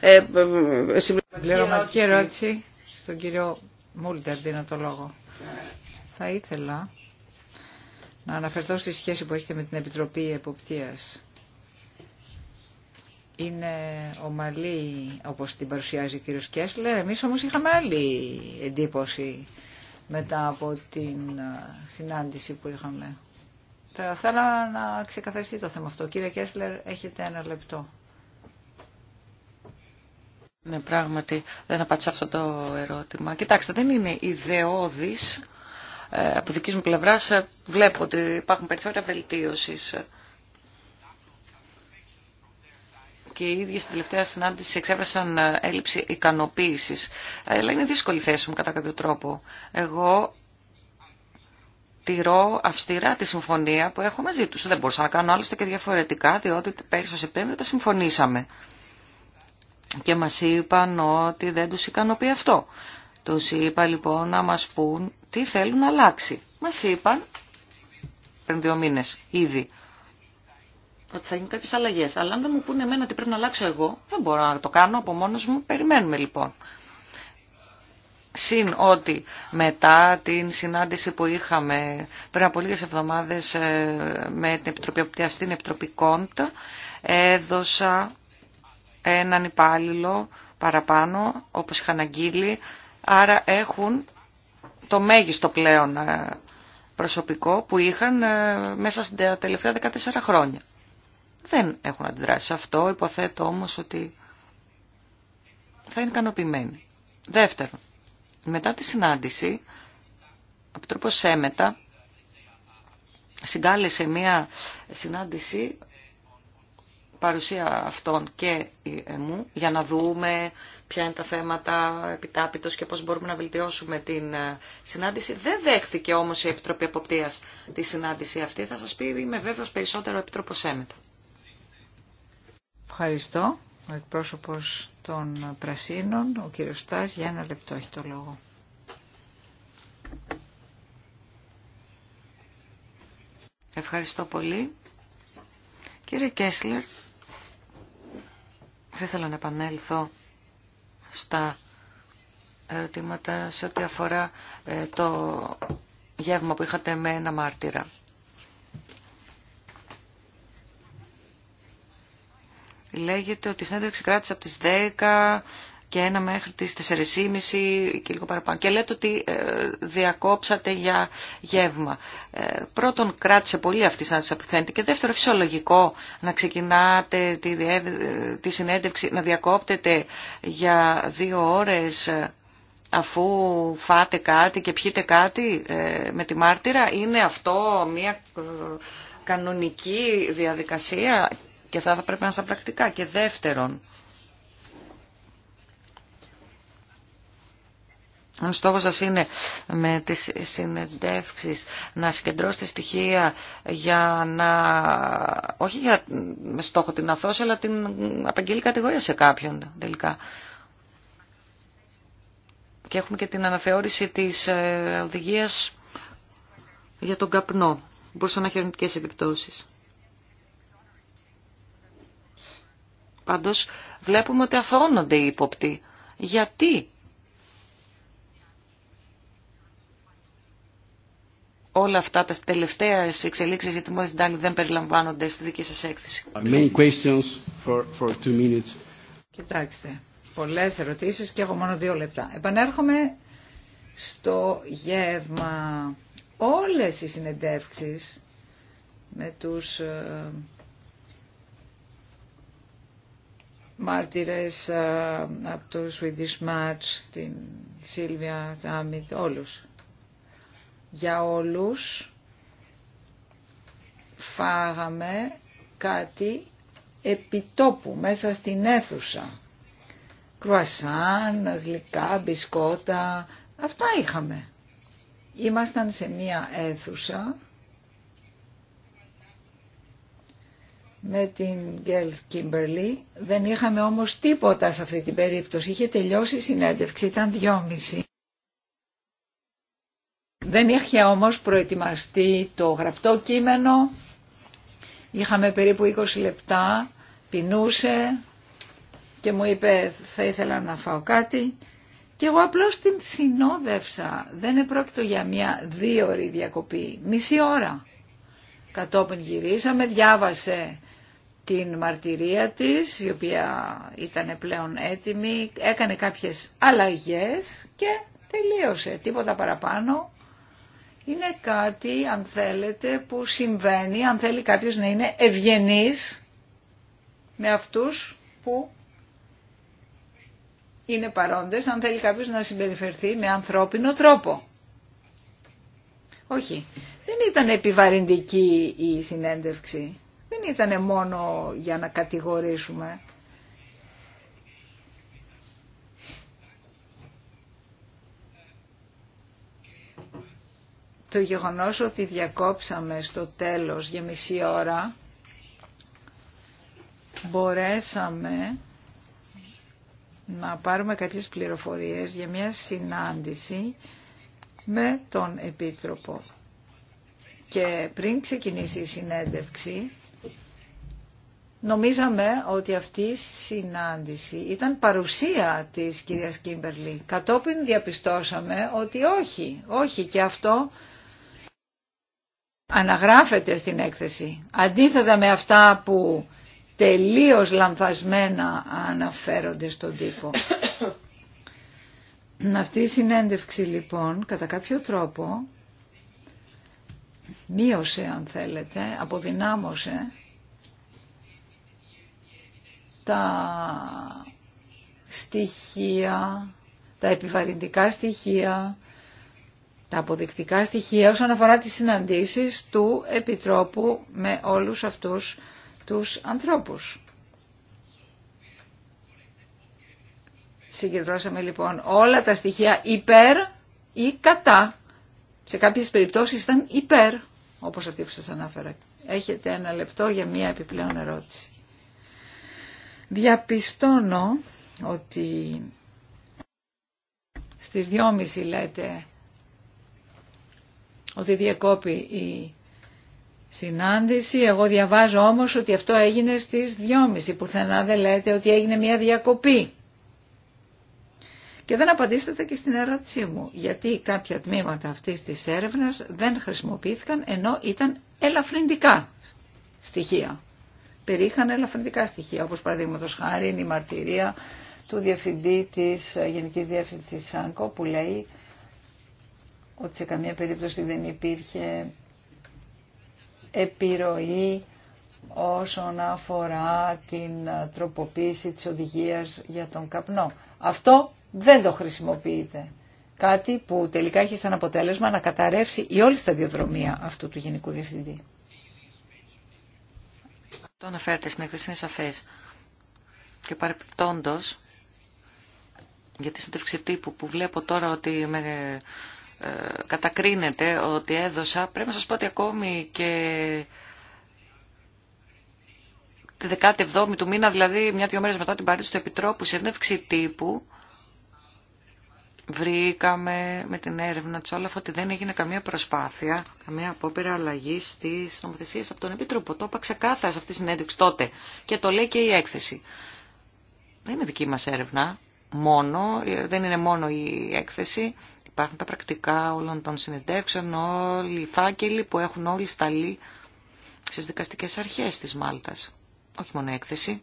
Ε, Συμπληρωματική ερώτηση στον κύριο Μούλτερ, δίνω το λόγο. Θα ήθελα να αναφερθώ στη σχέση που έχετε με την Επιτροπή Εποπτείας είναι ομαλή όπως την παρουσιάζει ο κύριος Κέσλερ. Εμείς όμως είχαμε άλλη εντύπωση μετά από την συνάντηση που είχαμε. Θα ήθελα να ξεκαθαριστεί το θέμα αυτό. Κύριε Κέσλερ, έχετε ένα λεπτό. Ναι, πράγματι, δεν απάντησα αυτό το ερώτημα. Κοιτάξτε, δεν είναι ιδεώδης. Ε, από δική μου πλευρά. βλέπω ότι υπάρχουν περιθώρια βελτίωσης. και οι ίδιοι στην τελευταία συνάντηση εξέφρασαν ε, έλλειψη ικανοποίησης. Ε, αλλά είναι δύσκολη θέση μου κατά κάποιο τρόπο. Εγώ τηρώ αυστηρά τη συμφωνία που έχω μαζί τους. Δεν μπορούσα να κάνω άλλωστε και διαφορετικά, διότι πέρυσι το Σεπτέμβριο τα συμφωνήσαμε. Και μας είπαν ότι δεν τους ικανοποιεί αυτό. Τους είπα λοιπόν να μας πούν τι θέλουν να αλλάξει. Μας είπαν πριν δύο μήνες ήδη ότι θα γίνουν κάποιε αλλαγέ. Αλλά αν δεν μου πούνε εμένα ότι πρέπει να αλλάξω εγώ, δεν μπορώ να το κάνω από μόνο μου. Περιμένουμε λοιπόν. Συν ότι μετά την συνάντηση που είχαμε πριν από λίγες εβδομάδες ε, με την Επιτροπή Απτία στην Επιτροπή Κόντ, έδωσα έναν υπάλληλο παραπάνω, όπως είχαν αναγγείλει άρα έχουν το μέγιστο πλέον ε, προσωπικό που είχαν ε, μέσα στα τελευταία 14 χρόνια δεν έχουν αντιδράσει. Αυτό υποθέτω όμως ότι θα είναι ικανοποιημένοι. Δεύτερον, μετά τη συνάντηση, ο Επιτρόπος Σέμετα συγκάλεσε μία συνάντηση παρουσία αυτών και ε, μου για να δούμε ποια είναι τα θέματα επιτάπητος και πώς μπορούμε να βελτιώσουμε την ε, συνάντηση. Δεν δέχθηκε όμως η Επιτροπή Εποπτείας τη συνάντηση αυτή. Θα σας πει, είμαι βέβαιος, περισσότερο Επιτρόπος Έμετα. Ευχαριστώ. Ο εκπρόσωπος των Πρασίνων, ο κύριος Στάς, για ένα λεπτό έχει το λόγο. Ευχαριστώ πολύ. Κύριε Κέσλερ, θα ήθελα να επανέλθω στα ερωτήματα σε ό,τι αφορά ε, το γεύμα που είχατε με ένα μάρτυρα. λέγεται ότι η συνέντευξη κράτησε από τις 10 και ένα μέχρι τις 4.30 και λίγο παραπάνω. Και λέτε ότι ε, διακόψατε για γεύμα. Ε, πρώτον, κράτησε πολύ αυτή η που θέλετε. Και δεύτερο, φυσιολογικό να ξεκινάτε τη, ε, τη συνέντευξη, να διακόπτετε για δύο ώρες αφού φάτε κάτι και πιείτε κάτι με τη μάρτυρα. Είναι αυτό μια κανονική διαδικασία και θα, θα πρέπει να είναι πρακτικά. Και δεύτερον, Αν στόχος σας είναι με τις συνεντεύξεις να συγκεντρώσετε στοιχεία για να, όχι για, με στόχο την αθώση, αλλά την απαγγελή κατηγορία σε κάποιον τελικά. Και έχουμε και την αναθεώρηση της ε, οδηγίας για τον καπνό. Μπορούσαν να έχουν επιπτώσεις. Πάντως βλέπουμε ότι αθρώνονται οι ύποπτοι. Γιατί όλα αυτά τα τελευταία εξελίξεις για τη Μόζη Ντάλι δεν περιλαμβάνονται στη δική σας έκθεση. Κοιτάξτε, πολλές ερωτήσεις και έχω μόνο δύο λεπτά. Επανέρχομαι στο γεύμα. Όλες οι συνεντεύξεις με τους ε, μάρτυρες ε, από το Swedish Match, την Σίλβια Τάμιτ, όλους. Για όλους φάγαμε κάτι επιτόπου, μέσα στην αίθουσα. Κρουασάν, γλυκά, μπισκότα, αυτά είχαμε. Ήμασταν σε μία αίθουσα με την Γκέλ Κίμπερλι. Δεν είχαμε όμως τίποτα σε αυτή την περίπτωση. Είχε τελειώσει η συνέντευξη, ήταν δυόμιση. Δεν είχε όμως προετοιμαστεί το γραπτό κείμενο. Είχαμε περίπου 20 λεπτά, πεινούσε και μου είπε θα ήθελα να φάω κάτι. Και εγώ απλώς την συνόδευσα. Δεν επρόκειτο για μια δύο διακοπή, μισή ώρα. Κατόπιν γυρίσαμε, διάβασε την μαρτυρία της, η οποία ήταν πλέον έτοιμη, έκανε κάποιες αλλαγές και τελείωσε. Τίποτα παραπάνω. Είναι κάτι, αν θέλετε, που συμβαίνει, αν θέλει κάποιος να είναι ευγενής με αυτούς που είναι παρόντες, αν θέλει κάποιος να συμπεριφερθεί με ανθρώπινο τρόπο. Όχι. Δεν ήταν επιβαρυντική η συνέντευξη ήταν μόνο για να κατηγορήσουμε. Το γεγονός ότι διακόψαμε στο τέλος για μισή ώρα, μπορέσαμε να πάρουμε κάποιες πληροφορίες για μια συνάντηση με τον Επίτροπο. Και πριν ξεκινήσει η συνέντευξη, Νομίζαμε ότι αυτή η συνάντηση ήταν παρουσία της κυρίας Κίμπερλι. Κατόπιν διαπιστώσαμε ότι όχι, όχι και αυτό αναγράφεται στην έκθεση. Αντίθετα με αυτά που τελείως λανθασμένα αναφέρονται στον τύπο. Αυτή η συνέντευξη λοιπόν κατά κάποιο τρόπο μείωσε αν θέλετε, αποδυνάμωσε τα στοιχεία, τα επιβαρυντικά στοιχεία, τα αποδεικτικά στοιχεία όσον αφορά τις συναντήσεις του Επιτρόπου με όλους αυτούς τους ανθρώπους. Συγκεντρώσαμε λοιπόν όλα τα στοιχεία υπέρ ή κατά. Σε κάποιες περιπτώσεις ήταν υπέρ, όπως αυτή που σας ανάφερα. Έχετε ένα λεπτό για μία επιπλέον ερώτηση. Διαπιστώνω ότι στις δυόμιση λέτε ότι διακόπη η συνάντηση. Εγώ διαβάζω όμως ότι αυτό έγινε στις δυόμιση. Πουθενά δεν λέτε ότι έγινε μια διακοπή. Και δεν απαντήσατε και στην ερώτησή μου, γιατί κάποια τμήματα αυτής της έρευνας δεν χρησιμοποιήθηκαν, ενώ ήταν ελαφρυντικά στοιχεία. Περίχανε ελαφρυντικά στοιχεία, όπως παραδείγματος χάρη είναι η μαρτυρία του Διευθυντή της ε, Γενικής Διεύθυνσης ΣΑΝΚΟ που λέει ότι σε καμία περίπτωση δεν υπήρχε επιρροή όσον αφορά την ε, τροποποίηση της οδηγίας για τον καπνό. Αυτό δεν το χρησιμοποιείται. Κάτι που τελικά έχει σαν αποτέλεσμα να καταρρεύσει η όλη σταδιοδρομία αυτού του Γενικού Διευθυντή. Το αναφέρεται στην έκθεση, είναι σαφές. Και παρεπιπτόντος, για τη σύντευξη τύπου που βλέπω τώρα ότι με ε, κατακρίνεται ότι έδωσα, πρέπει να σας πω ότι ακόμη και τη 17η του μήνα, δηλαδή μια-δυο μέρες μετά την παρέτηση του Επιτρόπου, συνέντευξη τύπου, βρήκαμε με την έρευνα της Όλαφ... ότι δεν έγινε καμία προσπάθεια, καμία απόπειρα αλλαγή τη νομοθεσία από τον Επίτροπο. Το είπα ξεκάθαρα σε αυτή τη συνέντευξη τότε και το λέει και η έκθεση. Δεν είναι δική μα έρευνα μόνο, δεν είναι μόνο η έκθεση. Υπάρχουν τα πρακτικά όλων των συνεντεύξεων, όλοι οι φάκελοι που έχουν όλοι σταλεί στι δικαστικέ αρχέ τη μάλτα. Όχι μόνο έκθεση.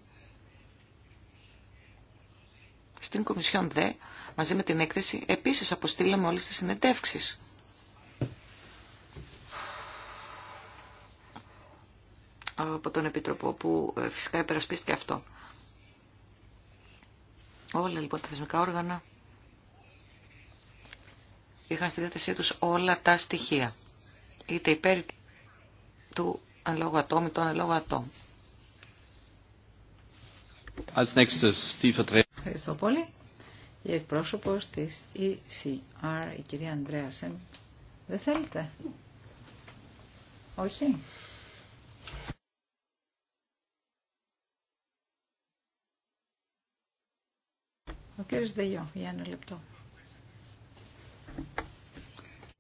Στην Κομισιόν ΔΕ μαζί με την έκθεση επίσης αποστήλαμε όλες τις συνεντεύξεις. από τον Επίτροπο που ε, φυσικά υπερασπίστηκε αυτό. Όλα λοιπόν τα θεσμικά όργανα είχαν στη διάθεσή τους όλα τα στοιχεία. Είτε υπέρ του αν λόγω ατόμου, το αν λόγω ατόμου. Ευχαριστώ πολύ η εκπρόσωπος της ECR, η κυρία Ανδρέασεν. Δεν θέλετε. Όχι. Ο κύριος Δεγιό, για ένα λεπτό.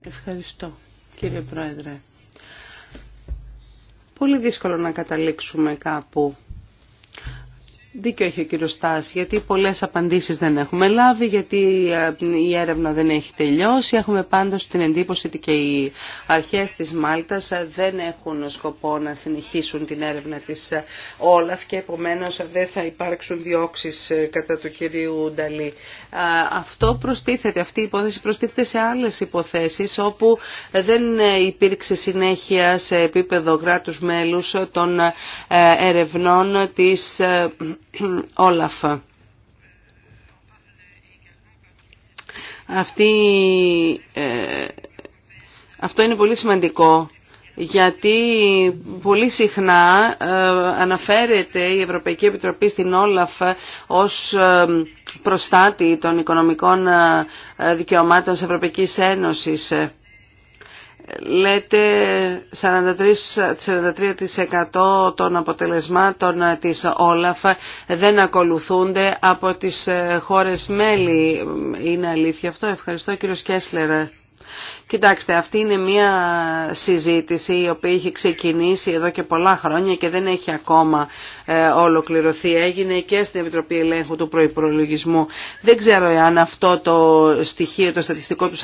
Ευχαριστώ, κύριε Πρόεδρε. Πολύ δύσκολο να καταλήξουμε κάπου Δίκιο έχει ο κύριο Στάς, γιατί πολλές απαντήσεις δεν έχουμε λάβει, γιατί ε, η έρευνα δεν έχει τελειώσει. Έχουμε πάντως την εντύπωση ότι και οι αρχές της Μάλτας ε, δεν έχουν σκοπό να συνεχίσουν την έρευνα της ε, Όλαφ και επομένως δεν θα υπάρξουν διώξει κατά του κυρίου Νταλή. Αυτό προστίθεται, αυτή η υπόθεση προστίθεται σε άλλε υποθέσει όπου δεν υπήρξε συνέχεια σε επίπεδο κράτους μέλου των ερευνών τη. Όλαφ. Αυτή, ε, αυτό είναι πολύ σημαντικό γιατί πολύ συχνά ε, αναφέρεται η Ευρωπαϊκή Επιτροπή στην Όλαφ ως ε, προστάτη των οικονομικών δικαιωμάτων της Ευρωπαϊκής Ένωσης λέτε 43%, των αποτελεσμάτων της Όλαφ δεν ακολουθούνται από τις ε, χώρες μέλη. Είναι αλήθεια αυτό. Ευχαριστώ κύριο Κέσλερ. Κοιτάξτε, αυτή είναι μια συζήτηση η οποία έχει ξεκινήσει εδώ και πολλά χρόνια και δεν έχει ακόμα ε, ολοκληρωθεί. Έγινε και στην Επιτροπή Ελέγχου του Προϋπολογισμού. Δεν ξέρω αν αυτό το στοιχείο, το στατιστικό του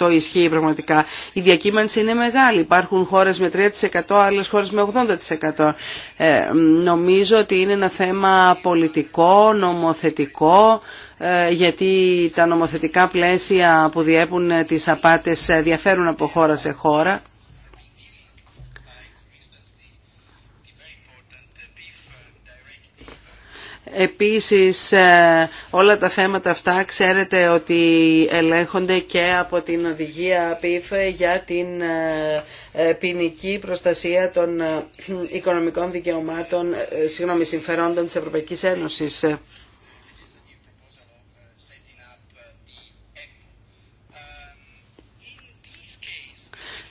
43% ισχύει πραγματικά. Η διακύμανση είναι μεγάλη. Υπάρχουν χώρες με 3%, άλλες χώρες με 80%. Ε, νομίζω ότι είναι ένα θέμα πολιτικό, νομοθετικό ε, γιατί τα νομοθετικά πλαίσια που διέπουν τις απάτες διαφέρουν από χώρα σε χώρα Επίσης ε, όλα τα θέματα αυτά ξέρετε ότι ελέγχονται και από την οδηγία ΠΥΦΕ για την ε, ε, ποινική προστασία των οικονομικών δικαιωμάτων, συγγνώμη, συμφερόντων της Ευρωπαϊκής Ένωσης.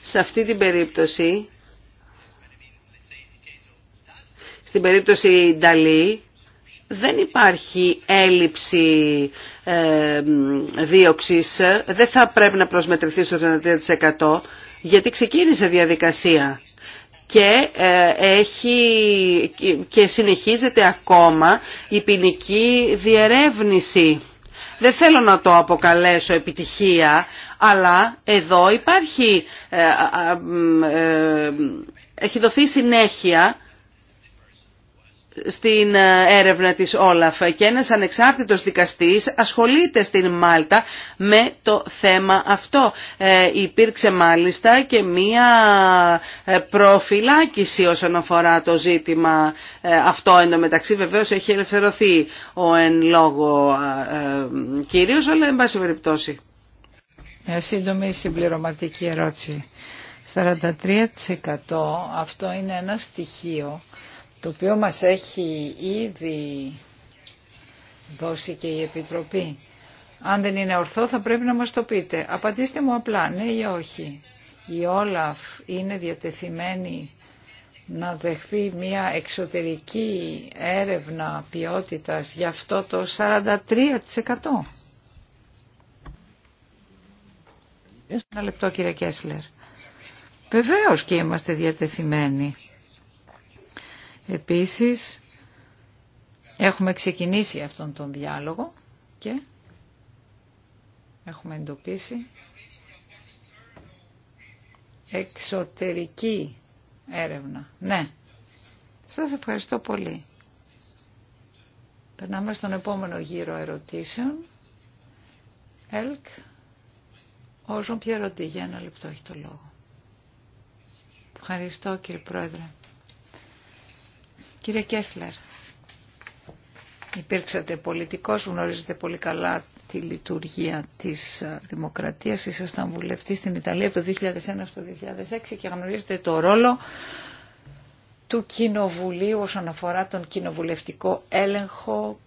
Σε αυτή την περίπτωση, στην περίπτωση Νταλή, δεν υπάρχει έλλειψη ε, δίωξης, δεν θα πρέπει να προσμετρηθεί στο 33% γιατί ξεκίνησε διαδικασία και, ε, έχει, και συνεχίζεται ακόμα η ποινική διερεύνηση. Δεν θέλω να το αποκαλέσω επιτυχία, αλλά εδώ υπάρχει, ε, ε, έχει δοθεί συνέχεια στην ε, έρευνα της Όλαφ και ένας ανεξάρτητος δικαστής ασχολείται στην Μάλτα με το θέμα αυτό. Ε, υπήρξε μάλιστα και μία ε, προφυλάκηση όσον αφορά το ζήτημα ε, αυτό μεταξύ βεβαίως έχει ελευθερωθεί ο εν λόγω ε, κυρίως αλλά εν πάση περιπτώσει. Μια σύντομη συμπληρωματική ερώτηση. 43% αυτό είναι ένα στοιχείο το οποίο μας έχει ήδη δώσει και η Επιτροπή. Αν δεν είναι ορθό θα πρέπει να μας το πείτε. Απαντήστε μου απλά, ναι ή όχι. Η Όλαφ είναι διατεθειμένη να δεχθεί μια εξωτερική έρευνα ποιότητας για αυτό το 43%. Ένα λεπτό κύριε Κέσλερ. Βεβαίως και είμαστε διατεθειμένοι. Επίσης, έχουμε ξεκινήσει αυτόν τον διάλογο και έχουμε εντοπίσει εξωτερική έρευνα. Ναι. Σας ευχαριστώ πολύ. Περνάμε στον επόμενο γύρο ερωτήσεων. Ελκ, όσον πια για ένα λεπτό έχει το λόγο. Ευχαριστώ κύριε Πρόεδρε. Κύριε Κέσλερ, υπήρξατε πολιτικός, γνωρίζετε πολύ καλά τη λειτουργία της ε, δημοκρατίας. Ήσασταν βουλευτή στην Ιταλία από το 2001 στο 2006 και γνωρίζετε το ρόλο του Κοινοβουλίου όσον αφορά τον κοινοβουλευτικό έλεγχο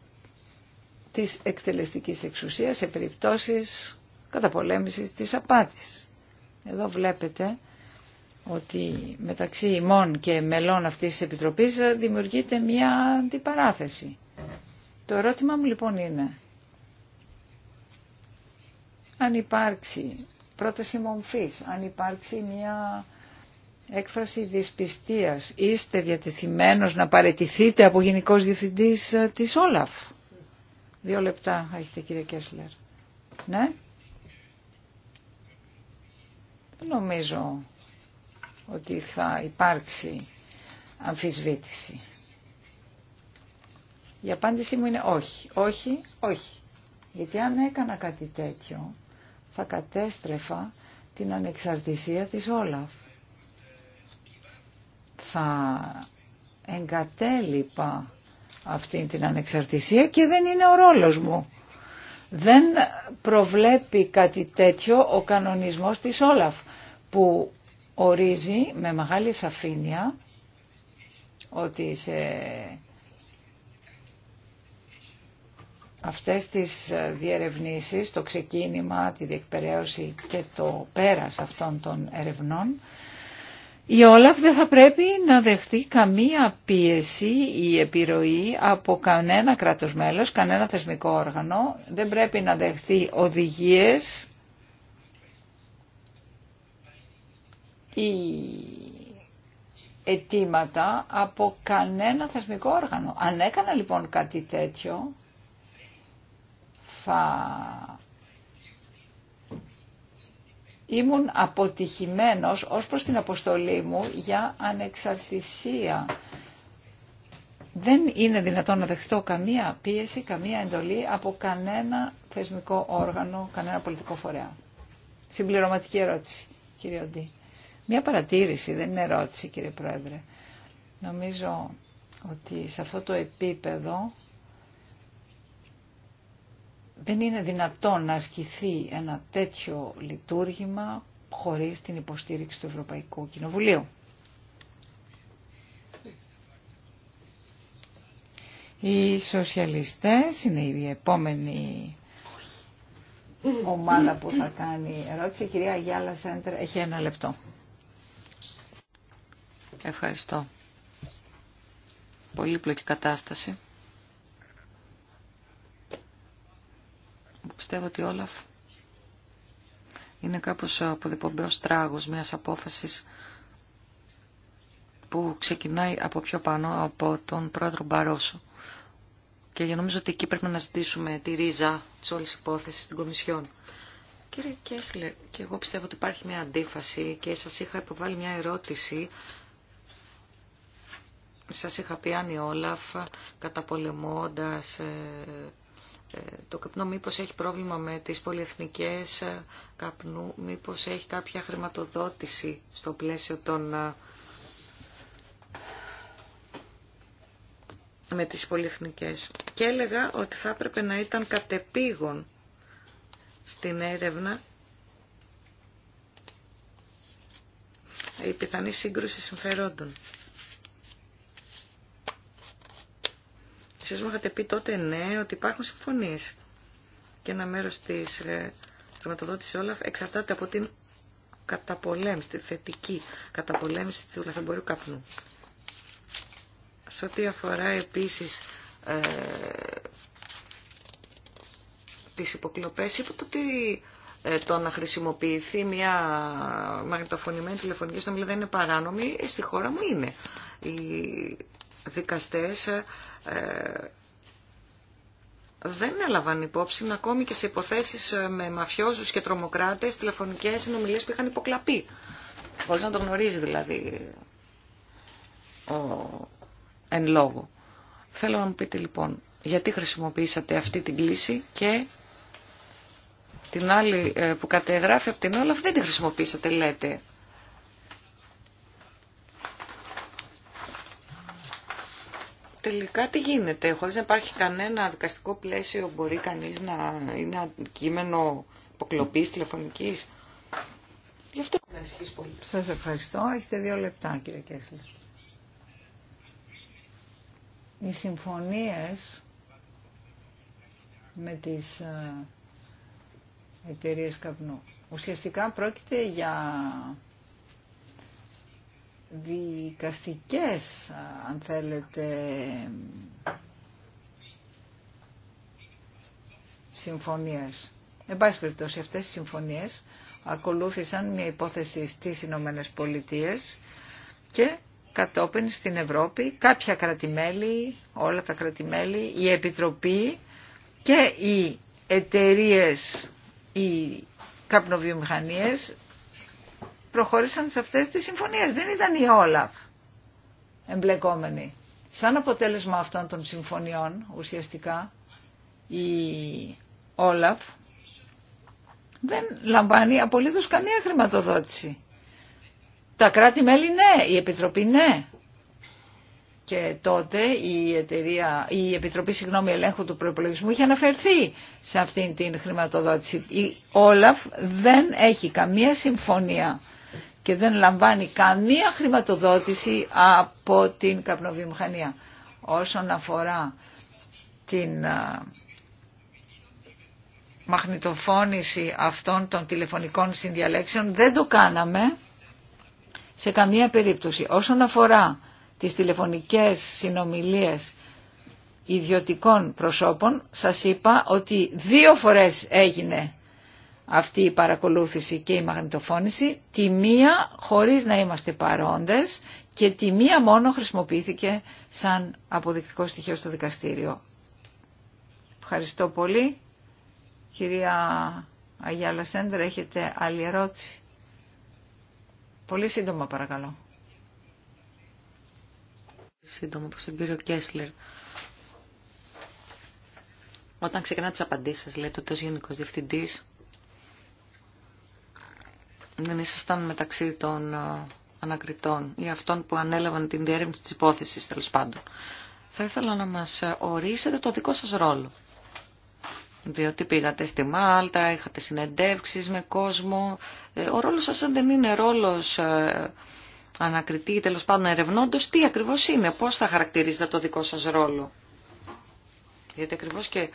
της εκτελεστικής εξουσίας σε περιπτώσεις καταπολέμησης της απάτης. Εδώ βλέπετε ότι μεταξύ ημών και μελών αυτής της Επιτροπής δημιουργείται μια αντιπαράθεση. Το ερώτημα μου λοιπόν είναι, αν υπάρξει πρόταση μομφής, αν υπάρξει μια έκφραση δυσπιστίας, είστε διατεθειμένος να παρετηθείτε από Γενικός Διευθυντής της Όλαφ. Δύο λεπτά έχετε κύριε Κέσλερ. Ναι. νομίζω ότι θα υπάρξει αμφισβήτηση. Η απάντησή μου είναι όχι, όχι, όχι. Γιατί αν έκανα κάτι τέτοιο θα κατέστρεφα την ανεξαρτησία της Όλαφ. Θα εγκατέλειπα αυτή την ανεξαρτησία και δεν είναι ο ρόλος μου. Δεν προβλέπει κάτι τέτοιο ο κανονισμός της Όλαφ που ορίζει με μεγάλη σαφήνεια ότι σε αυτές τις διερευνήσεις, το ξεκίνημα, τη διεκπαιρέωση και το πέρας αυτών των ερευνών, η Όλαφ δεν θα πρέπει να δεχθεί καμία πίεση ή επιρροή από κανένα κράτος μέλος, κανένα θεσμικό όργανο. Δεν πρέπει να δεχθεί οδηγίες οι αιτήματα από κανένα θεσμικό όργανο. Αν έκανα λοιπόν κάτι τέτοιο, θα ήμουν αποτυχημένος ως προς την αποστολή μου για ανεξαρτησία. Δεν είναι δυνατόν να δεχτώ καμία πίεση, καμία εντολή από κανένα θεσμικό όργανο, κανένα πολιτικό φορέα. Συμπληρωματική ερώτηση, κύριε Οντή. Μια παρατήρηση, δεν είναι ερώτηση κύριε Πρόεδρε. Νομίζω ότι σε αυτό το επίπεδο δεν είναι δυνατόν να ασκηθεί ένα τέτοιο λειτουργήμα χωρίς την υποστήριξη του Ευρωπαϊκού Κοινοβουλίου. Οι σοσιαλιστές είναι η επόμενη ομάδα που θα κάνει ερώτηση. Η κυρία Γιάλα Σέντερ έχει ένα λεπτό. Ευχαριστώ. πλοκή κατάσταση. Πιστεύω ότι Όλαφ είναι κάπως αποδεπομπέος τράγος μιας απόφασης που ξεκινάει από πιο πάνω από τον πρόεδρο Μπαρόσο. Και για νομίζω ότι εκεί πρέπει να ζητήσουμε τη ρίζα της όλης υπόθεσης στην Κομισιόν. Κύριε Κέσλερ, και εγώ πιστεύω ότι υπάρχει μια αντίφαση και σας είχα υποβάλει μια ερώτηση σας είχα πει αν η Όλαφ καταπολεμώντας ε, ε, το καπνό μήπως έχει πρόβλημα με τις πολυεθνικές ε, καπνού, μήπως έχει κάποια χρηματοδότηση στο πλαίσιο των... με τις πολυεθνικές. Και έλεγα ότι θα έπρεπε να ήταν κατεπήγον στην έρευνα η πιθανή σύγκρουση συμφερόντων. Εσείς μου είχατε πει τότε ναι ότι υπάρχουν συμφωνίες και ένα μέρος της ε, χρηματοδότησης όλα εξαρτάται από την καταπολέμηση, τη θετική καταπολέμηση του λαθρεμπορίου καπνού. Σε ό,τι αφορά επίσης ε, τις υποκλοπές, είπατε ότι ε, το να χρησιμοποιηθεί μια μαγνητοφωνημένη τηλεφωνική συνομιλία δεν είναι παράνομη, ε, στη χώρα μου είναι. Η δικαστές ε, δεν έλαβαν υπόψη ακόμη και σε υποθέσεις ε, με μαφιόζους και τρομοκράτες τηλεφωνικές συνομιλίες που είχαν υποκλαπεί. Χωρίς να το γνωρίζει δηλαδή ο εν λόγω. Θέλω να μου πείτε λοιπόν γιατί χρησιμοποιήσατε αυτή την κλίση και την άλλη ε, που κατεγράφει από την Όλαφ δεν τη χρησιμοποίησατε λέτε. τελικά τι γίνεται. Χωρίς να υπάρχει κανένα δικαστικό πλαίσιο μπορεί κανείς να είναι αντικείμενο υποκλοπής τηλεφωνικής. Γι' αυτό να πολύ. Σας ευχαριστώ. Έχετε δύο λεπτά κύριε Κέσλη. Οι συμφωνίες με τις ε, εταιρείε καπνού. Ουσιαστικά πρόκειται για δικαστικές, αν θέλετε, συμφωνίες. Εν πάση περιπτώσει, αυτές οι συμφωνίες ακολούθησαν μια υπόθεση στις Ηνωμένε Πολιτείες και κατόπιν στην Ευρώπη κάποια κρατημέλη, όλα τα κρατημέλη, η Επιτροπή και οι εταιρείες, οι καπνοβιομηχανίες προχώρησαν σε αυτές τις συμφωνίες. Δεν ήταν η Όλαφ εμπλεκόμενη. Σαν αποτέλεσμα αυτών των συμφωνιών ουσιαστικά η Όλαφ δεν λαμβάνει απολύτως καμία χρηματοδότηση. Τα κράτη-μέλη ναι, η Επιτροπή ναι. Και τότε η, εταιρεία, η Επιτροπή συγγνώμη, Ελέγχου του Προπολογισμού είχε αναφερθεί σε αυτήν την χρηματοδότηση. Η Όλαφ δεν έχει καμία συμφωνία και δεν λαμβάνει καμία χρηματοδότηση από την καπνοβιομηχανία. Όσον αφορά την μαγνητοφώνηση αυτών των τηλεφωνικών συνδιαλέξεων δεν το κάναμε σε καμία περίπτωση. Όσον αφορά τις τηλεφωνικές συνομιλίες ιδιωτικών προσώπων, σας είπα ότι δύο φορές έγινε αυτή η παρακολούθηση και η μαγνητοφώνηση, τη μία χωρίς να είμαστε παρόντες και τη μία μόνο χρησιμοποιήθηκε σαν αποδεικτικό στοιχείο στο δικαστήριο. Ευχαριστώ πολύ. Κυρία Αγιάλα Σέντερ, έχετε άλλη ερώτηση. Πολύ σύντομα παρακαλώ. Σύντομα προς τον κύριο Κέσλερ. Όταν ξεκινά τις απαντήσεις, λέτε ότι ο Γενικός Διευθυντής δεν ήσασταν μεταξύ των ε, ανακριτών ή αυτών που ανέλαβαν την διέρευνηση της υπόθεσης, τέλος πάντων. Θα ήθελα να μας ε, ορίσετε το δικό σας ρόλο. Διότι πήγατε στη Μάλτα, είχατε συνεντεύξεις με κόσμο. Ε, ο ρόλος σας δεν είναι ρόλος ανακριτή ή τέλος πάντων ερευνώντος, τι ακριβώς είναι, πώς θα χαρακτηρίζετε το δικό σας ρόλο. Γιατί ακριβώς και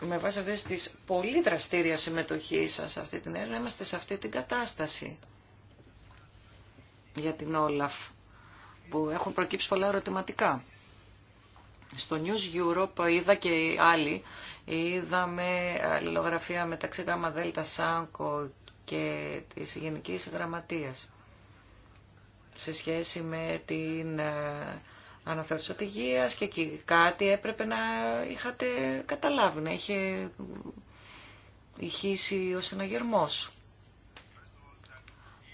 με βάση αυτή τη πολύ δραστήρια συμμετοχή σα σε αυτή την έρευνα, είμαστε σε αυτή την κατάσταση για την Όλαφ, που έχουν προκύψει πολλά ερωτηματικά. Στο News Europe είδα και οι άλλοι, είδαμε ε, αλληλογραφία μεταξύ ΓΑΜΑ ΔΕΛΤΑ ΣΑΝΚΟ και της Γενικής Γραμματείας σε σχέση με την ε, αναθεώρηση οδηγία και εκεί κάτι έπρεπε να είχατε καταλάβει, να είχε ηχήσει ως ένα γερμός.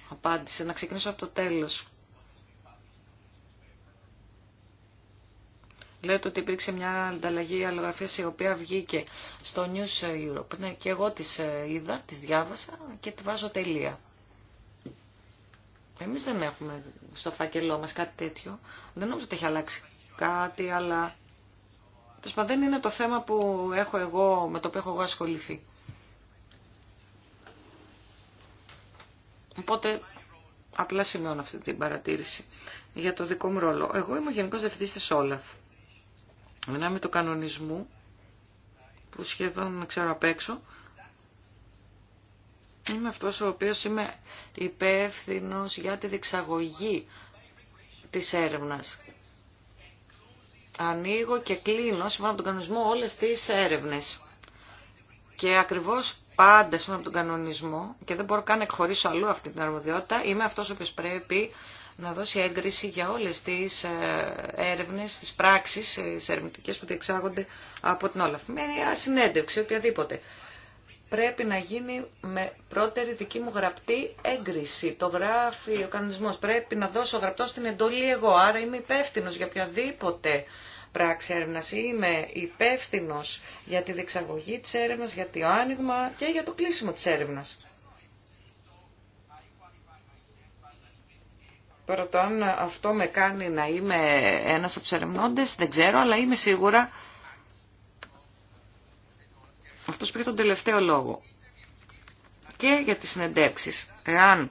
Απάντησε, να ξεκινήσω από το τέλος. Λέτε ότι υπήρξε μια ανταλλαγή αλλογραφίας η οποία βγήκε στο News Europe. Ναι, και εγώ τις ε, είδα, τις διάβασα και τη βάζω τελεία. Εμείς δεν έχουμε στο φακελό μας κάτι τέτοιο. Δεν νομίζω ότι έχει αλλάξει κάτι, αλλά δεν είναι το θέμα που έχω εγώ, με το οποίο έχω εγώ ασχοληθεί. Οπότε, απλά σημειώνω αυτή την παρατήρηση για το δικό μου ρόλο. Εγώ είμαι ο Γενικός Διευθυντής της Όλαφ. Δυνάμει του κανονισμού, που σχεδόν ξέρω απ' έξω, Είμαι αυτός ο οποίος είμαι υπεύθυνο για τη διεξαγωγή της έρευνας. Ανοίγω και κλείνω, σύμφωνα με τον κανονισμό, όλες τις έρευνες. Και ακριβώς πάντα σύμφωνα με τον κανονισμό, και δεν μπορώ καν να εκχωρήσω αλλού αυτή την αρμοδιότητα, είμαι αυτός ο οποίος πρέπει να δώσει έγκριση για όλες τις ε, έρευνες, τις πράξεις, ε, τις ερευνητικές που διεξάγονται από την όλα. Με μια συνέντευξη, οποιαδήποτε πρέπει να γίνει με πρώτερη δική μου γραπτή έγκριση. Το γράφει ο κανονισμός. Πρέπει να δώσω γραπτό στην εντολή εγώ. Άρα είμαι υπεύθυνο για οποιαδήποτε πράξη έρευνα. Είμαι υπεύθυνο για τη διεξαγωγή τη έρευνα, για το άνοιγμα και για το κλείσιμο τη έρευνα. Τώρα το αν αυτό με κάνει να είμαι ένας από τους δεν ξέρω, αλλά είμαι σίγουρα αυτός που τον τελευταίο λόγο. Και για τις συνεντεύξεις. Εάν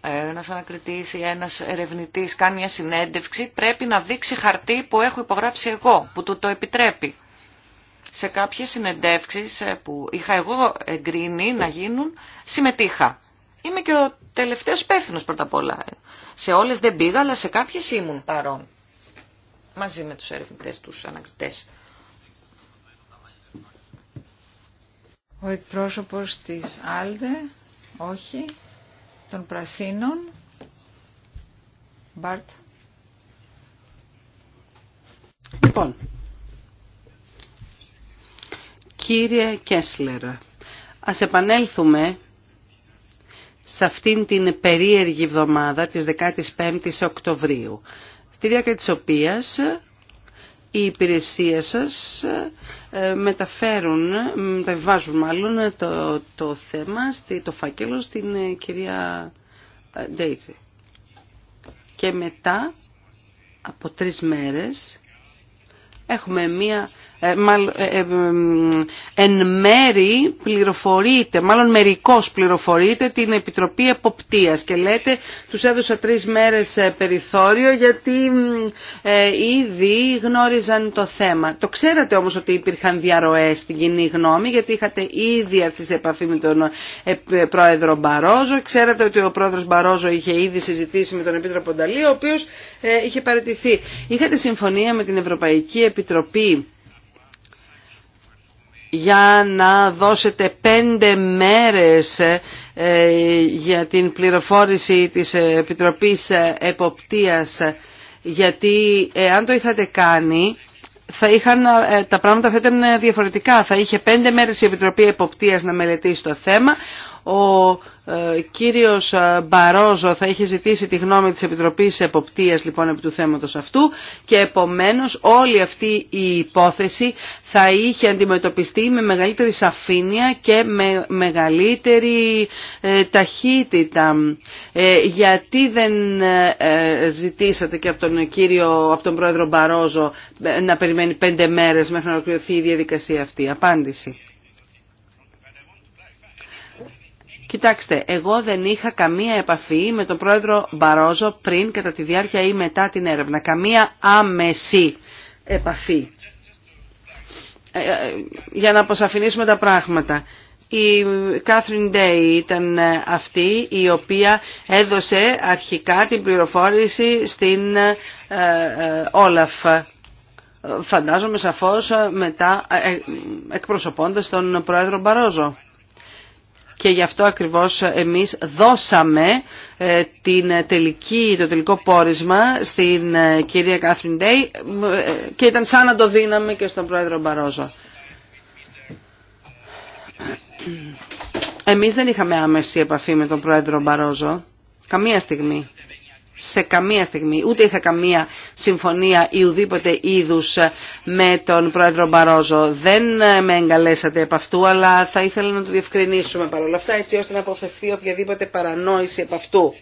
ε, ένας ανακριτής ή ένας ερευνητής κάνει μια συνέντευξη, πρέπει να δείξει χαρτί που έχω υπογράψει εγώ, που του το επιτρέπει. Σε κάποιες συνεντεύξεις ε, που είχα εγώ εγκρίνει να γίνουν, συμμετείχα. Είμαι και ο τελευταίος υπεύθυνο πρώτα απ' όλα. Σε όλες δεν πήγα, αλλά σε κάποιες ήμουν παρόν. Μαζί με τους ερευνητές, τους ανακριτές. Ο εκπρόσωπος της Άλδε, όχι, των Πρασίνων, Μπάρτ. Λοιπόν, κύριε Κέσλερ, ας επανέλθουμε σε αυτήν την περίεργη εβδομάδα της 15ης Οκτωβρίου, στη διάρκεια της οποίας οι υπηρεσίε σας ε, μεταφέρουν, μεταβιβάζουν μάλλον το, το θέμα, το φάκελο στην ε, κυρία ε, Ντέιτζη. Και μετά από τρεις μέρες έχουμε μία ε, ε, ε, εν μέρη πληροφορείτε, μάλλον μερικώς πληροφορείτε την Επιτροπή Εποπτείας και λέτε τους έδωσα τρεις μέρες περιθώριο γιατί ήδη γνώριζαν το θέμα. Το ξέρατε όμως ότι υπήρχαν διαρροές στην κοινή γνώμη γιατί είχατε ήδη έρθει σε επαφή με τον πρόεδρο Μπαρόζο. Ξέρατε ότι ο πρόεδρος Μπαρόζο είχε ήδη συζητήσει με τον Επίτροπο Νταλή ο οποίος είχε παραιτηθεί. Είχατε συμφωνία με την Ευρωπαϊκή Επιτροπή για να δώσετε πέντε μέρες ε, για την πληροφόρηση της Επιτροπής Εποπτείας γιατί ε, αν το είχατε κάνει θα είχαν, ε, τα πράγματα θα ήταν διαφορετικά. Θα είχε πέντε μέρες η Επιτροπή Εποπτείας να μελετήσει το θέμα. Ο ε, κύριος ε, Μπαρόζο θα είχε ζητήσει τη γνώμη της Επιτροπής Εποπτείας λοιπόν επί του θέματος αυτού και επομένως όλη αυτή η υπόθεση θα είχε αντιμετωπιστεί με μεγαλύτερη σαφήνεια και με μεγαλύτερη ε, ταχύτητα. γιατί δεν ζητήσατε και από τον κύριο, από τον πρόεδρο Μπαρόζο να περιμένει πέντε μέρες μέχρι να ολοκληρωθεί η διαδικασία αυτή. Απάντηση. Κοιτάξτε, εγώ δεν είχα καμία επαφή με τον πρόεδρο Μπαρόζο πριν, κατά τη διάρκεια ή μετά την έρευνα. Καμία άμεση επαφή. Ε, ε, για να αποσαφηνίσουμε τα πράγματα. Η Κάθριν Ντέι ήταν αυτή η οποία έδωσε αρχικά την πληροφόρηση στην ε, Όλαφ. Φαντάζομαι σαφώς μετά εκπροσωπώντας τον πρόεδρο Μπαρόζο και γι' αυτό ακριβώς εμείς δώσαμε ε, την τελική, το τελικό πόρισμα στην ε, κυρία Κάθριν Ντέι ε, και ήταν σαν να το δίναμε και στον πρόεδρο Μπαρόζο. Εμείς δεν είχαμε άμεση επαφή με τον πρόεδρο Μπαρόζο, καμία στιγμή σε καμία στιγμή, ούτε είχα καμία συμφωνία ή ουδήποτε είδους με τον πρόεδρο Μπαρόζο. Δεν ε, με εγκαλέσατε από αυτού, αλλά θα ήθελα να το διευκρινίσουμε παρόλα αυτά, έτσι ώστε να αποφευθεί οποιαδήποτε παρανόηση από αυτού.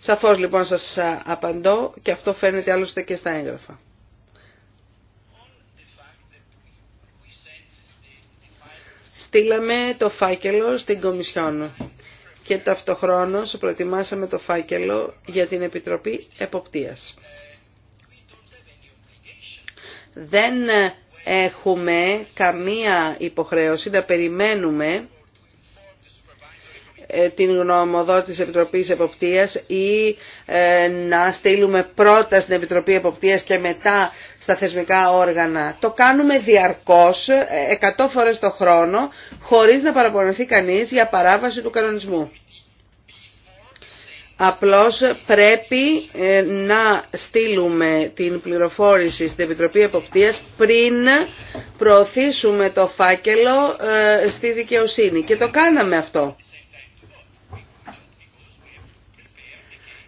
Σαφώς λοιπόν σας ε, απαντώ και αυτό φαίνεται άλλωστε και στα έγγραφα. Στείλαμε το φάκελο στην Κομισιόν και ταυτοχρόνως προετοιμάσαμε το φάκελο για την Επιτροπή Εποπτείας. Δεν έχουμε καμία υποχρέωση να περιμένουμε ε, την γνωμοδότηση της Επιτροπής Εποπτείας ή ε, να στείλουμε πρώτα στην Επιτροπή Εποπτείας και μετά στα θεσμικά όργανα. Το κάνουμε διαρκώς, εκατό φορές το χρόνο, χωρίς να παραπονεθεί κανείς για παράβαση του κανονισμού. Απλώς πρέπει ε, να στείλουμε την πληροφόρηση στην Επιτροπή Εποπτείας πριν προωθήσουμε το φάκελο στη δικαιοσύνη. Και το κάναμε αυτό.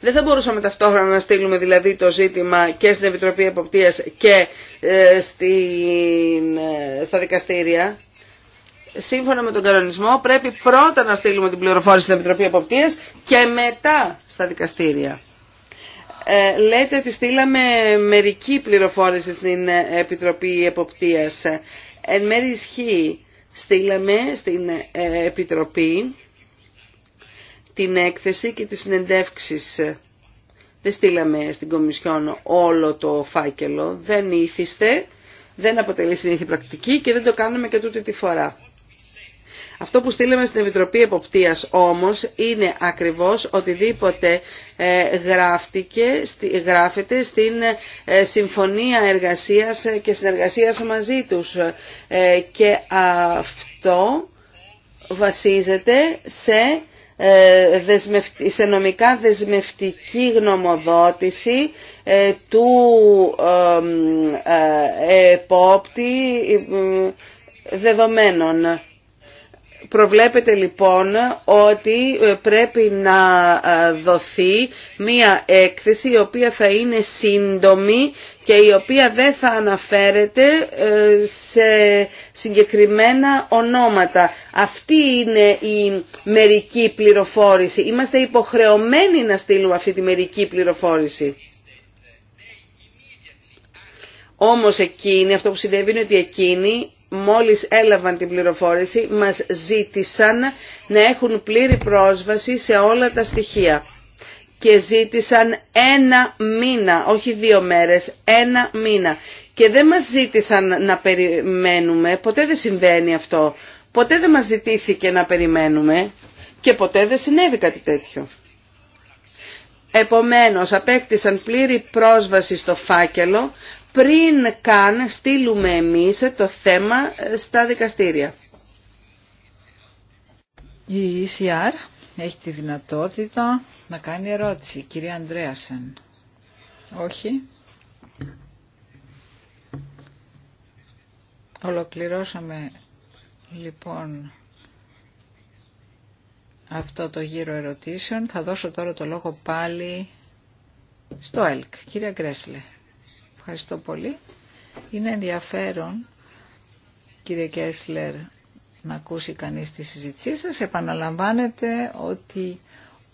Δεν θα μπορούσαμε ταυτόχρονα να στείλουμε δηλαδή το ζήτημα και στην Επιτροπή Εποπτείας και ε, στην, ε, στα δικαστήρια. Σύμφωνα με τον κανονισμό πρέπει πρώτα να στείλουμε την πληροφόρηση στην Επιτροπή Εποπτείας και μετά στα δικαστήρια. Ε, λέτε ότι στείλαμε μερική πληροφόρηση στην Επιτροπή Εποπτείας. Εν μέρει ισχύει. Στείλαμε στην Επιτροπή την έκθεση και τις συνεντεύξεις. Δεν στείλαμε στην Κομισιόν όλο το φάκελο, δεν ήθιστε, δεν αποτελεί συνήθη πρακτική και δεν το κάνουμε και τούτη τη φορά. Αυτό που στείλαμε στην Επιτροπή Εποπτείας όμως είναι ακριβώς οτιδήποτε ε, γράφτηκε, γράφεται στην ε, συμφωνία εργασίας και συνεργασίας μαζί τους. Ε, και αυτό βασίζεται σε ε, σε νομικά δεσμευτική γνωμοδότηση ε, του ε, επόπτη δεδομένων. Προβλέπετε λοιπόν ότι πρέπει να δοθεί μία έκθεση η οποία θα είναι σύντομη και η οποία δεν θα αναφέρεται ε, σε συγκεκριμένα ονόματα. Αυτή είναι η μερική πληροφόρηση. Είμαστε υποχρεωμένοι να στείλουμε αυτή τη μερική πληροφόρηση. Όμως εκείνη, αυτό που συνέβη είναι ότι εκείνοι μόλις έλαβαν την πληροφόρηση μας ζήτησαν να έχουν πλήρη πρόσβαση σε όλα τα στοιχεία και ζήτησαν ένα μήνα, όχι δύο μέρες, ένα μήνα. Και δεν μας ζήτησαν να περιμένουμε, ποτέ δεν συμβαίνει αυτό. Ποτέ δεν μας ζητήθηκε να περιμένουμε και ποτέ δεν συνέβη κάτι τέτοιο. Επομένως, απέκτησαν πλήρη πρόσβαση στο φάκελο πριν καν στείλουμε εμείς το θέμα στα δικαστήρια. Η ECR έχει τη δυνατότητα να κάνει ερώτηση. Κυρία Ανδρέασεν. Όχι. Ολοκληρώσαμε λοιπόν αυτό το γύρο ερωτήσεων. Θα δώσω τώρα το λόγο πάλι στο ΕΛΚ. Κυρία Γκρέσλε, ευχαριστώ πολύ. Είναι ενδιαφέρον, κύριε Κέσλερ, να ακούσει κανείς τη συζήτησή σας. Επαναλαμβάνετε ότι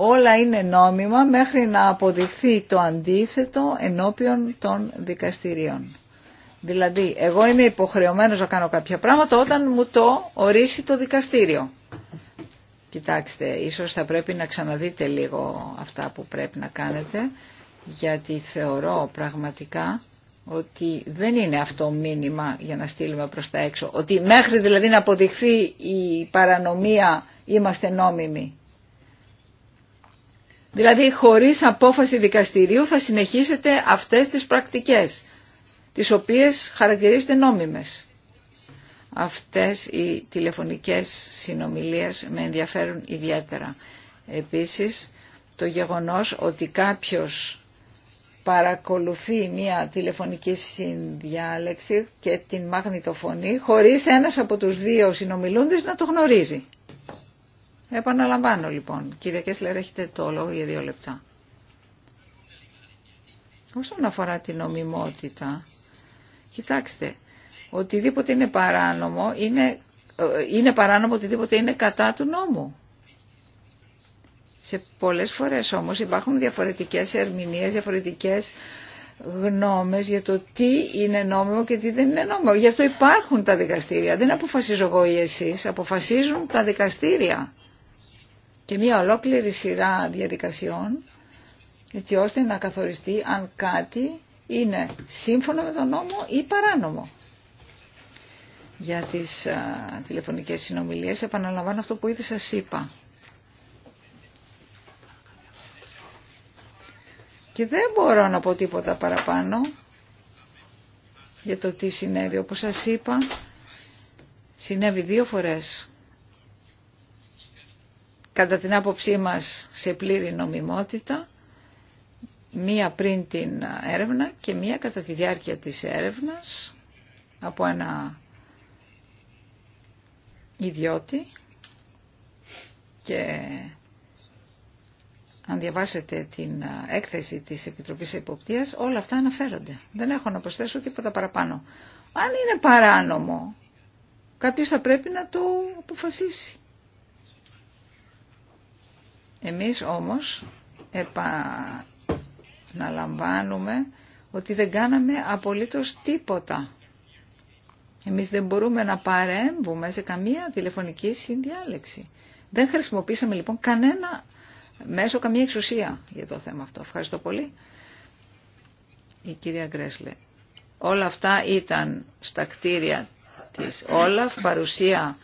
όλα είναι νόμιμα μέχρι να αποδειχθεί το αντίθετο ενώπιον των δικαστηρίων. Δηλαδή, εγώ είμαι υποχρεωμένος να κάνω κάποια πράγματα όταν μου το ορίσει το δικαστήριο. Κοιτάξτε, ίσως θα πρέπει να ξαναδείτε λίγο αυτά που πρέπει να κάνετε, γιατί θεωρώ πραγματικά ότι δεν είναι αυτό μήνυμα για να στείλουμε προς τα έξω. Ότι μέχρι δηλαδή να αποδειχθεί η παρανομία είμαστε νόμιμοι. Δηλαδή χωρίς απόφαση δικαστηρίου θα συνεχίσετε αυτές τις πρακτικές, τις οποίες χαρακτηρίζετε νόμιμες. Αυτές οι τηλεφωνικές συνομιλίες με ενδιαφέρουν ιδιαίτερα. Επίσης, το γεγονός ότι κάποιος παρακολουθεί μία τηλεφωνική συνδιάλεξη και την μαγνητοφωνή χωρίς ένας από τους δύο συνομιλούντες να το γνωρίζει. Επαναλαμβάνω λοιπόν. Κύριε Κέσλερ, έχετε το λόγο για δύο λεπτά. Όσον αφορά την νομιμότητα, κοιτάξτε, οτιδήποτε είναι παράνομο, είναι, ε, είναι παράνομο οτιδήποτε είναι κατά του νόμου. Σε πολλές φορές όμως υπάρχουν διαφορετικές ερμηνείες, διαφορετικές γνώμες για το τι είναι νόμιμο και τι δεν είναι νόμιμο. Γι' αυτό υπάρχουν τα δικαστήρια. Δεν αποφασίζω εγώ ή εσείς, αποφασίζουν τα δικαστήρια και μια ολόκληρη σειρά διαδικασιών έτσι ώστε να καθοριστεί αν κάτι είναι σύμφωνο με τον νόμο ή παράνομο. Για τις α, τηλεφωνικές συνομιλίες επαναλαμβάνω αυτό που ήδη σας είπα. Και δεν μπορώ να πω τίποτα παραπάνω για το τι συνέβη. Όπως σας είπα, συνέβη δύο φορές κατά την άποψή μας σε πλήρη νομιμότητα, μία πριν την έρευνα και μία κατά τη διάρκεια της έρευνας από ένα ιδιώτη και αν διαβάσετε την έκθεση της Επιτροπής Εποπτείας, όλα αυτά αναφέρονται. Δεν έχω να προσθέσω τίποτα παραπάνω. Αν είναι παράνομο, κάποιος θα πρέπει να το αποφασίσει. Εμείς όμως επαναλαμβάνουμε ότι δεν κάναμε απολύτως τίποτα. Εμείς δεν μπορούμε να παρέμβουμε σε καμία τηλεφωνική συνδιάλεξη. Δεν χρησιμοποίησαμε λοιπόν κανένα μέσο, καμία εξουσία για το θέμα αυτό. Ευχαριστώ πολύ. Η κυρία Γκρέσλε. Όλα αυτά ήταν στα κτίρια της Όλαφ, παρουσία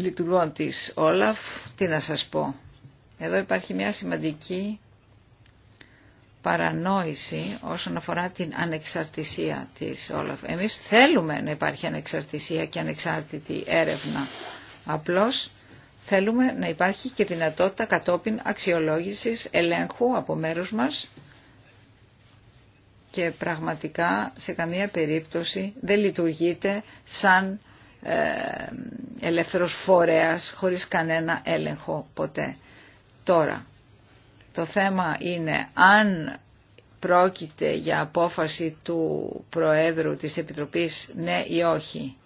λειτουργών της Όλαφ, τι να σας πω. Εδώ υπάρχει μια σημαντική παρανόηση όσον αφορά την ανεξαρτησία της Όλαφ. Εμείς θέλουμε να υπάρχει ανεξαρτησία και ανεξάρτητη έρευνα. Απλώς θέλουμε να υπάρχει και δυνατότητα κατόπιν αξιολόγησης ελέγχου από μέρους μας και πραγματικά σε καμία περίπτωση δεν λειτουργείται σαν ε, ελεύθερος φορέας χωρίς κανένα έλεγχο ποτέ. Τώρα, το θέμα είναι αν πρόκειται για απόφαση του Προέδρου της Επιτροπής ναι ή όχι.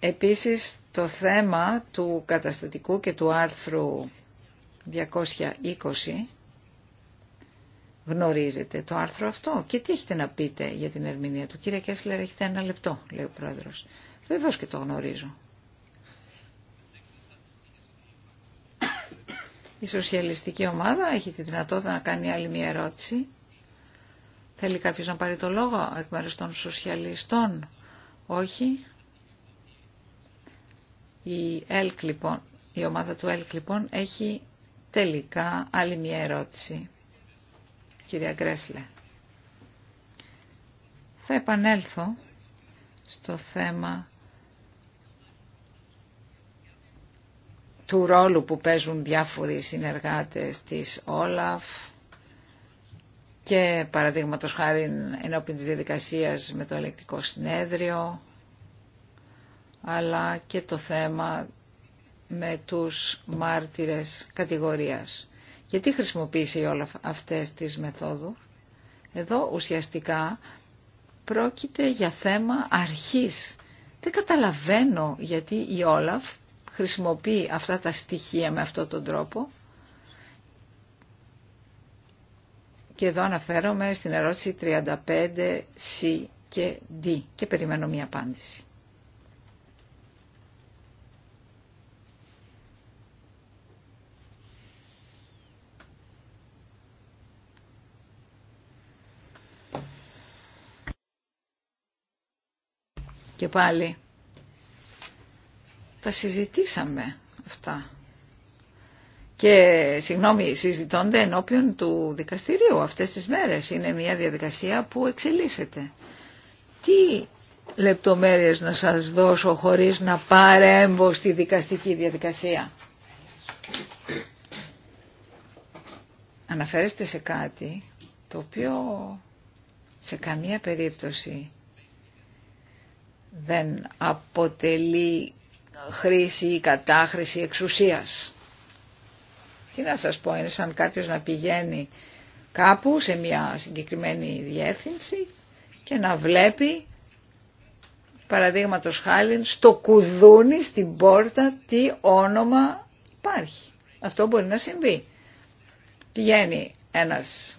Επίσης το θέμα του καταστατικού και του άρθρου 220 Γνωρίζετε το άρθρο αυτό και τι έχετε να πείτε για την ερμηνεία του. Κύριε Κέσλερ, έχετε ένα λεπτό, λέει ο πρόεδρος. Βεβαίως και το γνωρίζω. Η σοσιαλιστική ομάδα έχει τη δυνατότητα να κάνει άλλη μια ερώτηση. Θέλει κάποιος να πάρει το λόγο εκ μέρους των σοσιαλιστών. Όχι. Η, ΕΛΚ, λοιπόν, η ομάδα του ΕΛΚ λοιπόν έχει τελικά άλλη μια ερώτηση κυρία Γκρέσλε. Θα επανέλθω στο θέμα του ρόλου που παίζουν διάφοροι συνεργάτες της Όλαφ και παραδείγματος χάρη ενώπιν της διαδικασίας με το ελεκτικό συνέδριο αλλά και το θέμα με τους μάρτυρες κατηγορίας. Γιατί χρησιμοποίησε η όλα αυτές τις μεθόδους. Εδώ ουσιαστικά πρόκειται για θέμα αρχής. Δεν καταλαβαίνω γιατί η Όλαφ χρησιμοποιεί αυτά τα στοιχεία με αυτόν τον τρόπο. Και εδώ αναφέρομαι στην ερώτηση 35C και D και περιμένω μία απάντηση. Και πάλι τα συζητήσαμε αυτά. Και συγγνώμη, συζητώνται ενώπιον του δικαστηρίου αυτές τις μέρες. Είναι μια διαδικασία που εξελίσσεται. Τι λεπτομέρειες να σας δώσω χωρίς να παρέμβω στη δικαστική διαδικασία. Αναφέρεστε σε κάτι το οποίο σε καμία περίπτωση δεν αποτελεί χρήση ή κατάχρηση εξουσίας. Τι να σας πω, είναι σαν κάποιος να πηγαίνει κάπου σε μια συγκεκριμένη διεύθυνση και να βλέπει παραδείγματο χάλιν στο κουδούνι στην πόρτα τι όνομα υπάρχει. Αυτό μπορεί να συμβεί. Πηγαίνει ένας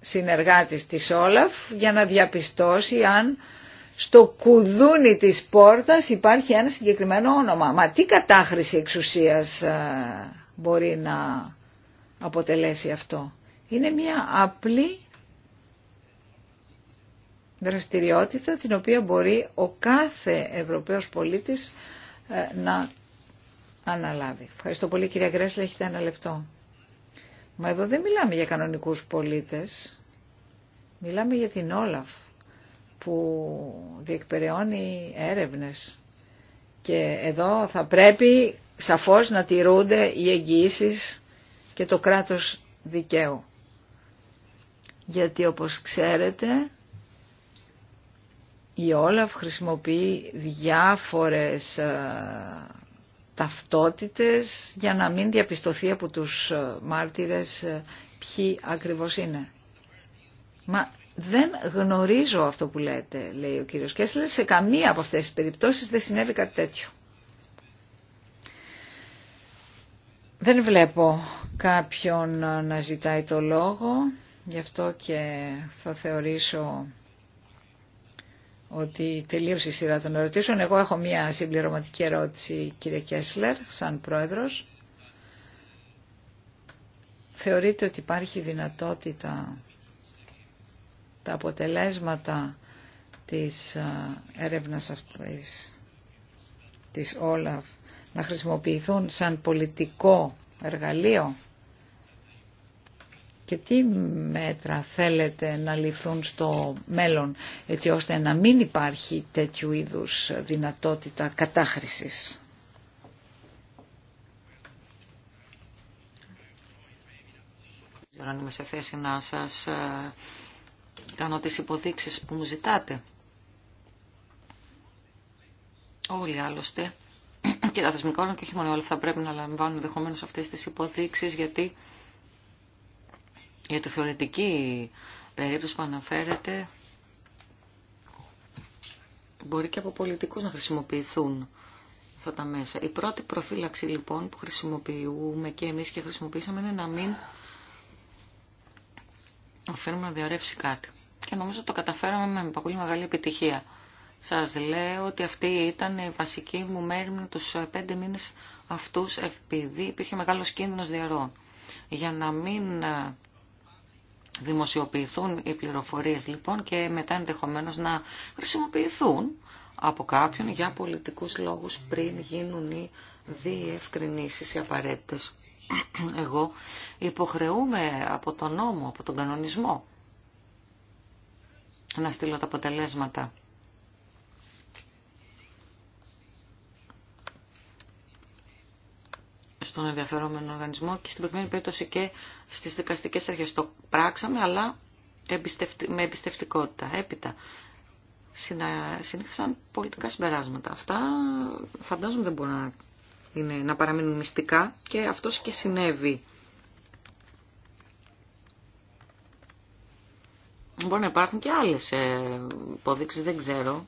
συνεργάτης της Όλαφ για να διαπιστώσει αν στο κουδούνι της πόρτας υπάρχει ένα συγκεκριμένο όνομα. Μα τι κατάχρηση εξουσίας ε, μπορεί να αποτελέσει αυτό. Είναι μια απλή δραστηριότητα την οποία μπορεί ο κάθε Ευρωπαίος πολίτης ε, να αναλάβει. Ευχαριστώ πολύ κυρία Γκρέσλα, έχετε ένα λεπτό. Μα εδώ δεν μιλάμε για κανονικούς πολίτες, μιλάμε για την Όλαφ που διεκπεραιώνει έρευνες. Και εδώ θα πρέπει σαφώς να τηρούνται οι εγγυήσει και το κράτος δικαίου. Γιατί όπως ξέρετε η Όλαφ χρησιμοποιεί διάφορες ε, ταυτότητες για να μην διαπιστωθεί από τους ε, μάρτυρες ε, ποιοι ακριβώς είναι. Μα δεν γνωρίζω αυτό που λέτε, λέει ο κύριος Κέσλερ. Σε καμία από αυτές τις περιπτώσεις δεν συνέβη κάτι τέτοιο. Δεν βλέπω κάποιον να ζητάει το λόγο, γι' αυτό και θα θεωρήσω ότι τελείωσε η σειρά των ερωτήσεων. Εγώ έχω μία συμπληρωματική ερώτηση, κύριε Κέσλερ, σαν πρόεδρος. Θεωρείτε ότι υπάρχει δυνατότητα τα αποτελέσματα της ε, έρευνας αυτής της Όλαφ να χρησιμοποιηθούν σαν πολιτικό εργαλείο και τι μέτρα θέλετε να ληφθούν στο μέλλον έτσι ώστε να μην υπάρχει τέτοιου είδους δυνατότητα κατάχρησης. Τώρα είμαι σε θέση να σας ε, κάνω τις υποδείξεις που μου ζητάτε. Όλοι άλλωστε, και τα θεσμικά και όχι μόνο όλα θα πρέπει να λαμβάνουν ενδεχομένω αυτές τις υποδείξεις γιατί για τη θεωρητική περίπτωση που αναφέρεται μπορεί και από πολιτικούς να χρησιμοποιηθούν αυτά τα μέσα. Η πρώτη προφύλαξη λοιπόν που χρησιμοποιούμε και εμείς και χρησιμοποιήσαμε είναι να μην οφείλουμε να διαρρεύσει κάτι. Και νομίζω το καταφέραμε με πολύ μεγάλη επιτυχία. Σας λέω ότι αυτή ήταν η βασική μου με τους πέντε μήνες αυτούς επειδή υπήρχε μεγάλος κίνδυνος διαρροών. Για να μην ε, δημοσιοποιηθούν οι πληροφορίες λοιπόν και μετά ενδεχομένως να χρησιμοποιηθούν από κάποιον για πολιτικούς λόγους πριν γίνουν οι διευκρινήσεις οι απαραίτητες εγώ υποχρεούμε από τον νόμο, από τον κανονισμό να στείλω τα αποτελέσματα. στον ενδιαφερόμενο οργανισμό και στην προηγούμενη περίπτωση και στις δικαστικές αρχές. Το πράξαμε, αλλά με εμπιστευτικότητα. Έπειτα, συνήθισαν πολιτικά συμπεράσματα. Αυτά φαντάζομαι δεν μπορώ να είναι να παραμείνουν μυστικά και αυτός και συνέβη. Μπορεί να υπάρχουν και άλλες ε, υποδείξεις, δεν ξέρω.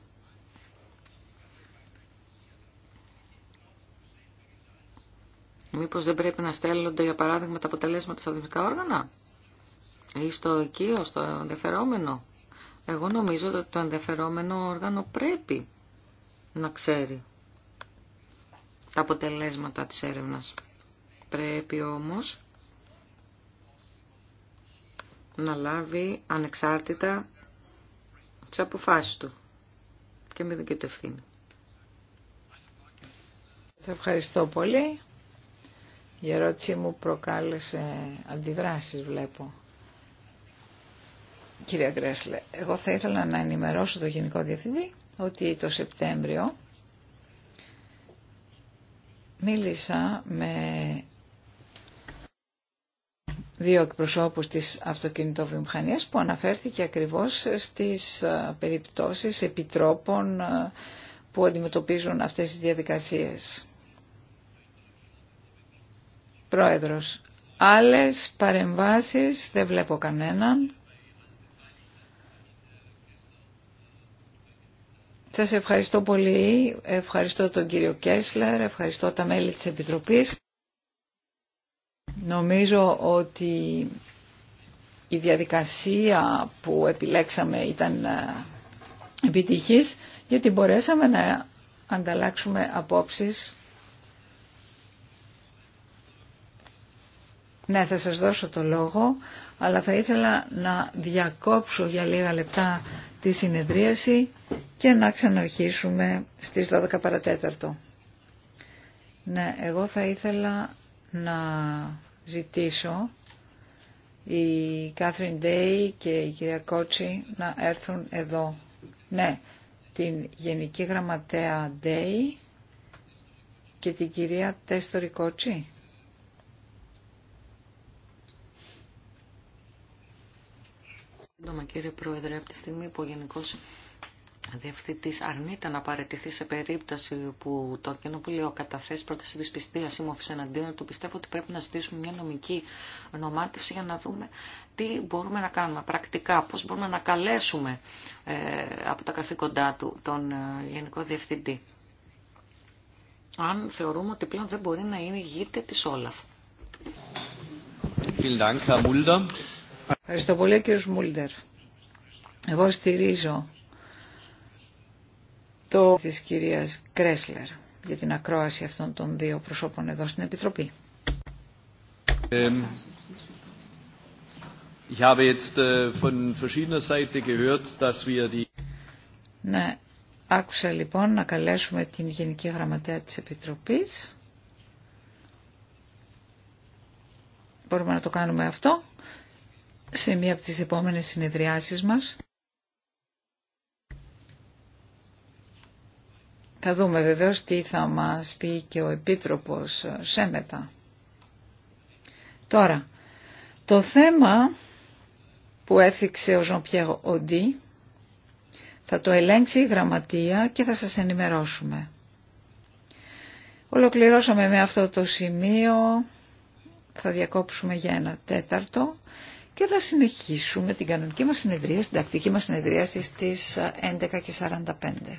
Μήπως δεν πρέπει να στέλνονται, για παράδειγμα, τα αποτελέσματα στα δημιουργικά όργανα ή στο οικείο, στο ενδιαφερόμενο. Εγώ νομίζω ότι το ενδιαφερόμενο όργανο πρέπει να ξέρει τα αποτελέσματα της έρευνας. Πρέπει όμως να λάβει ανεξάρτητα τις αποφάσεις του και με δική του ευθύνη. Σας ευχαριστώ πολύ. Η ερώτησή μου προκάλεσε αντιδράσεις βλέπω. Κυρία Γκρέσλε, εγώ θα ήθελα να ενημερώσω το Γενικό Διευθυντή ότι το Σεπτέμβριο Μίλησα με δύο εκπροσώπους της αυτοκινητοβιομηχανίας που αναφέρθηκε ακριβώς στις ε, περιπτώσεις επιτρόπων ε, που αντιμετωπίζουν αυτές τις διαδικασίες. Πρόεδρος, άλλες παρεμβάσεις δεν βλέπω κανέναν. Σας ευχαριστώ πολύ. Ευχαριστώ τον κύριο Κέσλερ, ευχαριστώ τα μέλη της Επιτροπής. Νομίζω ότι η διαδικασία που επιλέξαμε ήταν ε, επιτυχής γιατί μπορέσαμε να ανταλλάξουμε απόψεις. Ναι, θα σας δώσω το λόγο, αλλά θα ήθελα να διακόψω για λίγα λεπτά τη συνεδρίαση και να ξαναρχίσουμε στις 12 παρατέταρτο. Ναι, εγώ θα ήθελα να ζητήσω η Κάθριν Ντέι και η κυρία Κότσι να έρθουν εδώ. Ναι, την Γενική Γραμματέα Ντέι και την κυρία Τέστορη Κότσι. Σύντομα κύριε Πρόεδρε, από τη στιγμή που ο Γενικός Διευθυντής αρνείται να παραιτηθεί σε περίπτωση που το κοινό Κοινοβούλιο καταθέσει πρόταση πιστείας ή μόφης εναντίον του, πιστεύω ότι πρέπει να ζητήσουμε μια νομική ονομάτευση για να δούμε τι μπορούμε να κάνουμε πρακτικά, πώς μπορούμε να καλέσουμε ε, από τα καθήκοντά του τον ε, Γενικό Διευθυντή. Αν θεωρούμε ότι πλέον δεν μπορεί να είναι ηγείται της Όλαφ. Ευχαριστώ πολύ κύριε Μούλντερ. Εγώ στηρίζω το της κυρίας Κρέσλερ για την ακρόαση αυτών των δύο προσώπων εδώ στην Επιτροπή. Ναι, άκουσα λοιπόν να καλέσουμε την Γενική Γραμματέα της Επιτροπής. Μπορούμε να το κάνουμε αυτό σε μία από τις επόμενες συνεδριάσεις μας. Θα δούμε βεβαίως τι θα μας πει και ο Επίτροπος Σέμετα. Τώρα, το θέμα που έθιξε ο Ζωμπιέγο Οντί θα το ελέγξει η γραμματεία και θα σας ενημερώσουμε. Ολοκληρώσαμε με αυτό το σημείο, θα διακόψουμε για ένα τέταρτο και θα συνεχίσουμε την κανονική μας συνεδρία, την τακτική μας συνεδρίαση στις 11.45. Ε,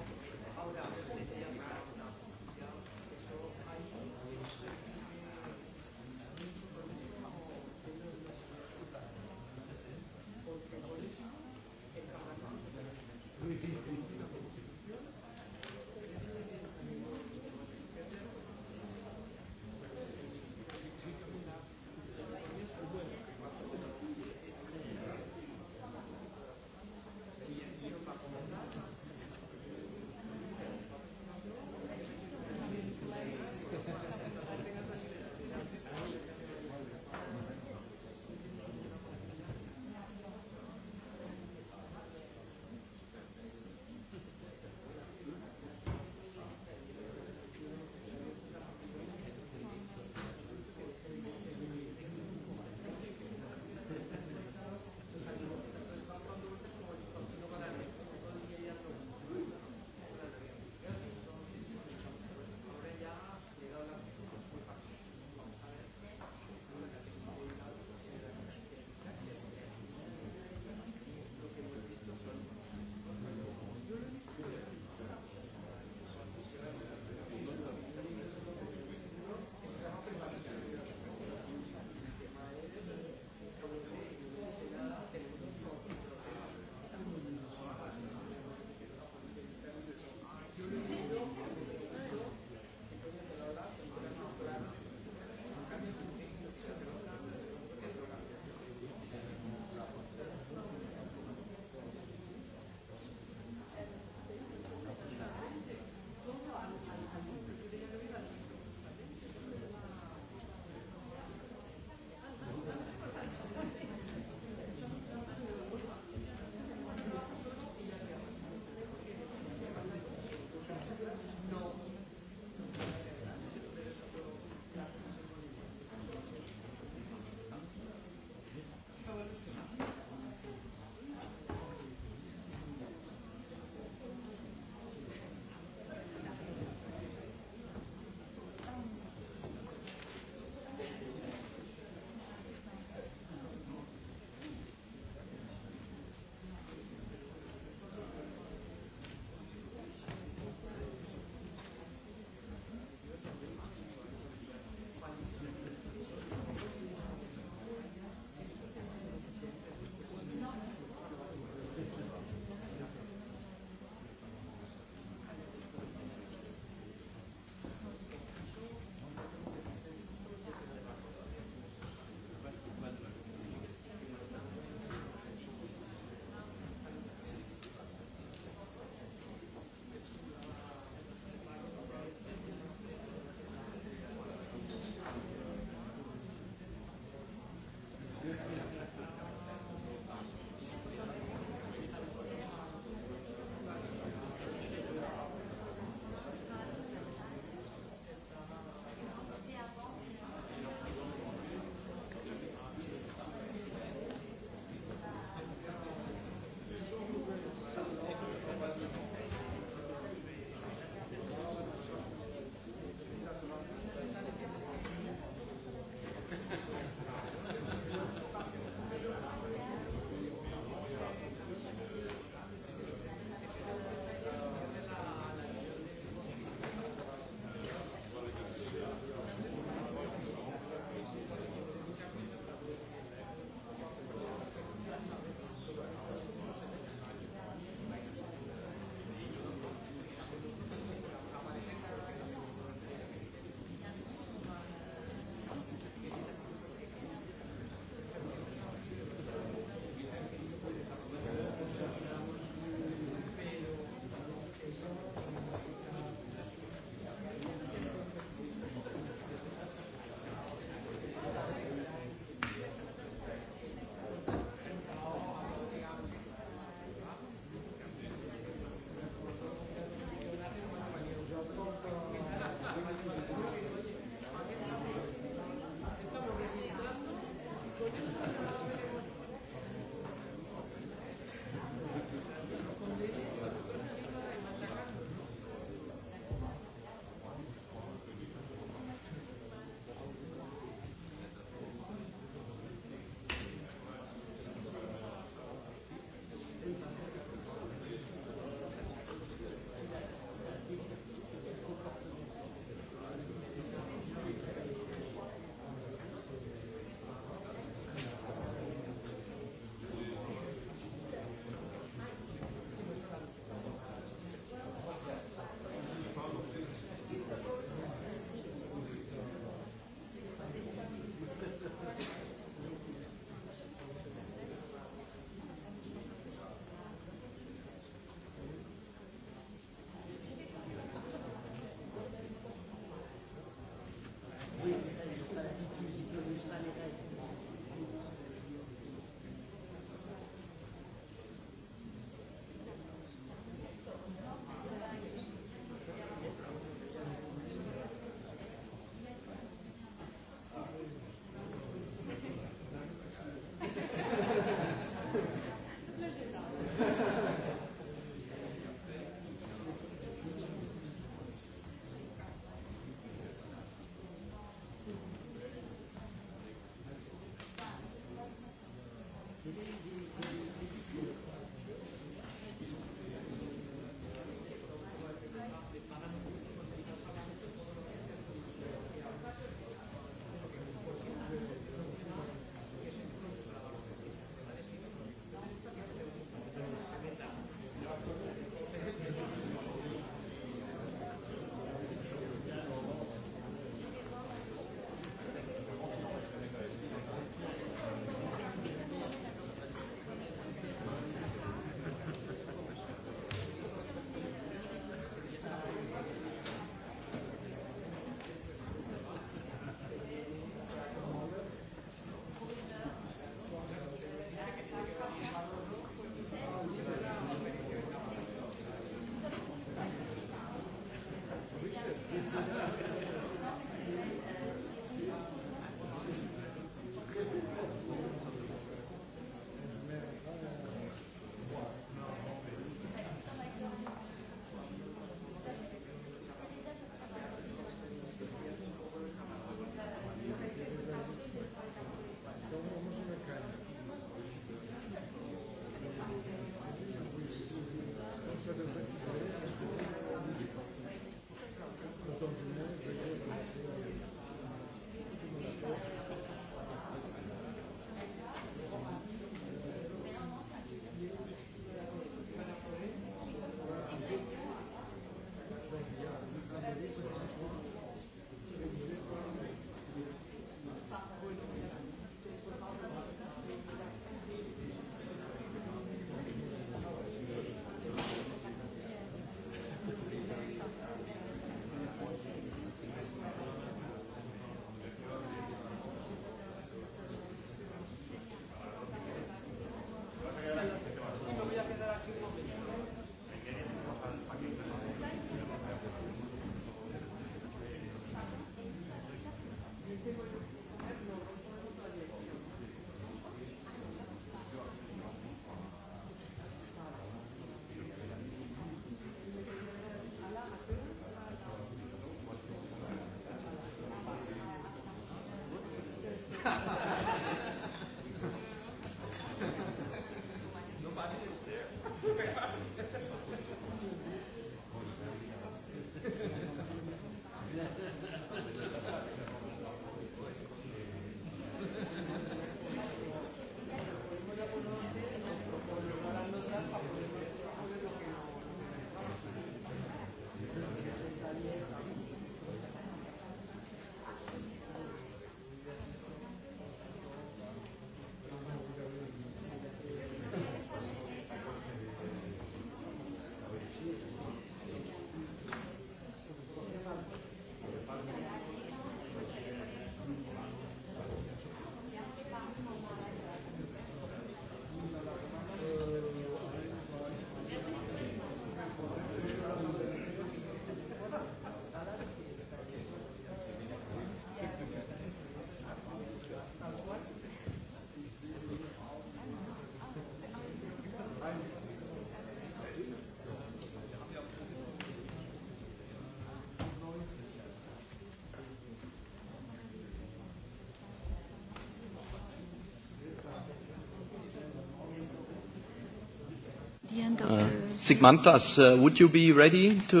Uh, Sigmantas, uh, would you be ready to...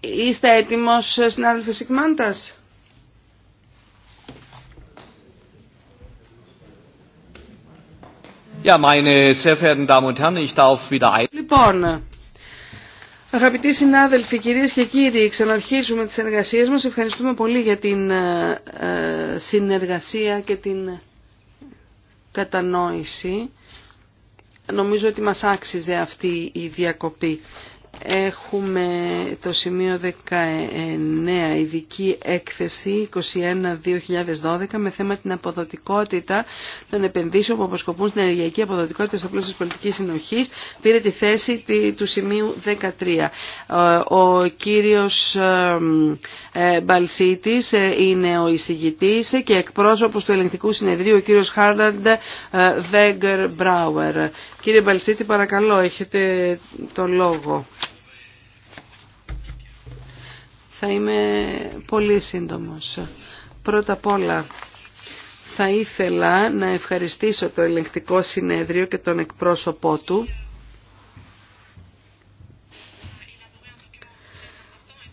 Είστε έτοιμος, συνάδελφε Σιγμάντας. Ja, meine sehr verehrten Damen und Herren, ich darf wieder ein... Λοιπόν, αγαπητοί συνάδελφοι, κυρίες και κύριοι, ξαναρχίζουμε τις εργασίες μας. Ευχαριστούμε πολύ για την ε, ε, συνεργασία και την κατανόηση νομίζω ότι μας άξιζε αυτή η διακοπή. Έχουμε το σημείο 19, ειδική έκθεση 21-2012 με θέμα την αποδοτικότητα των επενδύσεων που αποσκοπούν στην ενεργειακή αποδοτικότητα στο πλαίσιο της πολιτικής συνοχής. Πήρε τη θέση του σημείου 13. Ο κύριος ε, ε, Μπαλσίτης ε, είναι ο εισηγητής και εκπρόσωπος του ελεγκτικού συνεδρίου ο κύριος Χάρναντ Βέγκερ Μπράουερ. Κύριε Μπαλσίτη παρακαλώ έχετε το λόγο. Θα είμαι πολύ σύντομος. Πρώτα απ' όλα θα ήθελα να ευχαριστήσω το ελεγκτικό συνέδριο και τον εκπρόσωπό του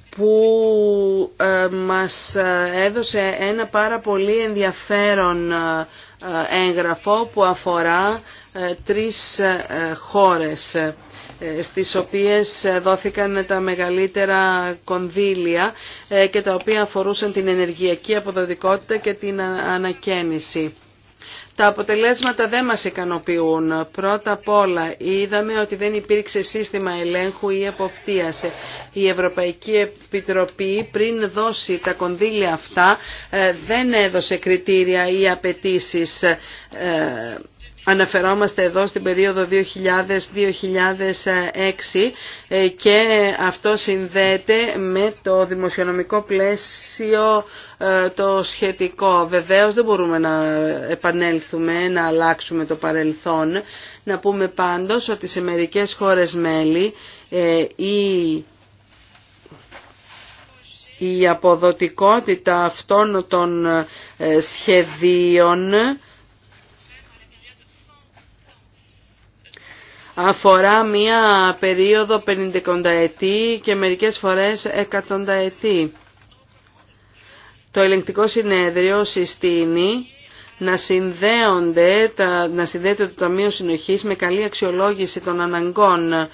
που ε, μας έδωσε ένα πάρα πολύ ενδιαφέρον ε, έγγραφο που αφορά ε, τρεις χώρες ε, στις οποίες ε, δόθηκαν τα μεγαλύτερα κονδύλια ε, και τα οποία αφορούσαν την ενεργειακή αποδοτικότητα και την ανακαίνιση. Τα αποτελέσματα δεν μας ικανοποιούν. Πρώτα απ' όλα είδαμε ότι δεν υπήρξε σύστημα ελέγχου ή εποπτείας. Η Ευρωπαϊκή Επιτροπή πριν δώσει τα κονδύλια αυτά δεν έδωσε κριτήρια ή απαιτήσει Αναφερόμαστε εδώ στην περίοδο 2000-2006 ε, και αυτό συνδέεται με το δημοσιονομικό πλαίσιο ε, το σχετικό. Βεβαίως δεν μπορούμε να επανέλθουμε, να αλλάξουμε το παρελθόν. Να πούμε πάντως ότι σε μερικές χώρες μέλη ε, η η αποδοτικότητα αυτών των σχεδίων αφορά μία περίοδο 50 ετή και μερικές φορές 100 ετή. Το ελεγκτικό συνέδριο συστήνει να, συνδέονται, να συνδέεται το Ταμείο Συνοχής με καλή αξιολόγηση των αναγκών, ε,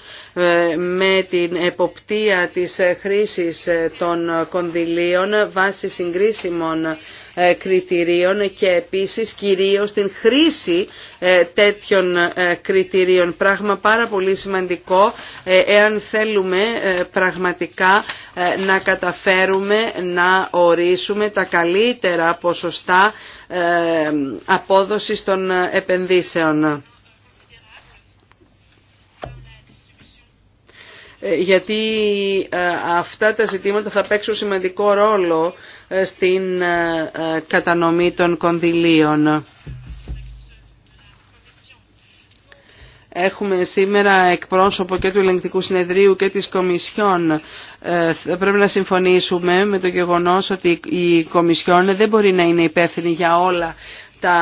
με την εποπτεία της χρήσης ε, των κονδυλίων βάσει συγκρίσιμων ε, κριτηρίων και επίσης κυρίως την χρήση τέτοιων κριτηρίων. Πράγμα πάρα πολύ σημαντικό εάν θέλουμε πραγματικά να καταφέρουμε να ορίσουμε τα καλύτερα ποσοστά ε, απόδοσης των επενδύσεων. Ε, γιατί ε, αυτά τα ζητήματα θα παίξουν σημαντικό ρόλο στην κατανομή των κονδυλίων. Έχουμε σήμερα εκπρόσωπο και του Ελεγκτικού Συνεδρίου και της Κομισιόν. Ε, πρέπει να συμφωνήσουμε με το γεγονός ότι η Κομισιόν δεν μπορεί να είναι υπεύθυνη για όλα τα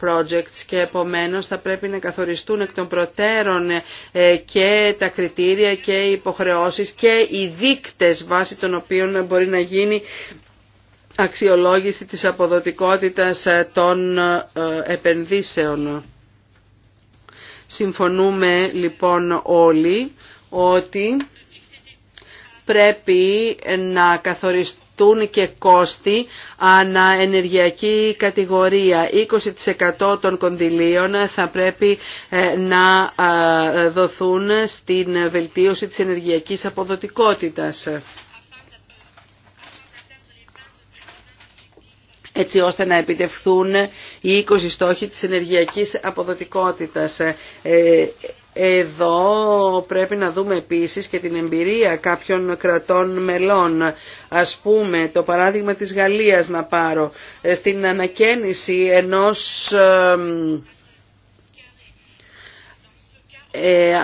projects και επομένως θα πρέπει να καθοριστούν εκ των προτέρων ε, και τα κριτήρια και οι υποχρεώσεις και οι δείκτες βάσει των οποίων μπορεί να γίνει αξιολόγηση της αποδοτικότητας ε, των επενδύσεων. Συμφωνούμε λοιπόν όλοι ότι πρέπει να καθοριστούν και κόστη ανά ενεργειακή κατηγορία. 20% των κονδυλίων θα πρέπει ε, να ε, δοθούν στην βελτίωση της ενεργειακής αποδοτικότητας. έτσι ώστε να επιτευχθούν οι 20 στόχοι της ενεργειακής αποδοτικότητας. Ε, εδώ πρέπει να δούμε επίσης και την εμπειρία κάποιων κρατών μελών. Ας πούμε το παράδειγμα της Γαλλίας να πάρω. Ε, στην ανακαίνιση ενός ε,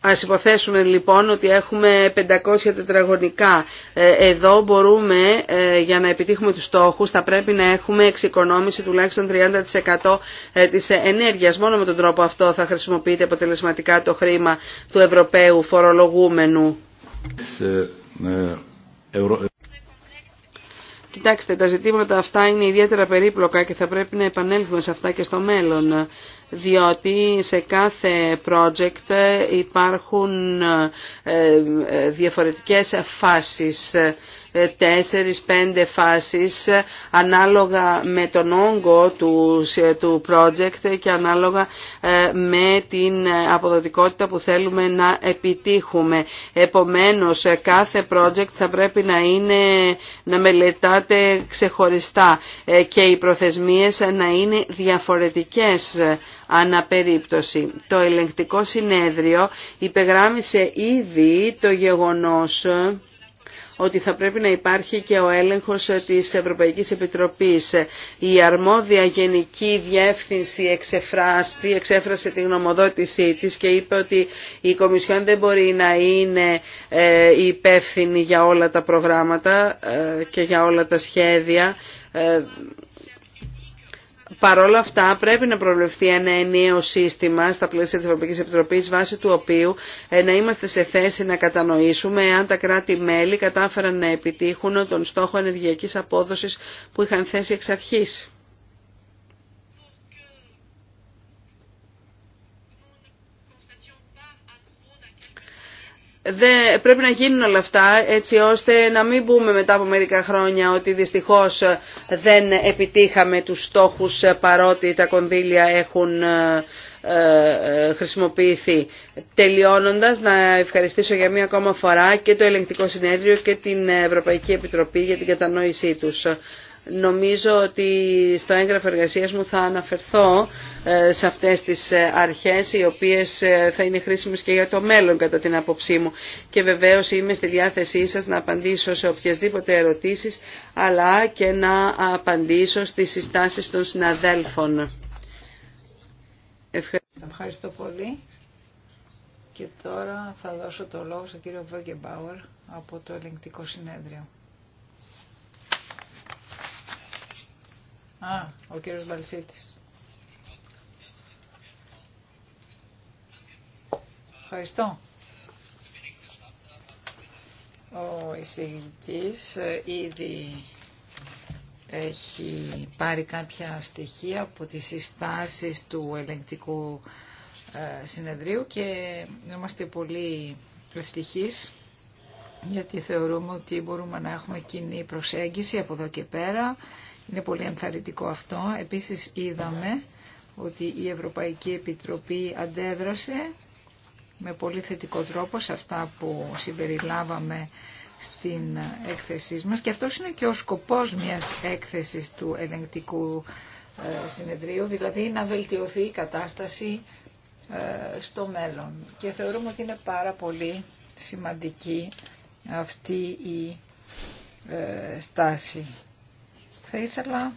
Ας υποθέσουμε λοιπόν ότι έχουμε 500 τετραγωνικά. Ε, εδώ μπορούμε ε, για να επιτύχουμε τους στόχους θα πρέπει να έχουμε εξοικονόμηση τουλάχιστον 30% ε, της ενέργειας. Μόνο με τον τρόπο αυτό θα χρησιμοποιείται αποτελεσματικά το χρήμα του Ευρωπαίου φορολογούμενου. Κοιτάξτε, τα ζητήματα αυτά είναι ιδιαίτερα περίπλοκα και θα πρέπει να επανέλθουμε σε αυτά και στο μέλλον, διότι σε κάθε project υπάρχουν ε, ε, διαφορετικές φάσεις Τέσσερις-πέντε φάσεις ανάλογα με τον όγκο του, του project και ανάλογα ε, με την αποδοτικότητα που θέλουμε να επιτύχουμε. Επομένως ε, κάθε project θα πρέπει να, είναι, να μελετάτε ξεχωριστά ε, και οι προθεσμίες να είναι διαφορετικές αναπερίπτωση. Το ελεγκτικό συνέδριο υπεγράμισε ήδη το γεγονός ότι θα πρέπει να υπάρχει και ο έλεγχος της Ευρωπαϊκής Επιτροπής. Η αρμόδια Γενική Διεύθυνση εξεφράστη, εξέφρασε τη γνωμοδότησή της και είπε ότι η Κομισιόν δεν μπορεί να είναι ε, υπεύθυνη για όλα τα προγράμματα ε, και για όλα τα σχέδια ε, παρόλα αυτά πρέπει να προβλεφθεί ένα ενιαίο σύστημα στα πλαίσια της Ευρωπαϊκής Επιτροπής βάσει του οποίου ε, να είμαστε σε θέση να κατανοήσουμε αν τα κράτη-μέλη κατάφεραν να επιτύχουν τον στόχο ενεργειακής απόδοσης που είχαν θέσει εξ αρχής. δε, πρέπει να γίνουν όλα αυτά έτσι ώστε να μην πούμε μετά από μερικά χρόνια ότι δυστυχώς δεν επιτύχαμε τους στόχους παρότι τα κονδύλια έχουν ε, ε, χρησιμοποιηθεί. Τελειώνοντας να ευχαριστήσω για μία ακόμα φορά και το Ελεγκτικό Συνέδριο και την Ευρωπαϊκή Επιτροπή για την κατανόησή τους. Νομίζω ότι στο έγγραφο εργασίας μου θα αναφερθώ ε, σε αυτές τις ε, αρχές οι οποίες ε, θα είναι χρήσιμες και για το μέλλον κατά την άποψή μου. Και βεβαίως είμαι στη διάθεσή σας να απαντήσω σε οποιασδήποτε ερωτήσεις αλλά και να απαντήσω στις συστάσεις των συναδέλφων. Ευχαριστώ. Ευχαριστώ πολύ. Και τώρα θα δώσω το λόγο στον κύριο Βέγκεμπαουερ από το ελεγκτικό συνέδριο. Α, ο κύριος Βαλσίτης. Ευχαριστώ. Ο εισηγητής ε, ήδη έχει πάρει κάποια στοιχεία από τις συστάσεις του ελεγκτικού ε, συνεδρίου και είμαστε πολύ ευτυχείς γιατί θεωρούμε ότι μπορούμε να έχουμε κοινή προσέγγιση από εδώ και πέρα. Είναι πολύ ενθαρρυντικό αυτό. Επίσης είδαμε ότι η Ευρωπαϊκή Επιτροπή αντέδρασε με πολύ θετικό τρόπο σε αυτά που συμπεριλάβαμε στην έκθεσή μας και αυτός είναι και ο σκοπός μιας έκθεσης του ελεγκτικού ε, συνεδρίου, δηλαδή να βελτιωθεί η κατάσταση ε, στο μέλλον. Και θεωρούμε ότι είναι πάρα πολύ σημαντική αυτή η ε, στάση. Θα ήθελα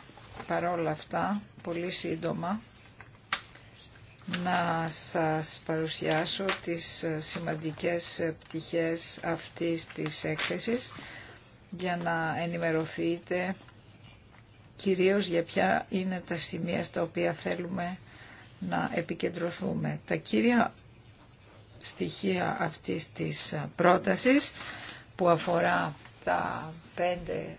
παρόλα αυτά πολύ σύντομα να σας παρουσιάσω τις σημαντικές πτυχές αυτής της έκθεσης για να ενημερωθείτε κυρίως για ποια είναι τα σημεία στα οποία θέλουμε να επικεντρωθούμε. Τα κύρια στοιχεία αυτής της πρότασης που αφορά τα πέντε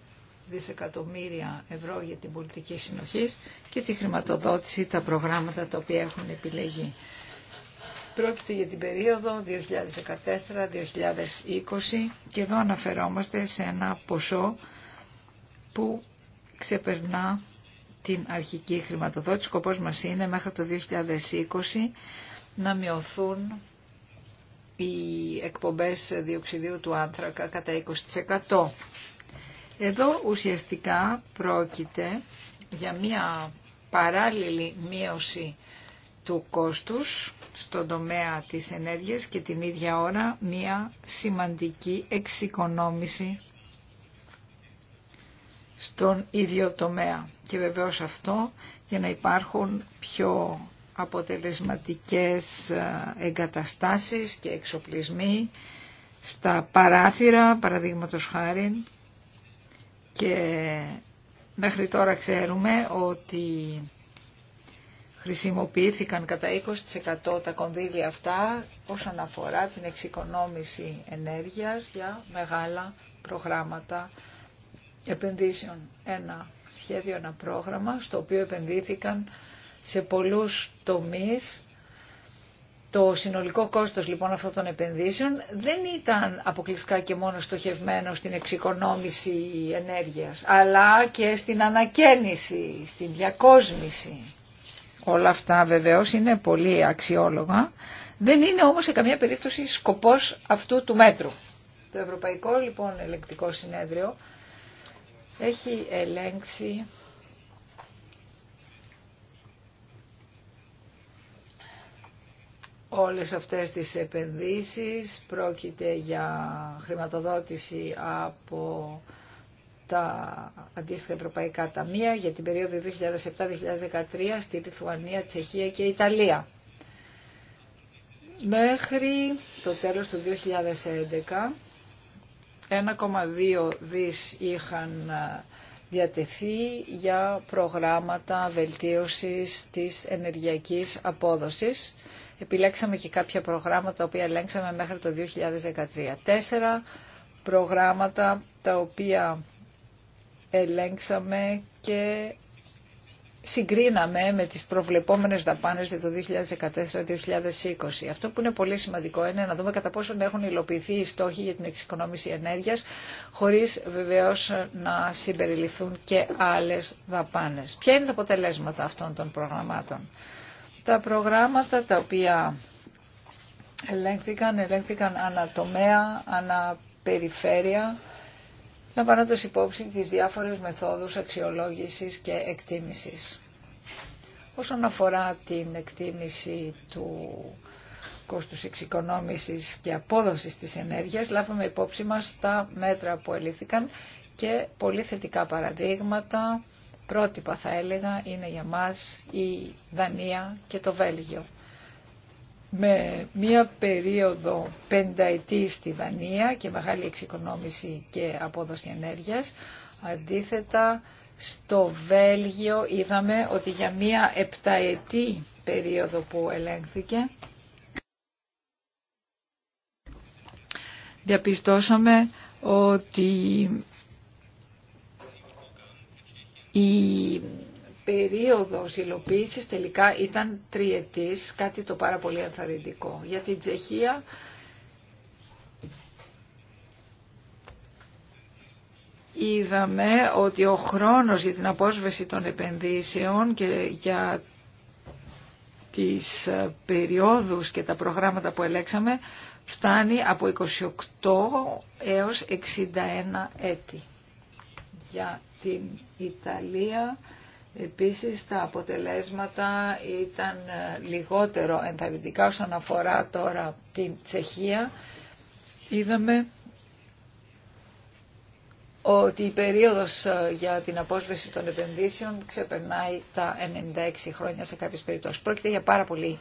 δισεκατομμύρια ευρώ για την πολιτική συνοχής και τη χρηματοδότηση, τα προγράμματα τα οποία έχουν επιλεγεί. Πρόκειται για την περίοδο 2014-2020 και εδώ αναφερόμαστε σε ένα ποσό που ξεπερνά την αρχική χρηματοδότηση. Σκοπός μας είναι μέχρι το 2020 να μειωθούν οι εκπομπές διοξιδίου του άνθρακα κατά 20%. Εδώ ουσιαστικά πρόκειται για μια παράλληλη μείωση του κόστους στον τομέα της ενέργειας και την ίδια ώρα μια σημαντική εξοικονόμηση στον ίδιο τομέα. Και βεβαίως αυτό για να υπάρχουν πιο αποτελεσματικές ε, εγκαταστάσεις και εξοπλισμοί στα παράθυρα, παραδείγματος χάρη, και μέχρι τώρα ξέρουμε ότι χρησιμοποιήθηκαν κατά 20% τα κονδύλια αυτά όσον αφορά την εξοικονόμηση ενέργειας για μεγάλα προγράμματα επενδύσεων. Ένα σχέδιο, ένα πρόγραμμα στο οποίο επενδύθηκαν σε πολλούς τομείς το συνολικό κόστος λοιπόν αυτών των επενδύσεων δεν ήταν αποκλειστικά και μόνο στοχευμένο στην εξοικονόμηση ενέργειας, αλλά και στην ανακαίνιση, στην διακόσμηση. Όλα αυτά βεβαίως είναι πολύ αξιόλογα, δεν είναι όμως σε καμία περίπτωση σκοπός αυτού του μέτρου. Το Ευρωπαϊκό λοιπόν Ελεκτικό Συνέδριο έχει ελέγξει όλες αυτές τις επενδύσεις. Πρόκειται για χρηματοδότηση από τα αντίστοιχα ευρωπαϊκά ταμεία για την περίοδο 2007-2013 στη Λιθουανία, Τσεχία και Ιταλία. Μέχρι το τέλος του 2011, 1,2 δις είχαν διατεθεί για προγράμματα βελτίωσης της ενεργειακής απόδοσης Επιλέξαμε και κάποια προγράμματα τα οποία ελέγξαμε μέχρι το 2013. Τέσσερα προγράμματα τα οποία ελέγξαμε και συγκρίναμε με τις προβλεπόμενες δαπάνες για το 2014-2020. Αυτό που είναι πολύ σημαντικό είναι να δούμε κατά πόσον έχουν υλοποιηθεί οι στόχοι για την εξοικονόμηση ενέργειας, χωρίς βεβαίως να συμπεριληφθούν και άλλες δαπάνες. Ποια είναι τα αποτελέσματα αυτών των προγραμμάτων. Τα προγράμματα τα οποία ελέγχθηκαν, ελέγχθηκαν ανατομέα, αναπεριφέρεια, λαμβάνοντας υπόψη τις διάφορες μεθόδους αξιολόγησης και εκτίμησης. Όσον αφορά την εκτίμηση του κόστους εξοικονόμησης και απόδοσης της ενέργειας, λάβαμε υπόψη μας τα μέτρα που ελήφθηκαν και πολύ θετικά παραδείγματα πρότυπα θα έλεγα είναι για μας η Δανία και το Βέλγιο. Με μία περίοδο πενταετή στη Δανία και μεγάλη εξοικονόμηση και απόδοση ενέργειας, αντίθετα στο Βέλγιο είδαμε ότι για μία επταετή περίοδο που ελέγχθηκε διαπιστώσαμε ότι η περίοδος υλοποίηση τελικά ήταν τριετής, κάτι το πάρα πολύ ενθαρρυντικό. Για την Τσεχία είδαμε ότι ο χρόνος για την απόσβεση των επενδύσεων και για τις περιόδους και τα προγράμματα που ελέξαμε φτάνει από 28 έως 61 έτη για την Ιταλία. Επίσης τα αποτελέσματα ήταν ε, λιγότερο ενθαρρυντικά όσον αφορά τώρα την Τσεχία. Είδαμε ότι η περίοδος ε, για την απόσβεση των επενδύσεων ξεπερνάει τα 96 χρόνια σε κάποιες περιπτώσεις. Πρόκειται για πάρα πολύ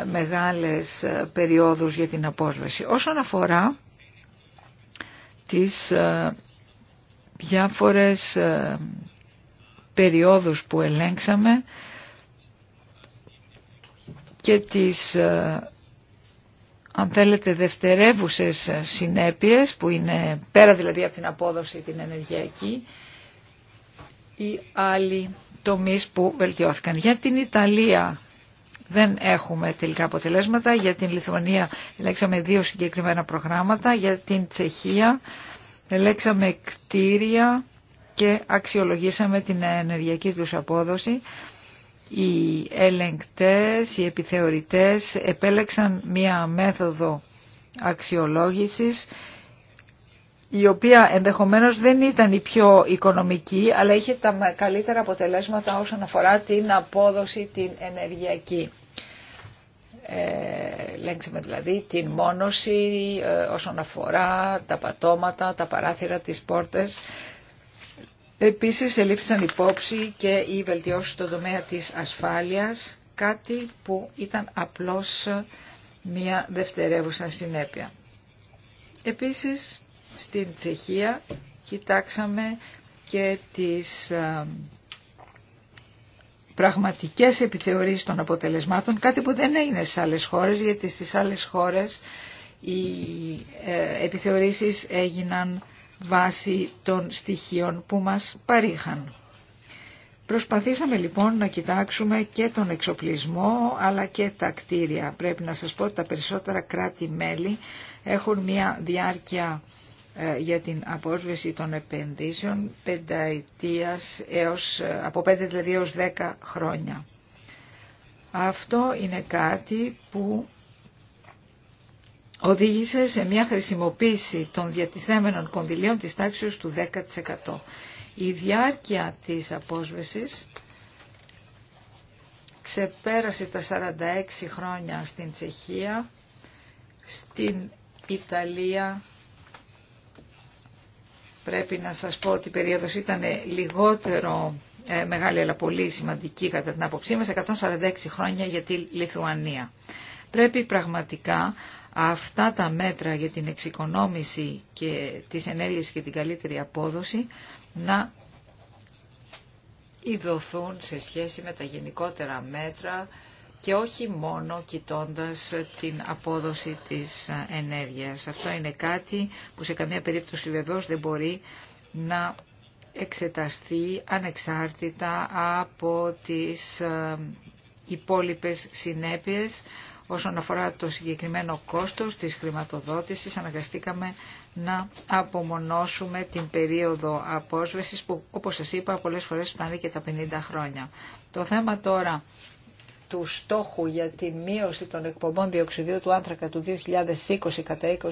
ε, μεγάλες περιόδους για την απόσβεση. Όσον αφορά τις διάφορες ε, περιόδους που ελέγξαμε και τις ε, αν θέλετε δευτερεύουσες συνέπειες που είναι πέρα δηλαδή από την απόδοση την ενεργειακή ή άλλοι τομείς που βελτιώθηκαν. Για την Ιταλία δεν έχουμε τελικά αποτελέσματα, για την Λιθουανία ελέγξαμε δύο συγκεκριμένα προγράμματα, για την Τσεχία Ελέξαμε κτίρια και αξιολογήσαμε την ενεργειακή τους απόδοση. Οι ελεγκτές, οι επιθεωρητές επέλεξαν μία μέθοδο αξιολόγησης η οποία ενδεχομένως δεν ήταν η πιο οικονομική αλλά είχε τα καλύτερα αποτελέσματα όσον αφορά την απόδοση την ενεργειακή ελέγξαμε δηλαδή την μόνωση ε, όσον αφορά τα πατώματα, τα παράθυρα, τις πόρτες. Επίσης ελήφθησαν υπόψη και η βελτιώση στον τομέα της ασφάλειας, κάτι που ήταν απλώς μια δευτερεύουσα συνέπεια. Επίσης στην Τσεχία κοιτάξαμε και τις ε, πραγματικές επιθεωρήσεις των αποτελεσμάτων, κάτι που δεν έγινε στις άλλες χώρες, γιατί στις άλλες χώρες οι ε, επιθεωρήσεις έγιναν βάσει των στοιχείων που μας παρήχαν. Προσπαθήσαμε λοιπόν να κοιτάξουμε και τον εξοπλισμό αλλά και τα κτίρια. Πρέπει να σας πω ότι τα περισσότερα κράτη-μέλη έχουν μια διάρκεια ε, για την απόσβεση των επενδύσεων πενταετίας έως, ε, από 5 δηλαδή έως 10 χρόνια. Αυτό είναι κάτι που οδήγησε σε μια χρησιμοποίηση των διατηθέμενων κονδυλίων της τάξης του 10%. Η διάρκεια της απόσβεσης ξεπέρασε τα 46 χρόνια στην Τσεχία, στην Ιταλία Πρέπει να σας πω ότι η περίοδος ήταν λιγότερο ε, μεγάλη αλλά πολύ σημαντική κατά την άποψή μας, 146 χρόνια για τη Λιθουανία. Πρέπει πραγματικά αυτά τα μέτρα για την εξοικονόμηση και της ενέργειας και την καλύτερη απόδοση να ειδωθούν σε σχέση με τα γενικότερα μέτρα και όχι μόνο κοιτώντας την απόδοση της ενέργειας. Αυτό είναι κάτι που σε καμία περίπτωση βεβαίως δεν μπορεί να εξεταστεί ανεξάρτητα από τις ε, υπόλοιπες συνέπειες όσον αφορά το συγκεκριμένο κόστος της χρηματοδότησης αναγκαστήκαμε να απομονώσουμε την περίοδο απόσβεσης που όπως σας είπα πολλές φορές φτάνει και τα 50 χρόνια. Το θέμα τώρα του στόχου για τη μείωση των εκπομπών διοξιδίου του άνθρακα του 2020 κατά 20%.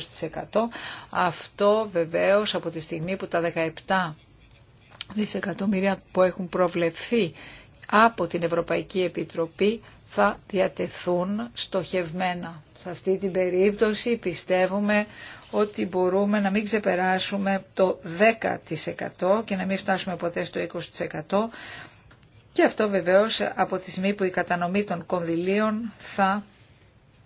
Αυτό βεβαίως από τη στιγμή που τα 17 δισεκατομμύρια που έχουν προβλεφθεί από την Ευρωπαϊκή Επιτροπή θα διατεθούν στοχευμένα. Σε αυτή την περίπτωση πιστεύουμε ότι μπορούμε να μην ξεπεράσουμε το 10% και να μην φτάσουμε ποτέ στο 20% και αυτό βεβαίως από τη στιγμή που η κατανομή των κονδυλίων θα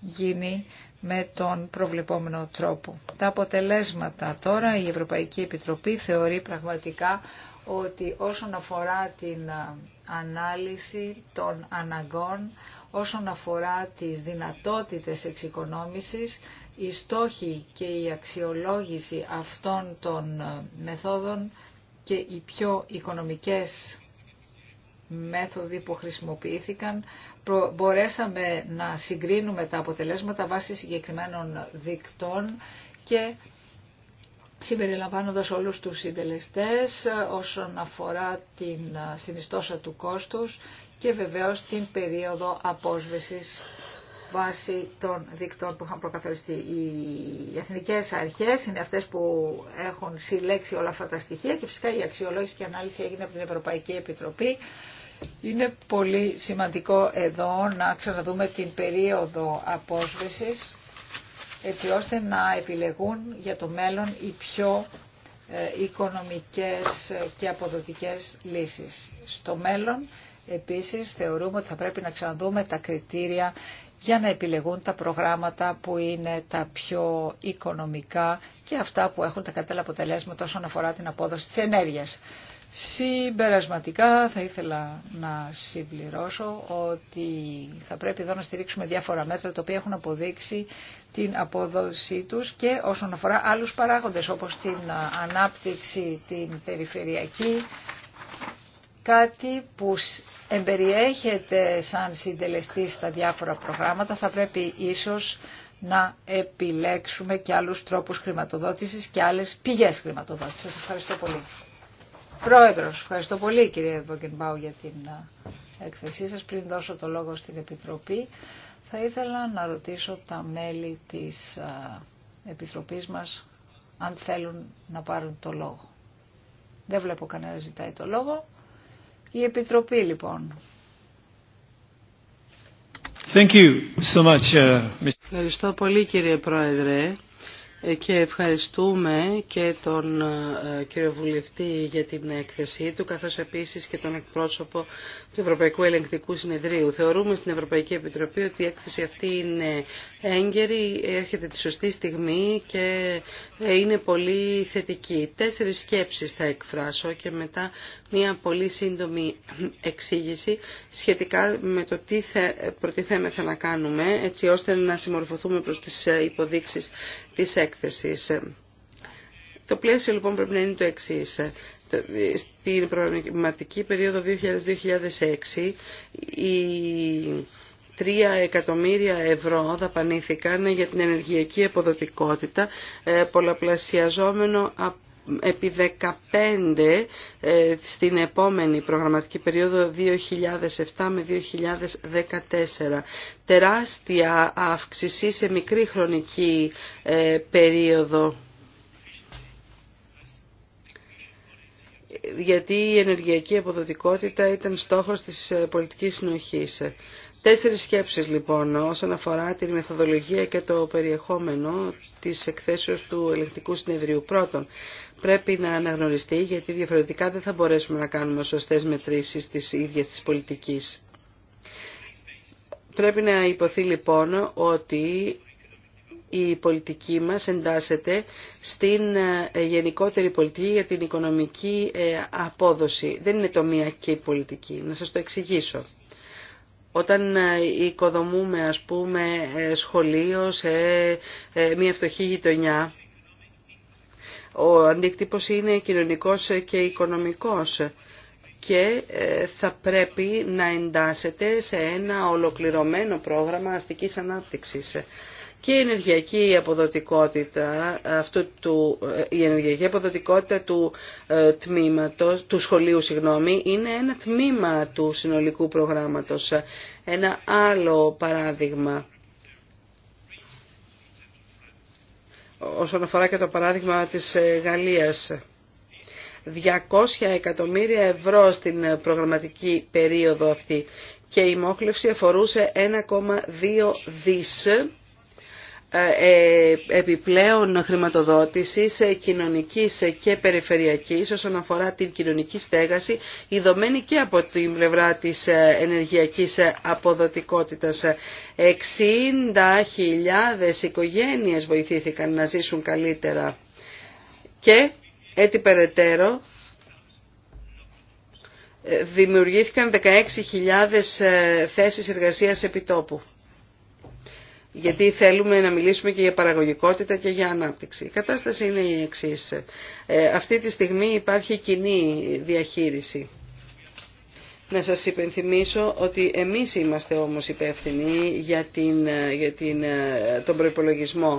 γίνει με τον προβλεπόμενο τρόπο. Τα αποτελέσματα τώρα η Ευρωπαϊκή Επιτροπή θεωρεί πραγματικά ότι όσον αφορά την ανάλυση των αναγκών, όσον αφορά τις δυνατότητες εξοικονόμησης, οι στόχοι και η αξιολόγηση αυτών των μεθόδων και οι πιο οικονομικές μέθοδοι που χρησιμοποιήθηκαν. Μπορέσαμε να συγκρίνουμε τα αποτελέσματα βάσει συγκεκριμένων δικτών και συμπεριλαμβάνοντας όλους τους συντελεστές όσον αφορά την συνιστόσα του κόστους και βεβαίως την περίοδο απόσβεσης βάσει των δικτών που είχαν προκαθοριστεί. Οι εθνικές αρχές είναι αυτές που έχουν συλλέξει όλα αυτά τα στοιχεία και φυσικά η αξιολόγηση και ανάλυση έγινε από την Ευρωπαϊκή Επιτροπή είναι πολύ σημαντικό εδώ να ξαναδούμε την περίοδο απόσβεσης έτσι ώστε να επιλεγούν για το μέλλον οι πιο ε, οικονομικές και αποδοτικές λύσεις. Στο μέλλον επίσης θεωρούμε ότι θα πρέπει να ξαναδούμε τα κριτήρια για να επιλεγούν τα προγράμματα που είναι τα πιο οικονομικά και αυτά που έχουν τα κατάλληλα αποτελέσματα όσον αφορά την απόδοση της ενέργειας. Συμπερασματικά θα ήθελα να συμπληρώσω ότι θα πρέπει εδώ να στηρίξουμε διάφορα μέτρα τα οποία έχουν αποδείξει την απόδοσή τους και όσον αφορά άλλους παράγοντες όπως την ανάπτυξη, την περιφερειακή, κάτι που εμπεριέχεται σαν συντελεστή στα διάφορα προγράμματα θα πρέπει ίσως να επιλέξουμε και άλλους τρόπους χρηματοδότησης και άλλες πηγές χρηματοδότησης. Σας ευχαριστώ πολύ. Πρόεδρος, ευχαριστώ πολύ κύριε Βογγενμπάου για την έκθεσή σας. Πριν δώσω το λόγο στην Επιτροπή, θα ήθελα να ρωτήσω τα μέλη της Επιτροπής μας αν θέλουν να πάρουν το λόγο. Δεν βλέπω κανένα ζητάει το λόγο. Η Επιτροπή λοιπόν. Uh, ευχαριστώ πολύ κύριε Πρόεδρε και ευχαριστούμε και τον ε, κύριο Βουλευτή για την έκθεσή του, καθώς επίσης και τον εκπρόσωπο του Ευρωπαϊκού Ελεγκτικού Συνεδρίου. Θεωρούμε στην Ευρωπαϊκή Επιτροπή ότι η έκθεση αυτή είναι έγκαιρη, έρχεται τη σωστή στιγμή και ε, είναι πολύ θετική. Τέσσερις σκέψεις θα εκφράσω και μετά μια πολύ σύντομη εξήγηση σχετικά με το τι προτιθέμεθα να κάνουμε, έτσι ώστε να συμμορφωθούμε προς τις ε, υποδείξεις της έκθεσης. Το πλαίσιο λοιπόν πρέπει να είναι το εξή. Στην προγραμματική περίοδο 2000-2006 οι 3 εκατομμύρια ευρώ δαπανήθηκαν για την ενεργειακή αποδοτικότητα, ε, πολλαπλασιαζόμενο από επί 15 ε, στην επόμενη προγραμματική περίοδο 2007 με 2014. Τεράστια αύξηση σε μικρή χρονική ε, περίοδο. γιατί η ενεργειακή αποδοτικότητα ήταν στόχος της ε, πολιτικής συνοχής. Τέσσερις σκέψεις λοιπόν όσον αφορά τη μεθοδολογία και το περιεχόμενο της εκθέσεως του Ελεκτικού συνεδρίου. Πρώτον, πρέπει να αναγνωριστεί γιατί διαφορετικά δεν θα μπορέσουμε να κάνουμε σωστές μετρήσεις της ίδιας της πολιτικής. Πρέπει να υποθεί λοιπόν ότι η πολιτική μας εντάσσεται στην ε, γενικότερη πολιτική για την οικονομική ε, απόδοση. Δεν είναι τομιακή πολιτική. Να σας το εξηγήσω. Όταν ε, οικοδομούμε ας πούμε ε, σχολείο σε ε, μια φτωχή γειτονιά, ο αντίκτυπος είναι κοινωνικός και οικονομικός και θα πρέπει να εντάσσεται σε ένα ολοκληρωμένο πρόγραμμα αστικής ανάπτυξης και η ενεργειακή αποδοτικότητα, αυτού του, η ενεργειακή αποδοτικότητα του ε, τμήματος, του σχολείου είναι ένα τμήμα του συνολικού προγράμματος. Ένα άλλο παράδειγμα. Όσον αφορά και το παράδειγμα της ε, Γαλλίας. 200 εκατομμύρια ευρώ στην προγραμματική περίοδο αυτή και η μόχλευση αφορούσε 1,2 δις ε, ε, επιπλέον χρηματοδότησης ε, κοινωνικής και περιφερειακής όσον αφορά την κοινωνική στέγαση, ιδωμένη και από την πλευρά της ενεργειακής αποδοτικότητας. 60.000 οικογένειες βοηθήθηκαν να ζήσουν καλύτερα και έτσι περαιτέρω δημιουργήθηκαν 16.000 θέσεις εργασίας επιτόπου γιατί θέλουμε να μιλήσουμε και για παραγωγικότητα και για ανάπτυξη. Η κατάσταση είναι η εξή. Ε, αυτή τη στιγμή υπάρχει κοινή διαχείριση. Να σας υπενθυμίσω ότι εμείς είμαστε όμως υπεύθυνοι για, την, την, ε, τον προϋπολογισμό.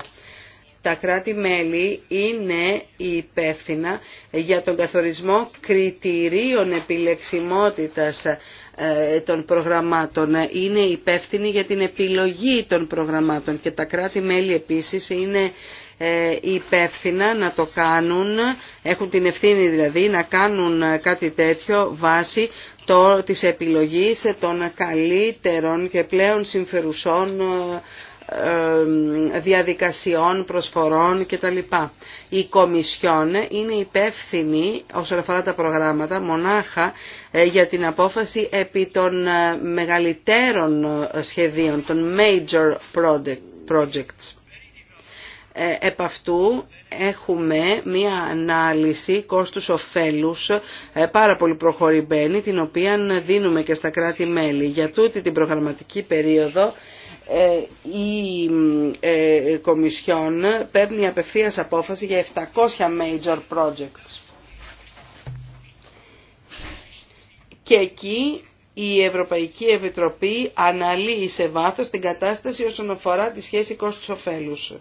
Τα κράτη-μέλη είναι υπεύθυνα για τον καθορισμό κριτηρίων επιλεξιμότητας ε, των προγραμμάτων, ε, είναι υπεύθυνη για την επιλογή των προγραμμάτων και τα κράτη-μέλη επίσης είναι ε, υπεύθυνα να το κάνουν, έχουν την ευθύνη δηλαδή να κάνουν κάτι τέτοιο βάσει το, της επιλογής των καλύτερων και πλέον συμφερουσών ε, διαδικασιών, προσφορών κτλ. Η Κομισιόν είναι υπεύθυνη όσον αφορά τα προγράμματα μονάχα ε, για την απόφαση επί των ε, μεγαλύτερων σχεδίων, των major projects. Επ' αυτού έχουμε μία ανάλυση κόστους-οφέλους πάρα πολύ προχωρημένη, την οποία δίνουμε και στα κράτη-μέλη. Για τούτη την προγραμματική περίοδο ε, η ε, Κομισιόν παίρνει απευθείας απόφαση για 700 major projects. Και εκεί η Ευρωπαϊκή Επιτροπή αναλύει σε βάθος την κατάσταση όσον αφορά τη σχέση ωφέλους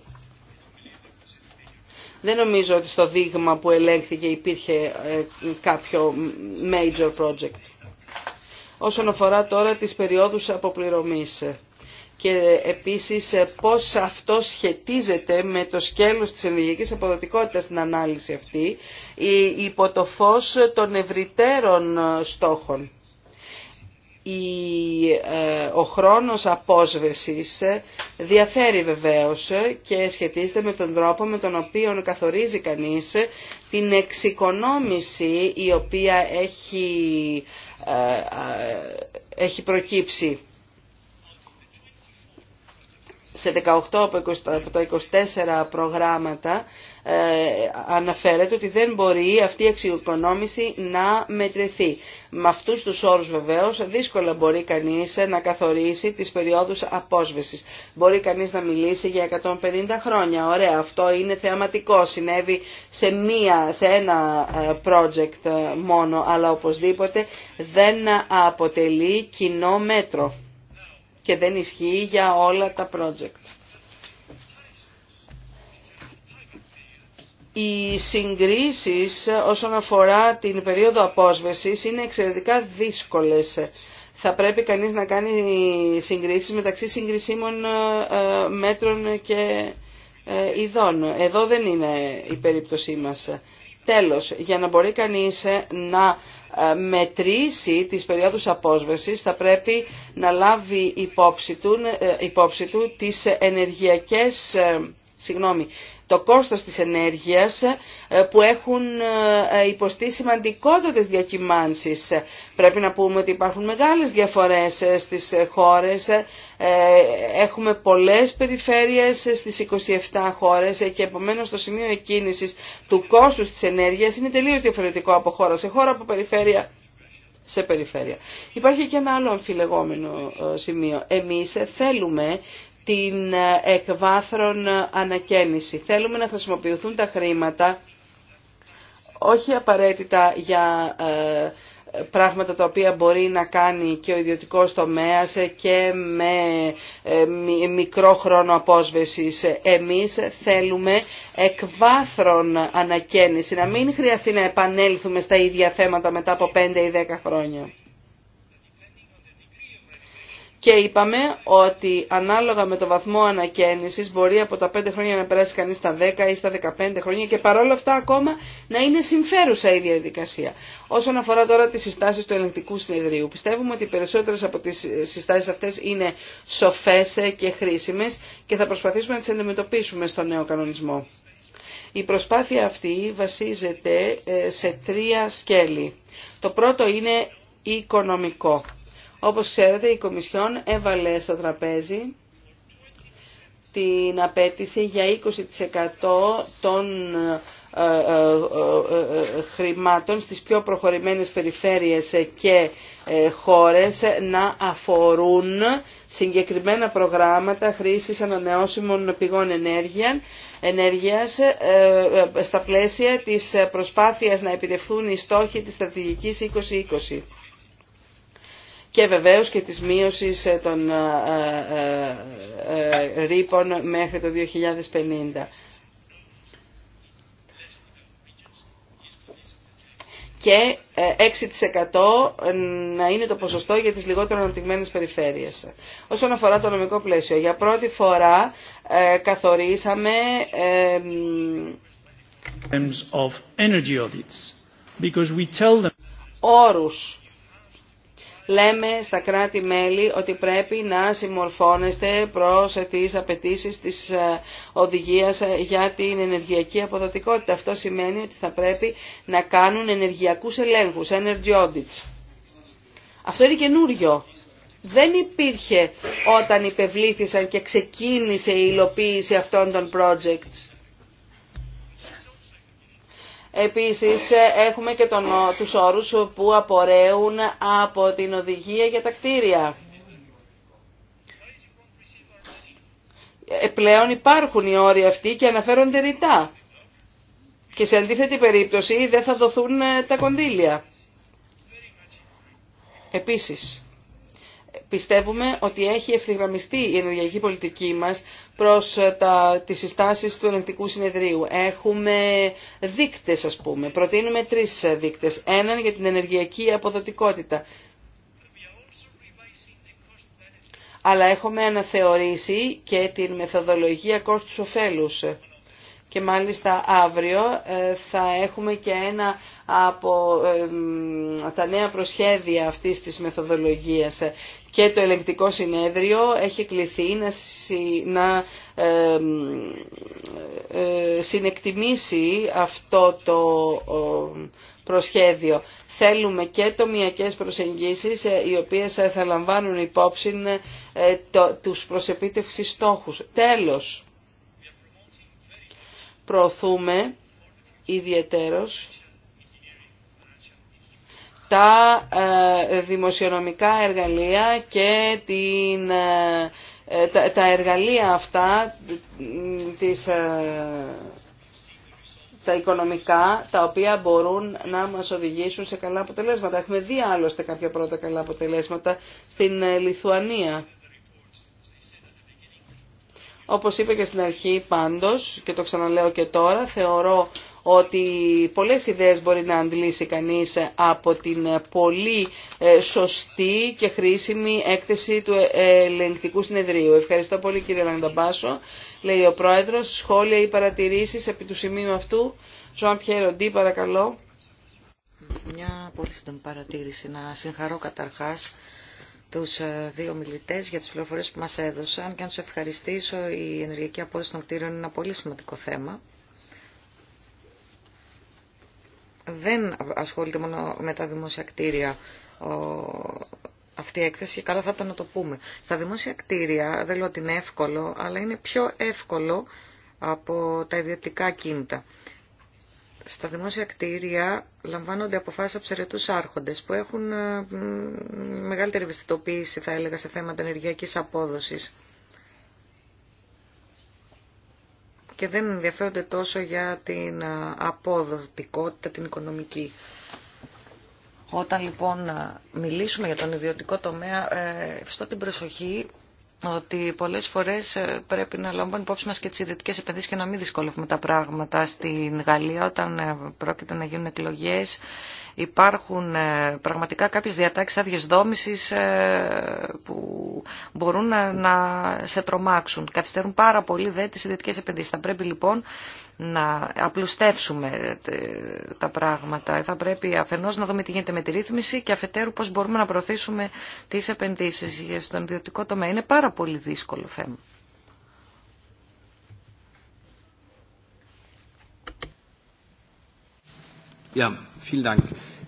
Δεν νομίζω ότι στο δείγμα που ελέγχθηκε υπήρχε ε, κάποιο major project. Όσον αφορά τώρα τις περιόδους αποπληρωμής και επίσης πώς αυτό σχετίζεται με το σκέλος της ενεργειακής αποδοτικότητας στην ανάλυση αυτή ε, υπό το φως των ευρυτέρων στόχων. Ε, ο χρόνος απόσβεσης διαφέρει βεβαίως και σχετίζεται με τον τρόπο με τον οποίο καθορίζει κανείς την εξοικονόμηση η οποία έχει, ε, έχει προκύψει σε 18 από τα 24 προγράμματα ε, αναφέρεται ότι δεν μπορεί αυτή η αξιοοικονόμηση να μετρηθεί. Με αυτούς τους όρους βεβαίως δύσκολα μπορεί κανείς να καθορίσει τις περιόδους απόσβεσης. Μπορεί κανείς να μιλήσει για 150 χρόνια. Ωραία, αυτό είναι θεαματικό, συνέβη σε, μία, σε ένα ε, project μόνο, αλλά οπωσδήποτε δεν αποτελεί κοινό μέτρο και δεν ισχύει για όλα τα project. Οι συγκρίσεις όσον αφορά την περίοδο απόσβεσης είναι εξαιρετικά δύσκολες. Θα πρέπει κανείς να κάνει συγκρίσεις μεταξύ συγκρισίμων ε, μέτρων και ε, ειδών. Εδώ δεν είναι η περίπτωσή μας. Τέλος, για να μπορεί κανείς να ε, μετρήσει τις περιόδους απόσβεσης θα πρέπει να λάβει υπόψη του, ε, υπόψη του τις ενεργειακές ε, συγγνώμη, το κόστος της ενέργειας ε, που έχουν ε, υποστεί σημαντικότατες διακυμάνσεις. Πρέπει να πούμε ότι υπάρχουν μεγάλες διαφορές ε, στις χώρες. Έχουμε πολλές περιφέρειες στις 27 χώρες και επομένως το σημείο εκκίνησης του κόστους της ενέργειας είναι τελείως διαφορετικό από χώρα σε χώρα, από περιφέρεια σε περιφέρεια. Υπάρχει και ένα άλλο αμφιλεγόμενο σημείο. Εμείς θέλουμε την εκβάθρον ανακαίνιση. Θέλουμε να χρησιμοποιηθούν τα χρήματα όχι απαραίτητα για ε, πράγματα τα οποία μπορεί να κάνει και ο ιδιωτικός τομέας και με ε, μικρό χρόνο απόσβεσης. Εμείς θέλουμε εκβάθρον ανακαίνιση, να μην χρειαστεί να επανέλθουμε στα ίδια θέματα μετά από 5 ή 10 χρόνια και είπαμε ότι ανάλογα με το βαθμό ανακαίνηση μπορεί από τα 5 χρόνια να περάσει κανείς στα 10 ή στα 15 χρόνια και παρόλα αυτά ακόμα να είναι συμφέρουσα η διαδικασία. Όσον αφορά τώρα τις συστάσεις του ελεγκτικού συνεδρίου, πιστεύουμε ότι οι περισσότερες από τις συστάσεις αυτές είναι σοφές και χρήσιμες και θα προσπαθήσουμε να τι αντιμετωπίσουμε στο νέο κανονισμό. Η προσπάθεια αυτή βασίζεται ε, σε τρία σκέλη. Το πρώτο είναι οικονομικό όπως ξέρετε, η Κομισιόν έβαλε στο τραπέζι την απέτηση για 20% των ε, ε, ε, χρημάτων στις πιο προχωρημένες περιφέρειες και χώρες να αφορούν συγκεκριμένα προγράμματα χρήσης ανανεώσιμων πηγών ενέργειας, ενέργειας στα πλαίσια της προσπάθειας να επιτευχθούν οι στόχοι της στρατηγικής 2020 και βεβαίως και της μείωσης ε, των ε, ε, ρήπων μέχρι το 2050. και 6% να είναι το ποσοστό για τις λιγότερο αναπτυγμένες περιφέρειες. Όσον αφορά το νομικό πλαίσιο, για πρώτη φορά καθορίσαμε όρους λέμε στα κράτη-μέλη ότι πρέπει να συμμορφώνεστε προς τις απαιτήσει της ε, οδηγίας ε, για την ενεργειακή αποδοτικότητα. Αυτό σημαίνει ότι θα πρέπει να κάνουν ενεργειακούς ελέγχους, energy audits. Αυτό είναι καινούριο. Δεν υπήρχε όταν υπευλήθησαν και ξεκίνησε η υλοποίηση αυτών των projects. Επίσης έχουμε και τον, τους όρους που απορρέουν από την οδηγία για τα κτίρια. Ε, πλέον υπάρχουν οι όροι αυτοί και αναφέρονται ρητά. Και σε αντίθετη περίπτωση δεν θα δοθούν ε, τα κονδύλια. Επίσης, Πιστεύουμε ότι έχει ευθυγραμμιστεί η ενεργειακή πολιτική μας προς ε, τα, τις συστάσεις του ελεγκτικού συνεδρίου. Έχουμε δείκτες ας πούμε. Προτείνουμε τρεις ε, δείκτες. Έναν για την ενεργειακή αποδοτικότητα. Αλλά έχουμε αναθεωρήσει και την μεθοδολογία κόστους-οφέλους και μάλιστα αύριο ε, θα έχουμε και ένα από τα νέα προσχέδια αυτής της μεθοδολογίας και το ελεγκτικό συνέδριο έχει κληθεί να, να ε, συνεκτιμήσει αυτό το προσχέδιο. Θέλουμε και τομιακές προσεγγίσεις ε, οι οποίες θα λαμβάνουν υπόψη τους προσεπίτευξης στόχους. Τέλος προωθούμε ιδιαιτέρως τα ε, δημοσιονομικά εργαλεία και την, ε, τα, εργαλεία αυτά της ε, τα οικονομικά τα οποία μπορούν να μας οδηγήσουν σε καλά αποτελέσματα. Έχουμε δει άλλωστε κάποια πρώτα καλά αποτελέσματα στην Λιθουανία. Όπως είπα και στην αρχή πάντως και το ξαναλέω και τώρα, θεωρώ ότι πολλές ιδέες μπορεί να αντλήσει κανείς από την πολύ ε, σωστή και χρήσιμη έκθεση του ε, ελεγκτικού συνεδρίου. Ευχαριστώ πολύ κύριε Λανταμπάσο, λέει ο Πρόεδρος. Σχόλια ή παρατηρήσεις επί του σημείου αυτού. Ζωάν Πιέροντι, παρακαλώ. Μια πολύ σύντομη παρατήρηση. Να συγχαρώ καταρχάς τους ε, δύο μιλητές για τις πληροφορίες που μας έδωσαν και να του ευχαριστήσω. Η ενεργειακή απόδοση των κτίριων είναι ένα πολύ σημαντικό θέμα. Δεν ασχολείται μόνο με τα δημόσια κτίρια αυτή η έκθεση και καλά θα ήταν να το πούμε. Στα δημόσια κτίρια, δεν λέω ότι είναι εύκολο, αλλά είναι πιο εύκολο από τα ιδιωτικά κίνητα στα δημόσια κτίρια λαμβάνονται αποφάσεις από τους άρχοντες που έχουν ε, μεγαλύτερη ευαισθητοποίηση θα έλεγα σε θέματα ενεργειακής απόδοσης και δεν ενδιαφέρονται τόσο για την ε, αποδοτικότητα την οικονομική. Όταν λοιπόν ε, μιλήσουμε για τον ιδιωτικό τομέα, ευστώ την προσοχή ότι πολλές φορές ε, πρέπει να λαμβάνουμε υπόψη μας και τις ιδιωτικές επενδύσεις και να μην δυσκολεύουμε τα πράγματα. Στην Γαλλία όταν ε, πρόκειται να γίνουν εκλογές υπάρχουν ε, πραγματικά κάποιες διατάξεις άδειε δόμηση που μπορούν να σε τρομάξουν. Καθυστερούν πάρα πολύ δε τις ιδιωτικές επενδύσεις. Θα πρέπει λοιπόν να απλουστεύσουμε τα πράγματα. Θα πρέπει αφενός να δούμε τι γίνεται με τη ρύθμιση και αφετέρου πώς μπορούμε να προωθήσουμε τις επενδύσεις για στον ιδιωτικό τομέα. Είναι πάρα πολύ δύσκολο θέμα.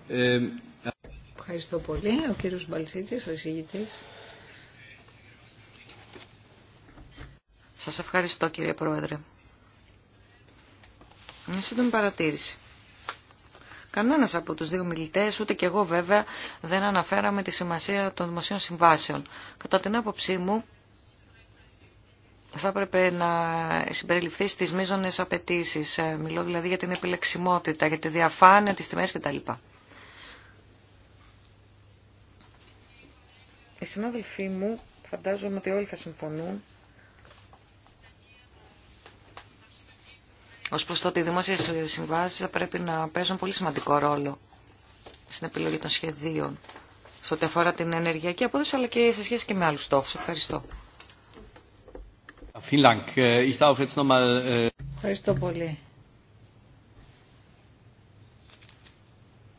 Ε, ευχαριστώ πολύ. Ο κύριος Μπαλσίτης, ο εισηγητής. Σας ευχαριστώ κύριε Πρόεδρε. Μια σύντομη παρατήρηση. Κανένας από τους δύο μιλητές, ούτε και εγώ βέβαια, δεν αναφέραμε τη σημασία των δημοσίων συμβάσεων. Κατά την άποψή μου, θα έπρεπε να συμπεριληφθεί στις μείζονες απαιτήσει. Ε, μιλώ δηλαδή για την επιλεξιμότητα, για τη διαφάνεια, τις τιμές κτλ. Οι συνάδελφοί μου φαντάζομαι ότι όλοι θα συμφωνούν ως προς το ότι οι δημόσιες συμβάσεις θα πρέπει να παίζουν πολύ σημαντικό ρόλο στην επιλογή των σχεδίων σε ό,τι αφορά την ενεργειακή απόδοση αλλά και σε σχέση και με άλλους στόχους. Ευχαριστώ. Äh, äh, ευχαριστώ πολύ.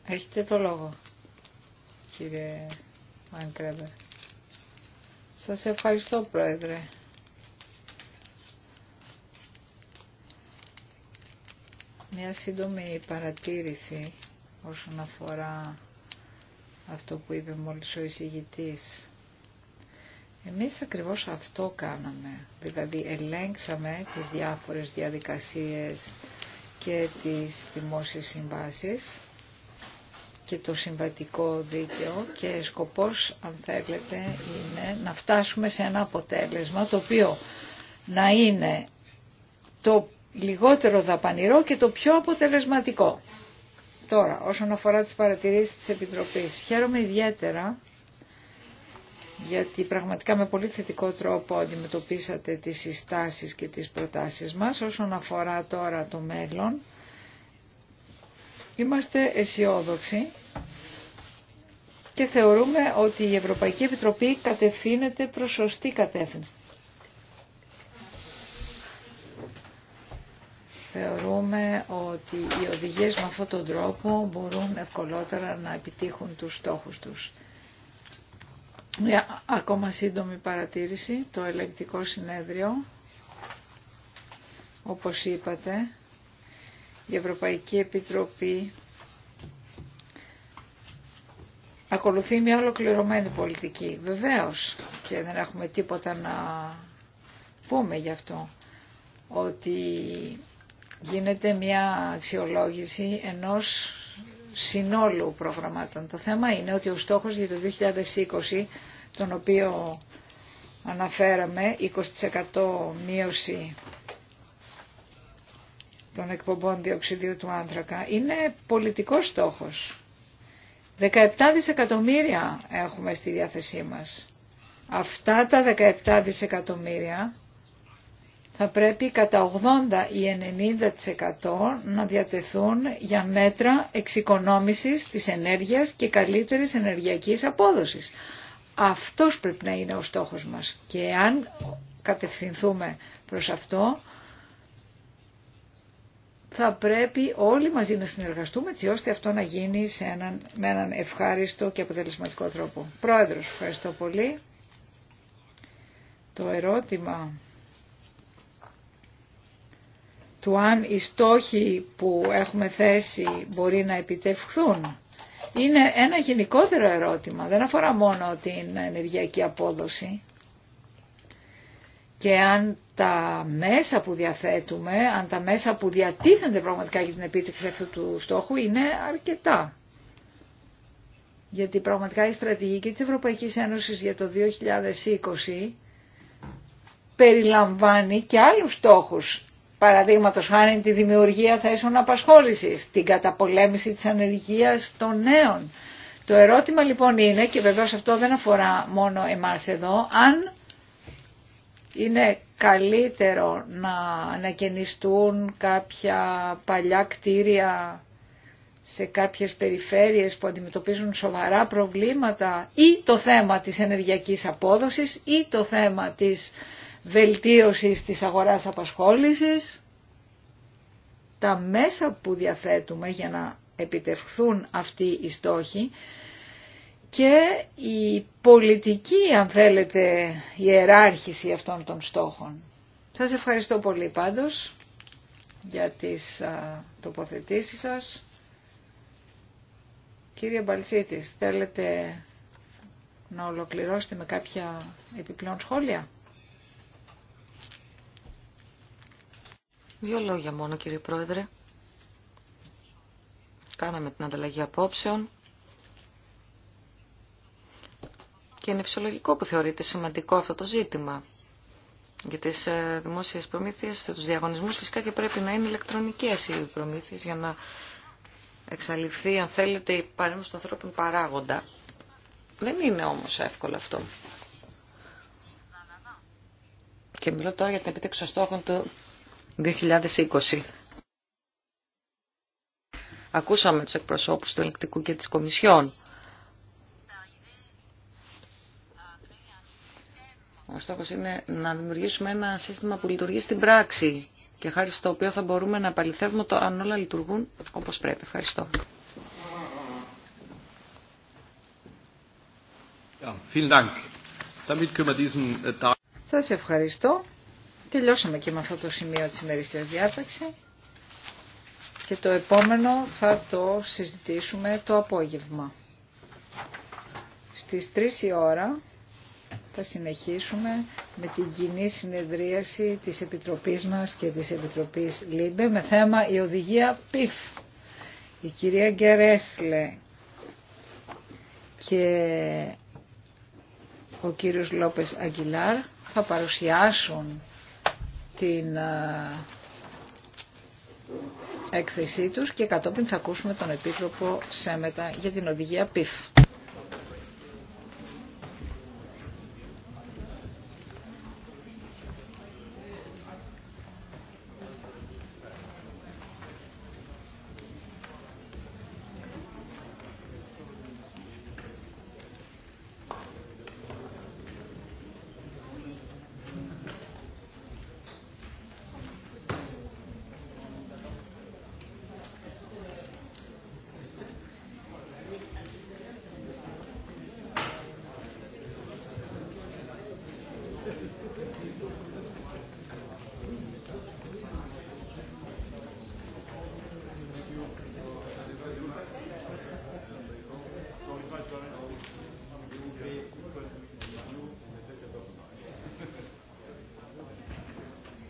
Έχετε το λόγο, κύριε Μανκρέβερ. Σας ευχαριστώ, Πρόεδρε. Μια σύντομη παρατήρηση όσον αφορά αυτό που είπε μόλις ο εισηγητής. Εμείς ακριβώς αυτό κάναμε, δηλαδή ελέγξαμε τις διάφορες διαδικασίες και τις δημόσιες συμβάσεις και το συμβατικό δίκαιο και σκοπός, αν θέλετε, είναι να φτάσουμε σε ένα αποτέλεσμα το οποίο να είναι το λιγότερο δαπανηρό και το πιο αποτελεσματικό. Τώρα, όσον αφορά τις παρατηρήσεις της Επιτροπής, χαίρομαι ιδιαίτερα γιατί πραγματικά με πολύ θετικό τρόπο αντιμετωπίσατε τις συστάσεις και τις προτάσεις μας. Όσον αφορά τώρα το μέλλον, είμαστε αισιόδοξοι και θεωρούμε ότι η Ευρωπαϊκή Επιτροπή κατευθύνεται προς σωστή κατεύθυνση. θεωρούμε ότι οι οδηγίες με αυτόν τον τρόπο μπορούν ευκολότερα να επιτύχουν τους στόχους τους. Μια ακόμα σύντομη παρατήρηση, το ελεγκτικό συνέδριο, όπως είπατε, η Ευρωπαϊκή Επιτροπή ακολουθεί μια ολοκληρωμένη πολιτική. Βεβαίως και δεν έχουμε τίποτα να πούμε γι' αυτό ότι γίνεται μια αξιολόγηση ενός συνόλου προγραμμάτων. Το θέμα είναι ότι ο στόχος για το 2020, τον οποίο αναφέραμε, 20% μείωση των εκπομπών διοξιδίου του άνθρακα, είναι πολιτικός στόχος. 17 δισεκατομμύρια έχουμε στη διάθεσή μας. Αυτά τα 17 δισεκατομμύρια θα πρέπει κατά 80 ή 90% να διατεθούν για μέτρα εξοικονόμησης της ενέργειας και καλύτερης ενεργειακής απόδοσης. Αυτός πρέπει να είναι ο στόχος μας. Και αν κατευθυνθούμε προς αυτό, θα πρέπει όλοι μαζί να συνεργαστούμε έτσι ώστε αυτό να γίνει σε έναν, με έναν ευχάριστο και αποτελεσματικό τρόπο. Πρόεδρος, ευχαριστώ πολύ. Το ερώτημα του αν οι στόχοι που έχουμε θέσει μπορεί να επιτευχθούν. Είναι ένα γενικότερο ερώτημα, δεν αφορά μόνο την ενεργειακή απόδοση και αν τα μέσα που διαθέτουμε, αν τα μέσα που διατίθενται πραγματικά για την επίτευξη αυτού του στόχου είναι αρκετά. Γιατί πραγματικά η στρατηγική της Ευρωπαϊκής Ένωσης για το 2020 περιλαμβάνει και άλλους στόχους Παραδείγματο χάρη τη δημιουργία θέσεων απασχόλησης, την καταπολέμηση της ανεργίας των νέων. Το ερώτημα λοιπόν είναι, και βεβαίως αυτό δεν αφορά μόνο εμάς εδώ, αν είναι καλύτερο να ανακαινιστούν κάποια παλιά κτίρια σε κάποιες περιφέρειες που αντιμετωπίζουν σοβαρά προβλήματα ή το θέμα της ενεργειακής απόδοσης ή το θέμα της βελτίωσης της αγοράς απασχόλησης. Τα μέσα που διαθέτουμε για να επιτευχθούν αυτοί οι στόχοι και η πολιτική, αν θέλετε, ιεράρχηση αυτών των στόχων. Σας ευχαριστώ πολύ πάντως για τις τοποθετήσεις σας. Κύριε Μπαλσίτης, θέλετε να ολοκληρώσετε με κάποια επιπλέον σχόλια. Δύο λόγια μόνο κύριε Πρόεδρε. Κάναμε την ανταλλαγή απόψεων. Και είναι φυσιολογικό που θεωρείται σημαντικό αυτό το ζήτημα. Για τις ε, δημόσιες προμήθειες, τους διαγωνισμούς φυσικά και πρέπει να είναι ηλεκτρονικές οι προμήθειες για να εξαλειφθεί, αν θέλετε, η παρέμβαση του ανθρώπινου παράγοντα. Δεν είναι όμως εύκολο αυτό. Και μιλώ τώρα για την επίτευξη των στόχων του 2020. Ακούσαμε τους εκπροσώπους του Ελεκτικού και της Κομισιόν. Ο στόχος είναι να δημιουργήσουμε ένα σύστημα που λειτουργεί στην πράξη και χάρη στο οποίο θα μπορούμε να επαληθεύουμε το αν όλα λειτουργούν όπως πρέπει. Ευχαριστώ. Äh, Σας ευχαριστώ. Τελειώσαμε και με αυτό το σημείο της ημερήσιας διάταξη και το επόμενο θα το συζητήσουμε το απόγευμα. Στις 3 η ώρα θα συνεχίσουμε με την κοινή συνεδρίαση της Επιτροπής μας και της Επιτροπής ΛΥΜΠΕ με θέμα η οδηγία ΠΙΦ. Η κυρία Γκερέσλε και ο κύριος Λόπες Αγγιλάρ θα παρουσιάσουν την έκθεσή τους και κατόπιν θα ακούσουμε τον Επίτροπο Σέμετα για την οδηγία PIF.